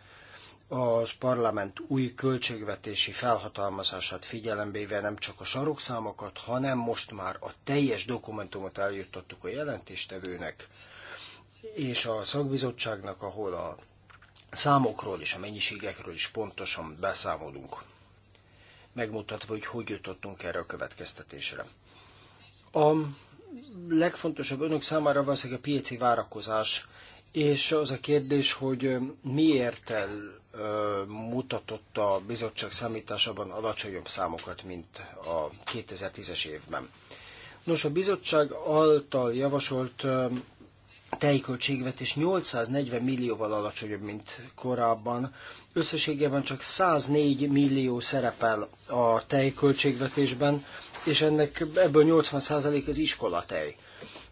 az parlament új költségvetési felhatalmazását figyelembe nem csak a sarokszámokat, hanem most már a teljes dokumentumot eljuttattuk a jelentéstevőnek és a szakbizottságnak, ahol a számokról és a mennyiségekről is pontosan beszámolunk, megmutatva, hogy hogy jutottunk erre a következtetésre. A legfontosabb önök számára valószínűleg a piaci várakozás, és az a kérdés, hogy miért el mutatott a bizottság számításában alacsonyabb számokat, mint a 2010-es évben. Nos, a bizottság által javasolt tejköltségvetés 840 millióval alacsonyabb, mint korábban. Összességében csak 104 millió szerepel a tejköltségvetésben, és ennek ebből 80% az iskolatej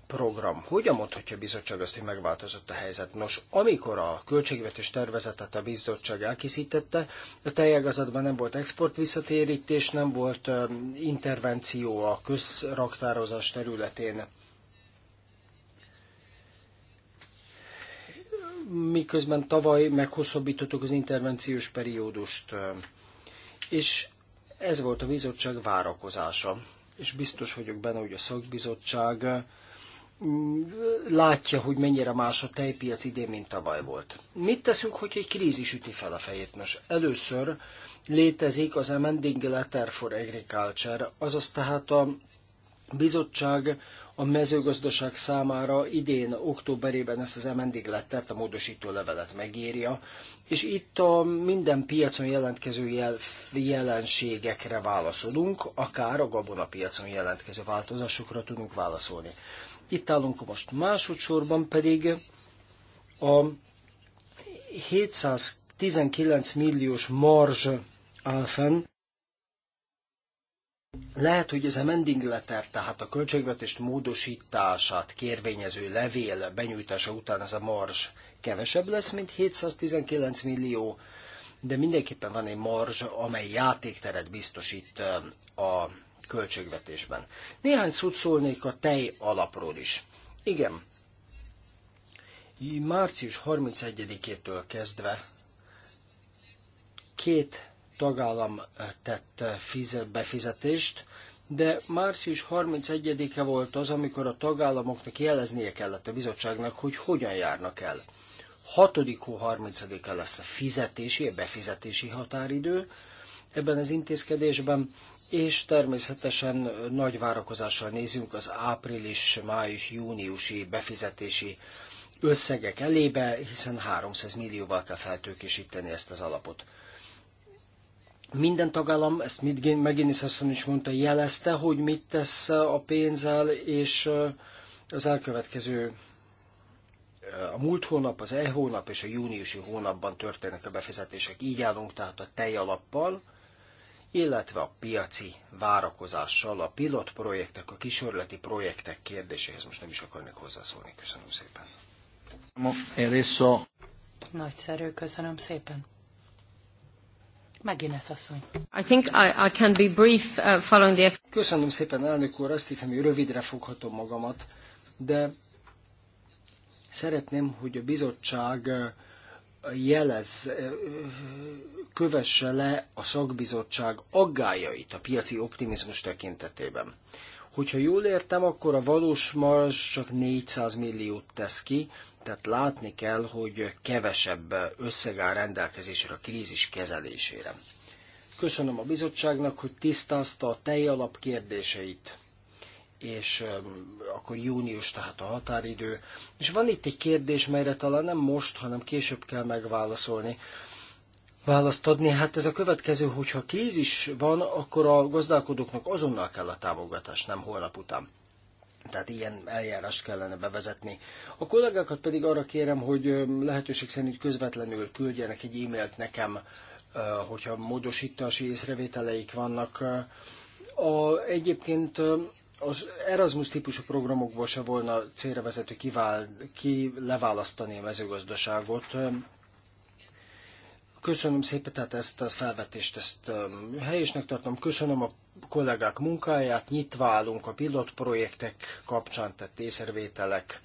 program. Hogyan mondhatja a bizottság azt, hogy megváltozott a helyzet? Nos, amikor a költségvetés tervezetet a bizottság elkészítette, a teljegazatban nem volt export visszatérítés, nem volt intervenció a közraktározás területén. Miközben tavaly meghosszabbítottuk az intervenciós periódust, és ez volt a bizottság várakozása. És biztos vagyok benne, hogy a szakbizottság Mm, látja, hogy mennyire más a tejpiac idén, mint tavaly volt. Mit teszünk, hogy egy krízis üti fel a fejét? Nos, először létezik az Amending Letter for Agriculture, azaz tehát a bizottság a mezőgazdaság számára idén, októberében ezt az amending lettert, a módosító levelet megírja, és itt a minden piacon jelentkező jel- jelenségekre válaszolunk, akár a gabonapiacon jelentkező változásokra tudunk válaszolni. Itt állunk most. Másodszorban pedig a 719 milliós marzs áll fenn. Lehet, hogy ez a mending letter, tehát a költségvetést módosítását kérvényező levél benyújtása után ez a marzs kevesebb lesz, mint 719 millió, de mindenképpen van egy marzs, amely játékteret biztosít a költségvetésben. Néhány szót szólnék a tej alapról is. Igen, március 31-től kezdve két tagállam eh, tett eh, befizetést, de március 31-e volt az, amikor a tagállamoknak jeleznie kellett a bizottságnak, hogy hogyan járnak el. 6. hó 30 e lesz a fizetési, a befizetési határidő. Ebben az intézkedésben és természetesen nagy várakozással nézünk az április, május, júniusi befizetési összegek elébe, hiszen 300 millióval kell feltőkésíteni ezt az alapot. Minden tagállam, ezt McGinnis asszony is mondta, jelezte, hogy mit tesz a pénzzel, és az elkövetkező a múlt hónap, az e-hónap és a júniusi hónapban történnek a befizetések. Így állunk tehát a tej alappal illetve a piaci várakozással, a pilot projektek, a kísérleti projektek kérdéséhez most nem is akarnék hozzászólni. Köszönöm szépen. Nagyszerű, köszönöm szépen. I think I, I can be brief uh, following the... Köszönöm szépen, elnök úr, azt hiszem, hogy rövidre foghatom magamat, de szeretném, hogy a bizottság uh, jelez, kövesse le a szakbizottság aggájait a piaci optimizmus tekintetében. Hogyha jól értem, akkor a valós marzs csak 400 milliót tesz ki, tehát látni kell, hogy kevesebb összeg áll rendelkezésre a krízis kezelésére. Köszönöm a bizottságnak, hogy tisztázta a tejalap kérdéseit és akkor június, tehát a határidő. És van itt egy kérdés, melyre talán nem most, hanem később kell megválaszolni. Választ adni, hát ez a következő, hogyha krízis van, akkor a gazdálkodóknak azonnal kell a támogatás, nem holnap után. Tehát ilyen eljárást kellene bevezetni. A kollégákat pedig arra kérem, hogy lehetőség szerint közvetlenül küldjenek egy e-mailt nekem, hogyha módosítási észrevételeik vannak. A, egyébként az Erasmus típusú programokból se volna célra vezető kivál, ki leválasztani a mezőgazdaságot. Köszönöm szépen tehát ezt a felvetést, ezt um, helyesnek tartom. Köszönöm a kollégák munkáját, nyitva állunk a pilotprojektek kapcsán tett észrevételek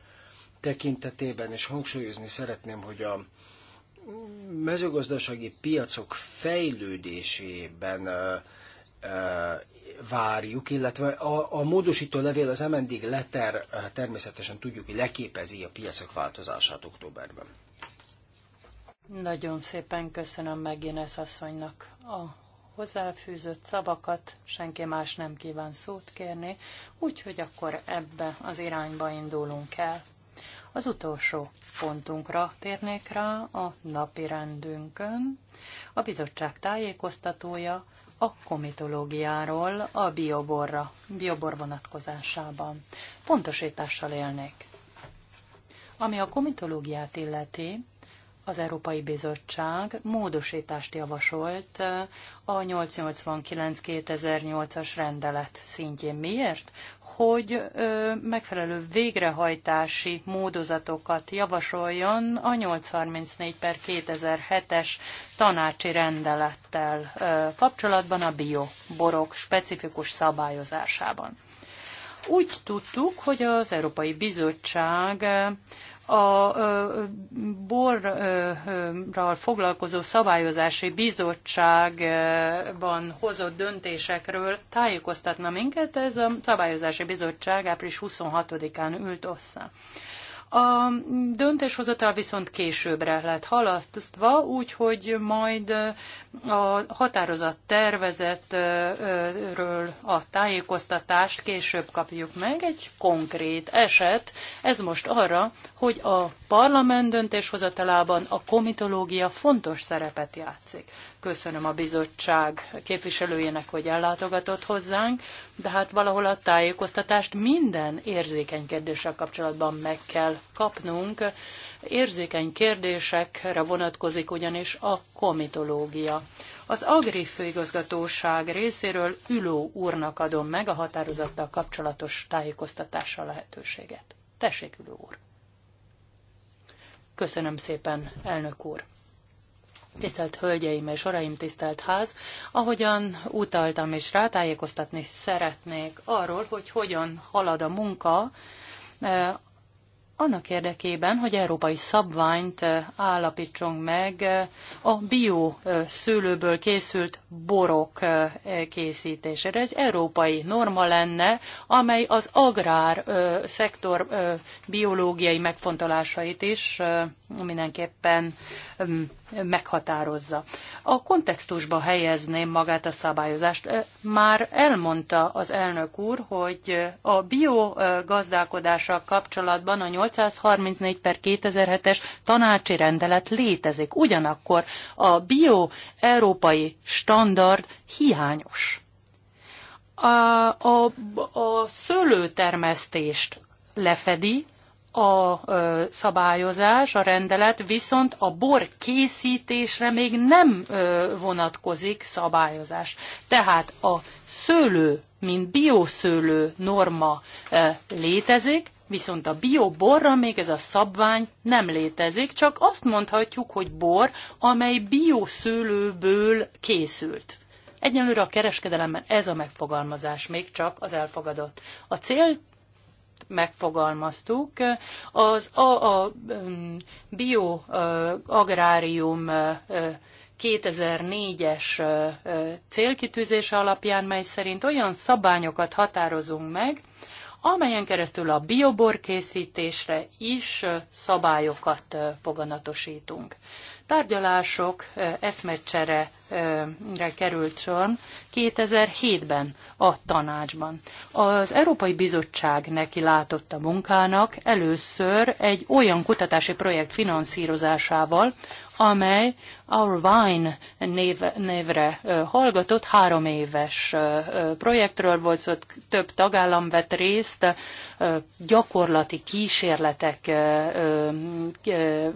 tekintetében, és hangsúlyozni szeretném, hogy a mezőgazdasági piacok fejlődésében uh, uh, várjuk, illetve a, a módosító levél, az MND letter eh, természetesen tudjuk, hogy leképezi a piacok változását októberben. Nagyon szépen köszönöm meg Ines asszonynak a hozzáfűzött szavakat, senki más nem kíván szót kérni, úgyhogy akkor ebbe az irányba indulunk el. Az utolsó pontunkra térnék rá a napi rendünkön. A bizottság tájékoztatója a komitológiáról a bioborra, biobor vonatkozásában. Pontosítással élnék. Ami a komitológiát illeti, az Európai Bizottság módosítást javasolt a 889-2008-as rendelet szintjén. Miért? Hogy megfelelő végrehajtási módozatokat javasoljon a 834 per 2007-es tanácsi rendelettel kapcsolatban a bioborok specifikus szabályozásában. Úgy tudtuk, hogy az Európai Bizottság a borral foglalkozó szabályozási bizottságban hozott döntésekről tájékoztatna minket. Ez a szabályozási bizottság április 26-án ült össze. A döntéshozatal viszont későbbre lett halasztva, úgyhogy majd a határozat tervezetről a tájékoztatást később kapjuk meg. Egy konkrét eset, ez most arra, hogy a parlament döntéshozatalában a komitológia fontos szerepet játszik. Köszönöm a bizottság képviselőjének, hogy ellátogatott hozzánk, de hát valahol a tájékoztatást minden érzékeny kérdéssel kapcsolatban meg kell kapnunk. Érzékeny kérdésekre vonatkozik ugyanis a komitológia. Az Agri főigazgatóság részéről Üló úrnak adom meg a határozattal kapcsolatos tájékoztatással lehetőséget. Tessék, Üló úr! Köszönöm szépen, elnök úr! Tisztelt Hölgyeim és Uraim, tisztelt ház! Ahogyan utaltam és rátájékoztatni szeretnék arról, hogy hogyan halad a munka, e, annak érdekében, hogy európai szabványt e, állapítsunk meg e, a bio szőlőből készült borok készítésére. Ez európai norma lenne, amely az agrár szektor biológiai megfontolásait is mindenképpen meghatározza. A kontextusba helyezném magát a szabályozást. Már elmondta az elnök úr, hogy a biogazdálkodással kapcsolatban a 834 per 2007-es tanácsi rendelet létezik. Ugyanakkor a bio-európai standard hiányos. A, a, a szőlőtermesztést lefedi, a szabályozás, a rendelet, viszont a bor készítésre még nem vonatkozik szabályozás. Tehát a szőlő, mint bioszőlő norma létezik, Viszont a bioborra még ez a szabvány nem létezik, csak azt mondhatjuk, hogy bor, amely bioszőlőből készült. Egyenlőre a kereskedelemben ez a megfogalmazás még csak az elfogadott. A cél megfogalmaztuk. Az a, a mm, bioagrárium 2004-es célkitűzése alapján, mely szerint olyan szabályokat határozunk meg, amelyen keresztül a biobor készítésre is szabályokat foganatosítunk. Tárgyalások eszmecsere került sor 2007-ben a tanácsban. Az Európai Bizottság neki látott a munkának először egy olyan kutatási projekt finanszírozásával, amely Our Wine név, névre hallgatott, három éves projektről volt szó, több tagállam vett részt, gyakorlati kísérletek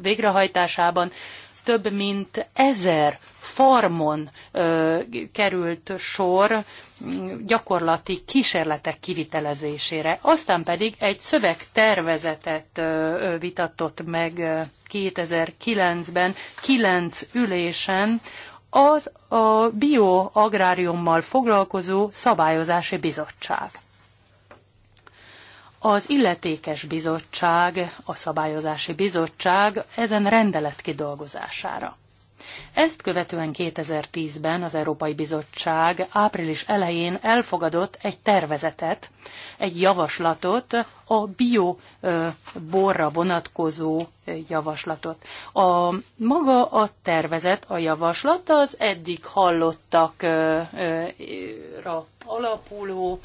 végrehajtásában, több mint ezer farmon ö, került sor gyakorlati kísérletek kivitelezésére. Aztán pedig egy szövegtervezetet ö, vitatott meg 2009-ben, kilenc ülésen, az a bioagráriummal foglalkozó szabályozási bizottság. Az illetékes bizottság, a szabályozási bizottság ezen rendelet kidolgozására. Ezt követően 2010-ben az Európai Bizottság április elején elfogadott egy tervezetet, egy javaslatot, a bio borra vonatkozó javaslatot. A maga a tervezet, a javaslat az eddig hallottakra alapuló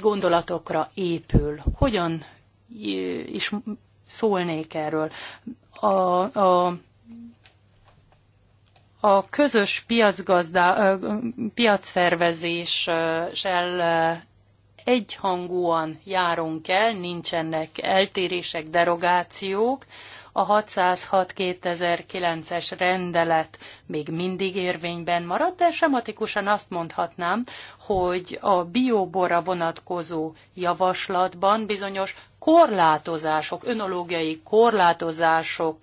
gondolatokra épül. Hogyan is szólnék erről? A, a a közös piacgazda, piacszervezéssel egyhangúan járunk el, nincsenek eltérések, derogációk. A 606-2009-es rendelet még mindig érvényben marad, de sematikusan azt mondhatnám, hogy a bióbora vonatkozó javaslatban bizonyos korlátozások, önológiai korlátozások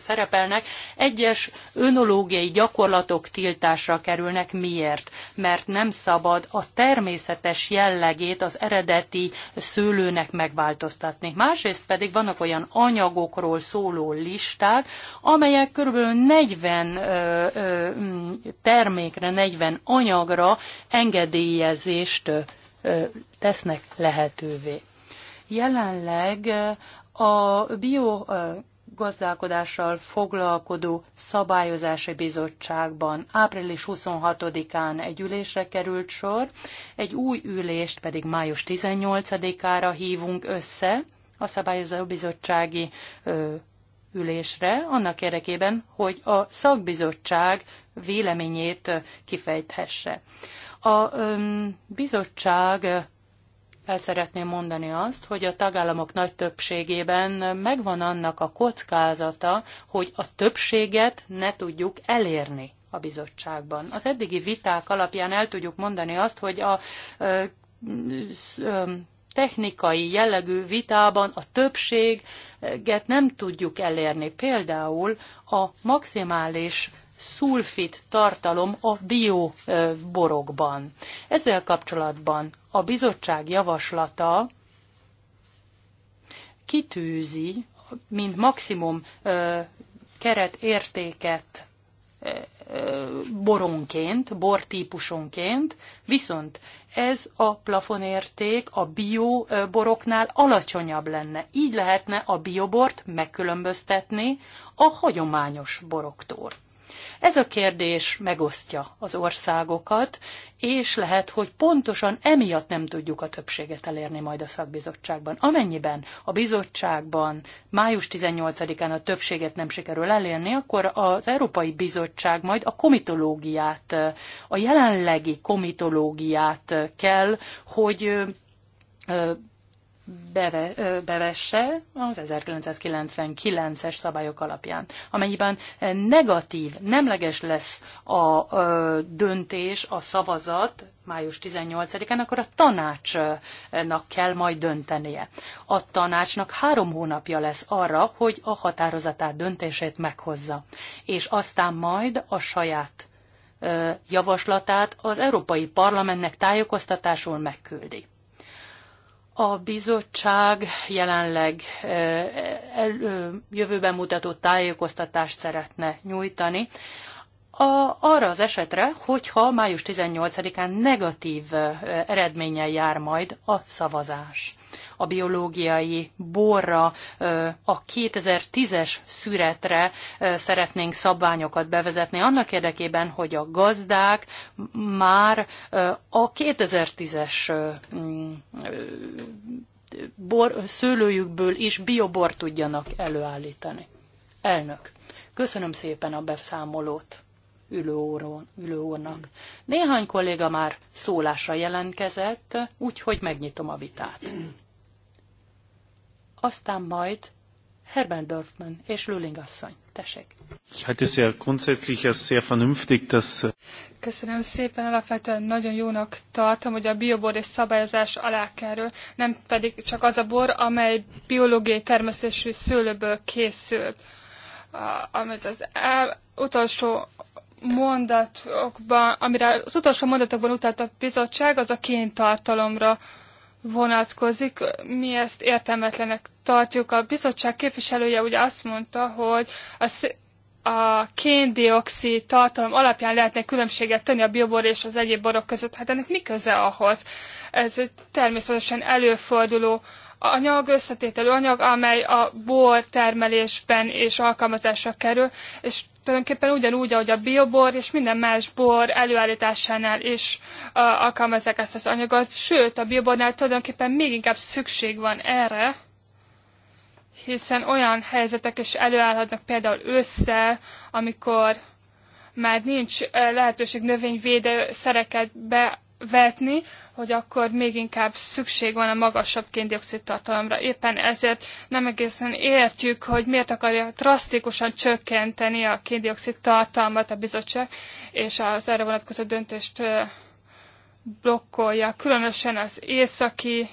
szerepelnek, egyes önológiai gyakorlatok tiltásra kerülnek. Miért? Mert nem szabad a természetes jellegét az eredeti szőlőnek megváltoztatni. Másrészt pedig vannak olyan anyagokról szóló listák, amelyek körülbelül 40 termékre, 40 anyagra engedélyezést tesznek lehetővé. Jelenleg a bio gazdálkodással foglalkodó szabályozási bizottságban április 26-án egy ülésre került sor, egy új ülést pedig május 18-ára hívunk össze a szabályozó bizottsági ülésre, annak érdekében, hogy a szakbizottság véleményét kifejthesse. A bizottság el szeretném mondani azt, hogy a tagállamok nagy többségében megvan annak a kockázata, hogy a többséget ne tudjuk elérni a bizottságban. Az eddigi viták alapján el tudjuk mondani azt, hogy a technikai jellegű vitában a többséget nem tudjuk elérni. Például a maximális szulfit tartalom a bioborokban. Ezzel kapcsolatban a bizottság javaslata kitűzi, mint maximum keretértéket boronként, bortípusonként, viszont ez a plafonérték a bioboroknál alacsonyabb lenne. Így lehetne a biobort megkülönböztetni a hagyományos boroktól. Ez a kérdés megosztja az országokat, és lehet, hogy pontosan emiatt nem tudjuk a többséget elérni majd a szakbizottságban. Amennyiben a bizottságban május 18-án a többséget nem sikerül elérni, akkor az Európai Bizottság majd a komitológiát, a jelenlegi komitológiát kell, hogy beve, bevesse az 1999-es szabályok alapján. Amennyiben negatív, nemleges lesz a döntés, a szavazat május 18-án, akkor a tanácsnak kell majd döntenie. A tanácsnak három hónapja lesz arra, hogy a határozatát, döntését meghozza, és aztán majd a saját javaslatát az Európai Parlamentnek tájékoztatásul megküldi. A bizottság jelenleg jövőben mutató tájékoztatást szeretne nyújtani a, arra az esetre, hogyha május 18-án negatív eredménnyel jár majd a szavazás. A biológiai borra, a 2010-es szüretre szeretnénk szabványokat bevezetni, annak érdekében, hogy a gazdák már a 2010-es mm, bor, szőlőjükből is biobor tudjanak előállítani. Elnök, köszönöm szépen a beszámolót. Ülő, ülő Néhány kolléga már szólásra jelentkezett, úgyhogy megnyitom a vitát. Aztán majd Herbert Dörfman és Lüling asszony. Tessék. Äh, Köszönöm szépen, alapvetően nagyon jónak tartom, hogy a biobor és szabályozás alá kerül, nem pedig csak az a bor, amely biológiai termesztésű szőlőből készült, amit az utolsó mondatokban, amire az utolsó mondatokban utalt a bizottság, az a kénytartalomra vonatkozik. Mi ezt értelmetlenek tartjuk. A bizottság képviselője ugye azt mondta, hogy a, a kéndioxid tartalom alapján lehetne különbséget tenni a biobor és az egyéb borok között. Hát ennek mi köze ahhoz? Ez egy természetesen előforduló anyag, összetételű anyag, amely a bor termelésben és alkalmazásra kerül, és tulajdonképpen ugyanúgy, ahogy a biobor és minden más bor előállításánál is a, alkalmazzák ezt az anyagot, sőt a biobornál tulajdonképpen még inkább szükség van erre, hiszen olyan helyzetek is előállhatnak például össze, amikor már nincs lehetőség növényvédő szereket be vetni, hogy akkor még inkább szükség van a magasabb kéndiokszid tartalomra. Éppen ezért nem egészen értjük, hogy miért akarja drasztikusan csökkenteni a kéndiokszid tartalmat a bizottság, és az erre vonatkozó döntést blokkolja, különösen az északi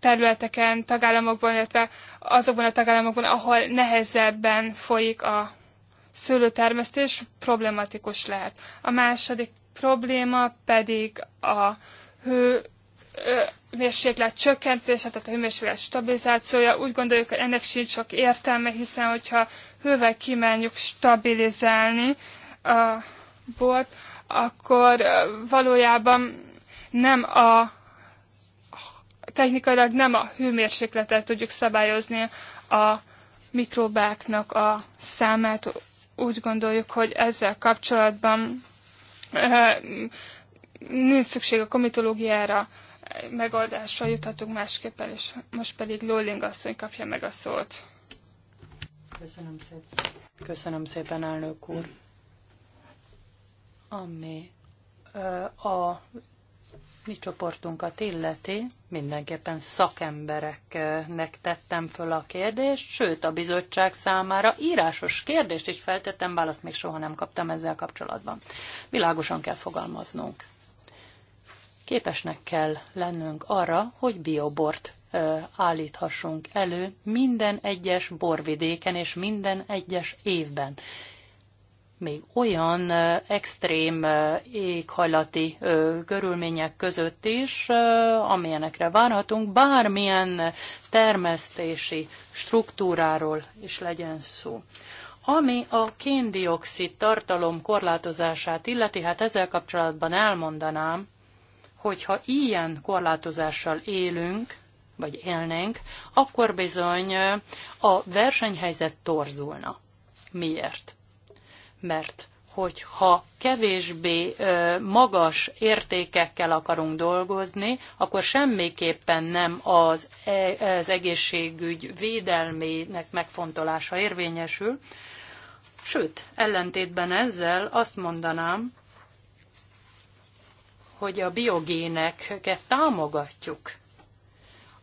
területeken, tagállamokban, illetve azokban a tagállamokban, ahol nehezebben folyik a szőlőtermesztés, problematikus lehet. A második probléma pedig a hő hőmérséklet csökkentése, tehát a hőmérséklet stabilizációja. Úgy gondoljuk, hogy ennek sincs sok értelme, hiszen hogyha hővel kimenjük stabilizálni a bort, akkor valójában nem a technikailag nem a hőmérsékletet tudjuk szabályozni a mikrobáknak a számát. Úgy gondoljuk, hogy ezzel kapcsolatban nincs szükség a komitológiára, megoldásra juthatunk másképpen, és most pedig Lolling asszony kapja meg a szót. Köszönöm szépen. Köszönöm szépen, elnök úr. Ami a mi csoportunkat illeti, mindenképpen szakembereknek tettem föl a kérdést, sőt a bizottság számára írásos kérdést is feltettem, választ még soha nem kaptam ezzel kapcsolatban. Világosan kell fogalmaznunk. Képesnek kell lennünk arra, hogy biobort állíthassunk elő minden egyes borvidéken és minden egyes évben még olyan extrém éghajlati körülmények között is, amilyenekre várhatunk, bármilyen termesztési struktúráról is legyen szó. Ami a kéndioxid tartalom korlátozását illeti, hát ezzel kapcsolatban elmondanám, hogyha ilyen korlátozással élünk, vagy élnénk, akkor bizony a versenyhelyzet torzulna. Miért? mert hogyha kevésbé magas értékekkel akarunk dolgozni, akkor semmiképpen nem az, e, az egészségügy védelmének megfontolása érvényesül. Sőt, ellentétben ezzel azt mondanám, hogy a biogéneket támogatjuk.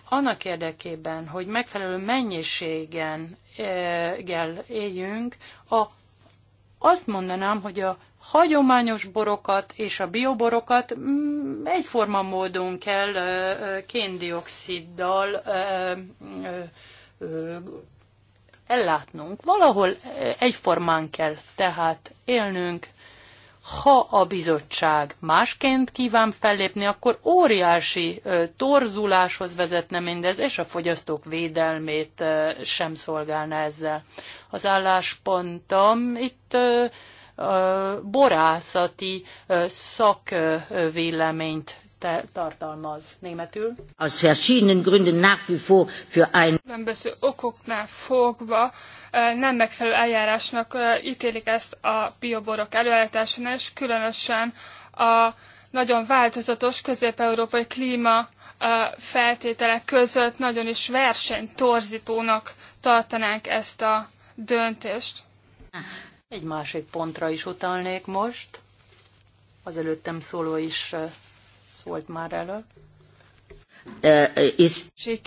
Annak érdekében, hogy megfelelő mennyiségen éljünk, a azt mondanám, hogy a hagyományos borokat és a bioborokat mm, egyforma módon kell kéndioxiddal ellátnunk. Valahol egyformán kell tehát élnünk, ha a bizottság másként kíván fellépni, akkor óriási torzuláshoz vezetne mindez, és a fogyasztók védelmét sem szolgálna ezzel. Az álláspontom itt borászati szakvéleményt tartalmaz németül. Aus verschiedenen Gründen nach wie vor für ein különböző okoknál fogva nem megfelelő eljárásnak ítélik ezt a bioborok előállításánál, és különösen a nagyon változatos közép-európai klíma feltételek között nagyon is versenytorzítónak tartanánk ezt a döntést. Egy másik pontra is utalnék most. Az előttem szóló is volt már elő.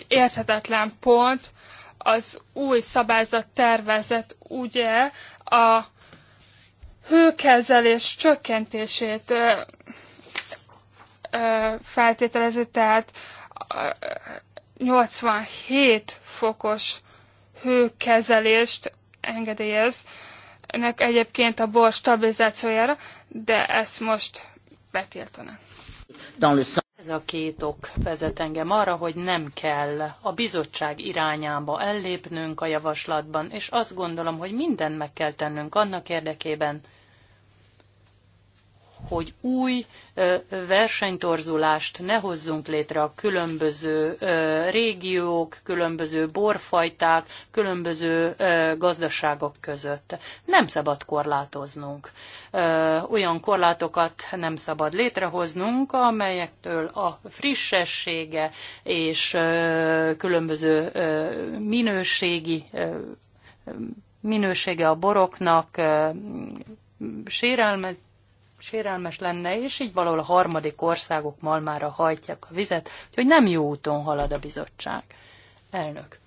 érthetetlen pont az új szabályzat tervezet ugye a hőkezelés csökkentését feltételezi, tehát 87 fokos hőkezelést engedélyez, ennek egyébként a bor stabilizációjára, de ezt most betiltanak ez a két ok vezet engem arra, hogy nem kell a bizottság irányába ellépnünk a javaslatban, és azt gondolom, hogy mindent meg kell tennünk annak érdekében, hogy új versenytorzulást ne hozzunk létre a különböző régiók, különböző borfajták, különböző gazdaságok között. Nem szabad korlátoznunk. Olyan korlátokat nem szabad létrehoznunk, amelyektől a frissessége és különböző minőségi minősége a boroknak sérelmet sérelmes lenne, és így valahol a harmadik országok malmára hajtják a vizet, hogy nem jó úton halad a bizottság. Elnök.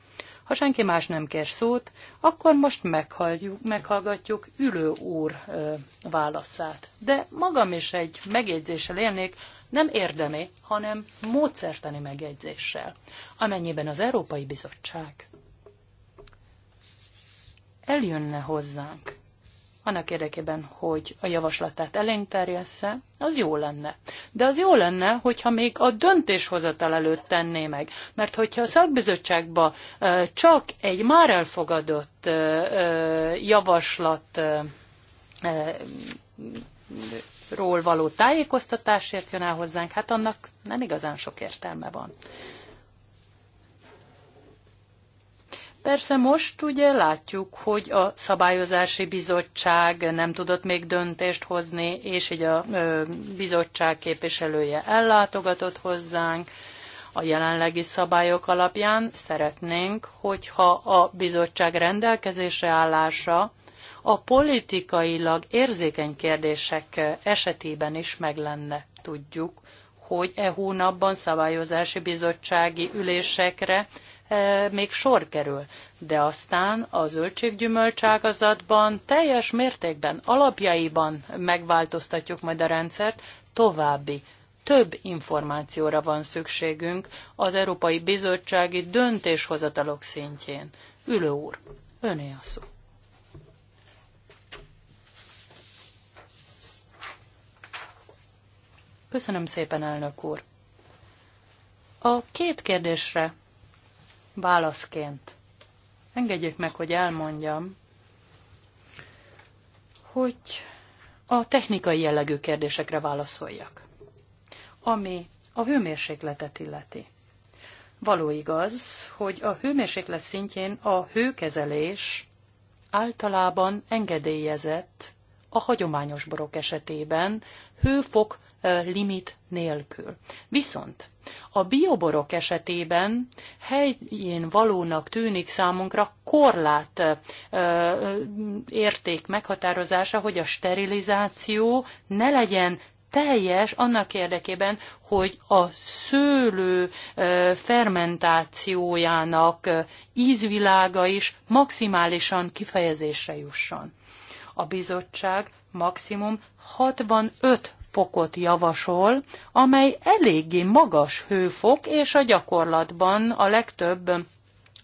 Ha senki más nem kér szót, akkor most meghalljuk, meghallgatjuk Ülő úr ö, válaszát. De magam is egy megjegyzéssel élnék, nem érdemé, hanem módszertani megjegyzéssel, amennyiben az Európai Bizottság eljönne hozzánk annak érdekében, hogy a javaslatát terjessze, az jó lenne. De az jó lenne, hogyha még a döntéshozatal előtt tenné meg. Mert hogyha a szakbizottságba csak egy már elfogadott javaslat ról való tájékoztatásért jön el hozzánk, hát annak nem igazán sok értelme van. Persze most ugye látjuk, hogy a szabályozási bizottság nem tudott még döntést hozni, és így a bizottság képviselője ellátogatott hozzánk. A jelenlegi szabályok alapján szeretnénk, hogyha a bizottság rendelkezésre állása a politikailag érzékeny kérdések esetében is meglenne. Tudjuk, hogy e hónapban szabályozási bizottsági ülésekre még sor kerül. De aztán a zöldséggyümölcságazatban teljes mértékben, alapjaiban megváltoztatjuk majd a rendszert, további több információra van szükségünk az Európai Bizottsági döntéshozatalok szintjén. Ülő úr, öné a szó. Köszönöm szépen, elnök úr. A két kérdésre válaszként. Engedjék meg, hogy elmondjam, hogy a technikai jellegű kérdésekre válaszoljak, ami a hőmérsékletet illeti. Való igaz, hogy a hőmérséklet szintjén a hőkezelés általában engedélyezett a hagyományos borok esetében hőfok limit nélkül. Viszont a bioborok esetében helyén valónak tűnik számunkra korlát érték meghatározása, hogy a sterilizáció ne legyen teljes annak érdekében, hogy a szőlő fermentációjának ízvilága is maximálisan kifejezésre jusson. A bizottság maximum 65 fokot javasol, amely eléggé magas hőfok, és a gyakorlatban a legtöbb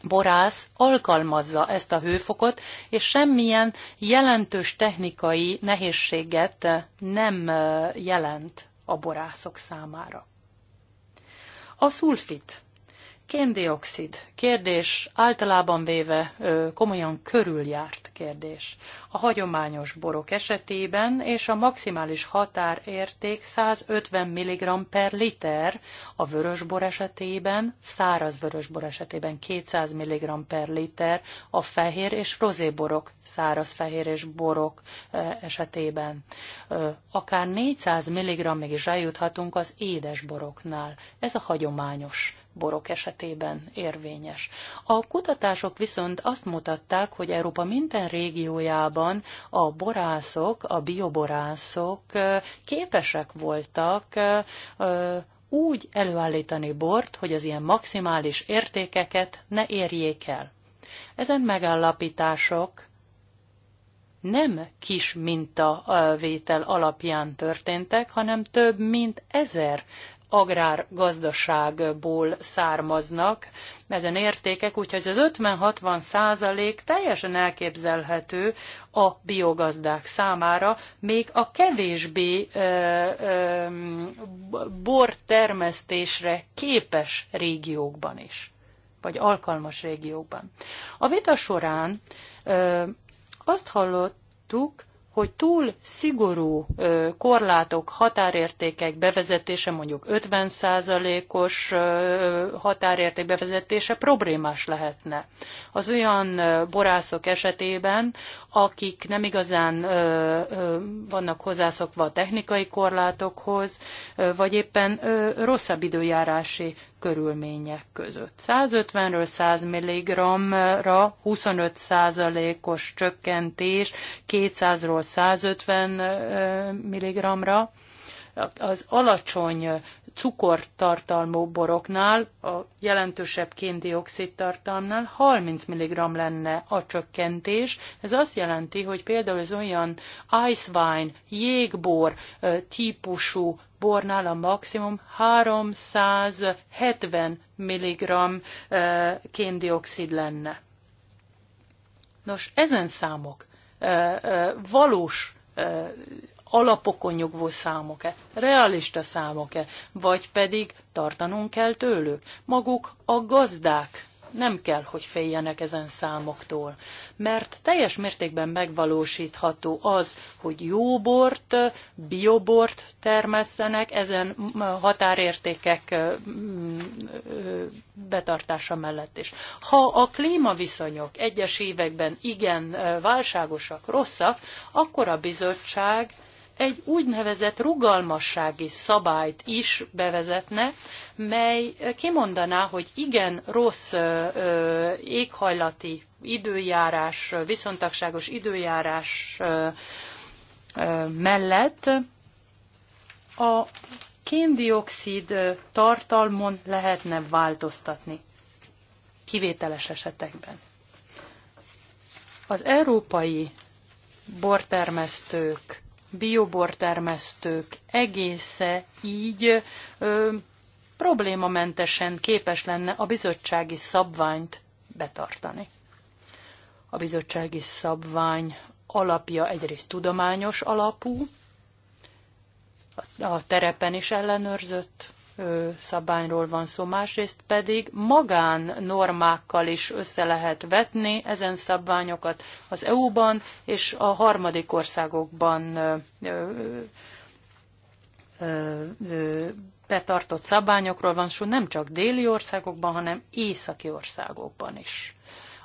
borász alkalmazza ezt a hőfokot, és semmilyen jelentős technikai nehézséget nem jelent a borászok számára. A szulfit kéndioxid kérdés általában véve komolyan körüljárt kérdés. A hagyományos borok esetében és a maximális határérték 150 mg per liter, a vörösbor esetében, száraz vörösbor esetében 200 mg per liter, a fehér és rozéborok, száraz fehér és borok esetében. Akár 400 mg-ig is eljuthatunk az édesboroknál. Ez a hagyományos borok esetében érvényes. A kutatások viszont azt mutatták, hogy Európa minden régiójában a borászok, a bioborászok képesek voltak úgy előállítani bort, hogy az ilyen maximális értékeket ne érjék el. Ezen megállapítások nem kis mintavétel alapján történtek, hanem több mint ezer agrárgazdaságból származnak ezen értékek, úgyhogy az 50-60 százalék teljesen elképzelhető a biogazdák számára, még a kevésbé ö, ö, bortermesztésre képes régiókban is, vagy alkalmas régiókban. A vita során ö, azt hallottuk, hogy túl szigorú korlátok, határértékek bevezetése, mondjuk 50%-os határérték bevezetése problémás lehetne. Az olyan borászok esetében, akik nem igazán vannak hozzászokva a technikai korlátokhoz, vagy éppen rosszabb időjárási körülmények között. 150-ről 100 mg-ra 25%-os csökkentés, 200-ról 150 mg-ra. Az alacsony cukortartalmú boroknál, a jelentősebb kéndioxid tartalmnál 30 mg lenne a csökkentés. Ez azt jelenti, hogy például az olyan ice wine, jégbor típusú bornál a maximum 370 mg kéndioxid lenne. Nos, ezen számok valós alapokon nyugvó számok-e, realista számok-e, vagy pedig tartanunk kell tőlük. Maguk a gazdák nem kell, hogy féljenek ezen számoktól, mert teljes mértékben megvalósítható az, hogy jó bort, biobort termesszenek ezen határértékek betartása mellett is. Ha a klímaviszonyok egyes években igen válságosak, rosszak, akkor a bizottság egy úgynevezett rugalmassági szabályt is bevezetne, mely kimondaná, hogy igen, rossz ö, éghajlati időjárás, viszontagságos időjárás ö, ö, mellett a kéndioxid tartalmon lehetne változtatni kivételes esetekben. Az európai bortermesztők biobortermesztők egésze így ö, problémamentesen képes lenne a bizottsági szabványt betartani. A bizottsági szabvány alapja egyrészt tudományos alapú, a terepen is ellenőrzött, szabályról van szó, másrészt pedig magán normákkal is össze lehet vetni ezen szabványokat az EU-ban és a harmadik országokban betartott szabályokról van szó, nem csak déli országokban, hanem északi országokban is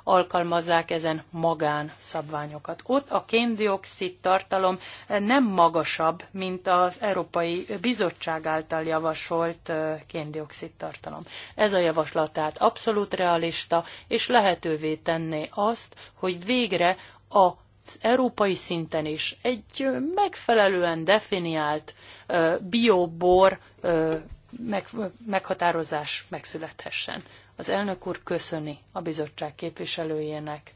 alkalmazzák ezen magán szabványokat. Ott a kén kén-dioxid tartalom nem magasabb, mint az Európai Bizottság által javasolt kén kén-dioxid tartalom. Ez a javaslat tehát abszolút realista, és lehetővé tenné azt, hogy végre a európai szinten is egy megfelelően definiált biobor meghatározás megszülethessen. Az elnök úr köszöni a bizottság képviselőjének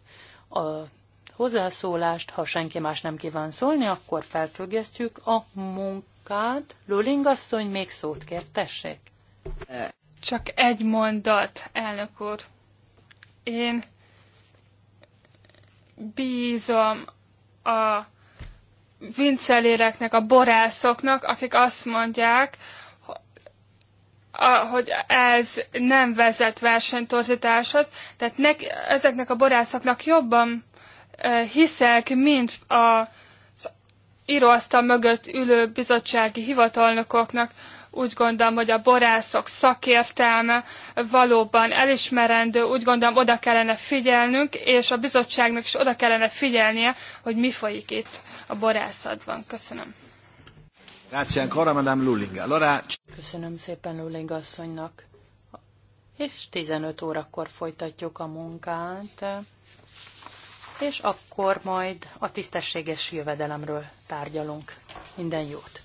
a hozzászólást, ha senki más nem kíván szólni, akkor felfüggesztjük a munkát. Luling asszony még szót kér, tessék. Csak egy mondat, elnök úr. Én bízom a vincelléreknek, a borászoknak, akik azt mondják, hogy ez nem vezet versenytorzításhoz, tehát nek, ezeknek a borászoknak jobban hiszek, mint a íróasztal mögött ülő bizottsági hivatalnokoknak. Úgy gondolom, hogy a borászok szakértelme valóban elismerendő, úgy gondolom oda kellene figyelnünk, és a bizottságnak is oda kellene figyelnie, hogy mi folyik itt a borászatban. Köszönöm. Grazie ancora, Madame Lullinga. Allora... Köszönöm szépen Luling asszonynak. És 15 órakor folytatjuk a munkát, és akkor majd a tisztességes jövedelemről tárgyalunk. Minden jót!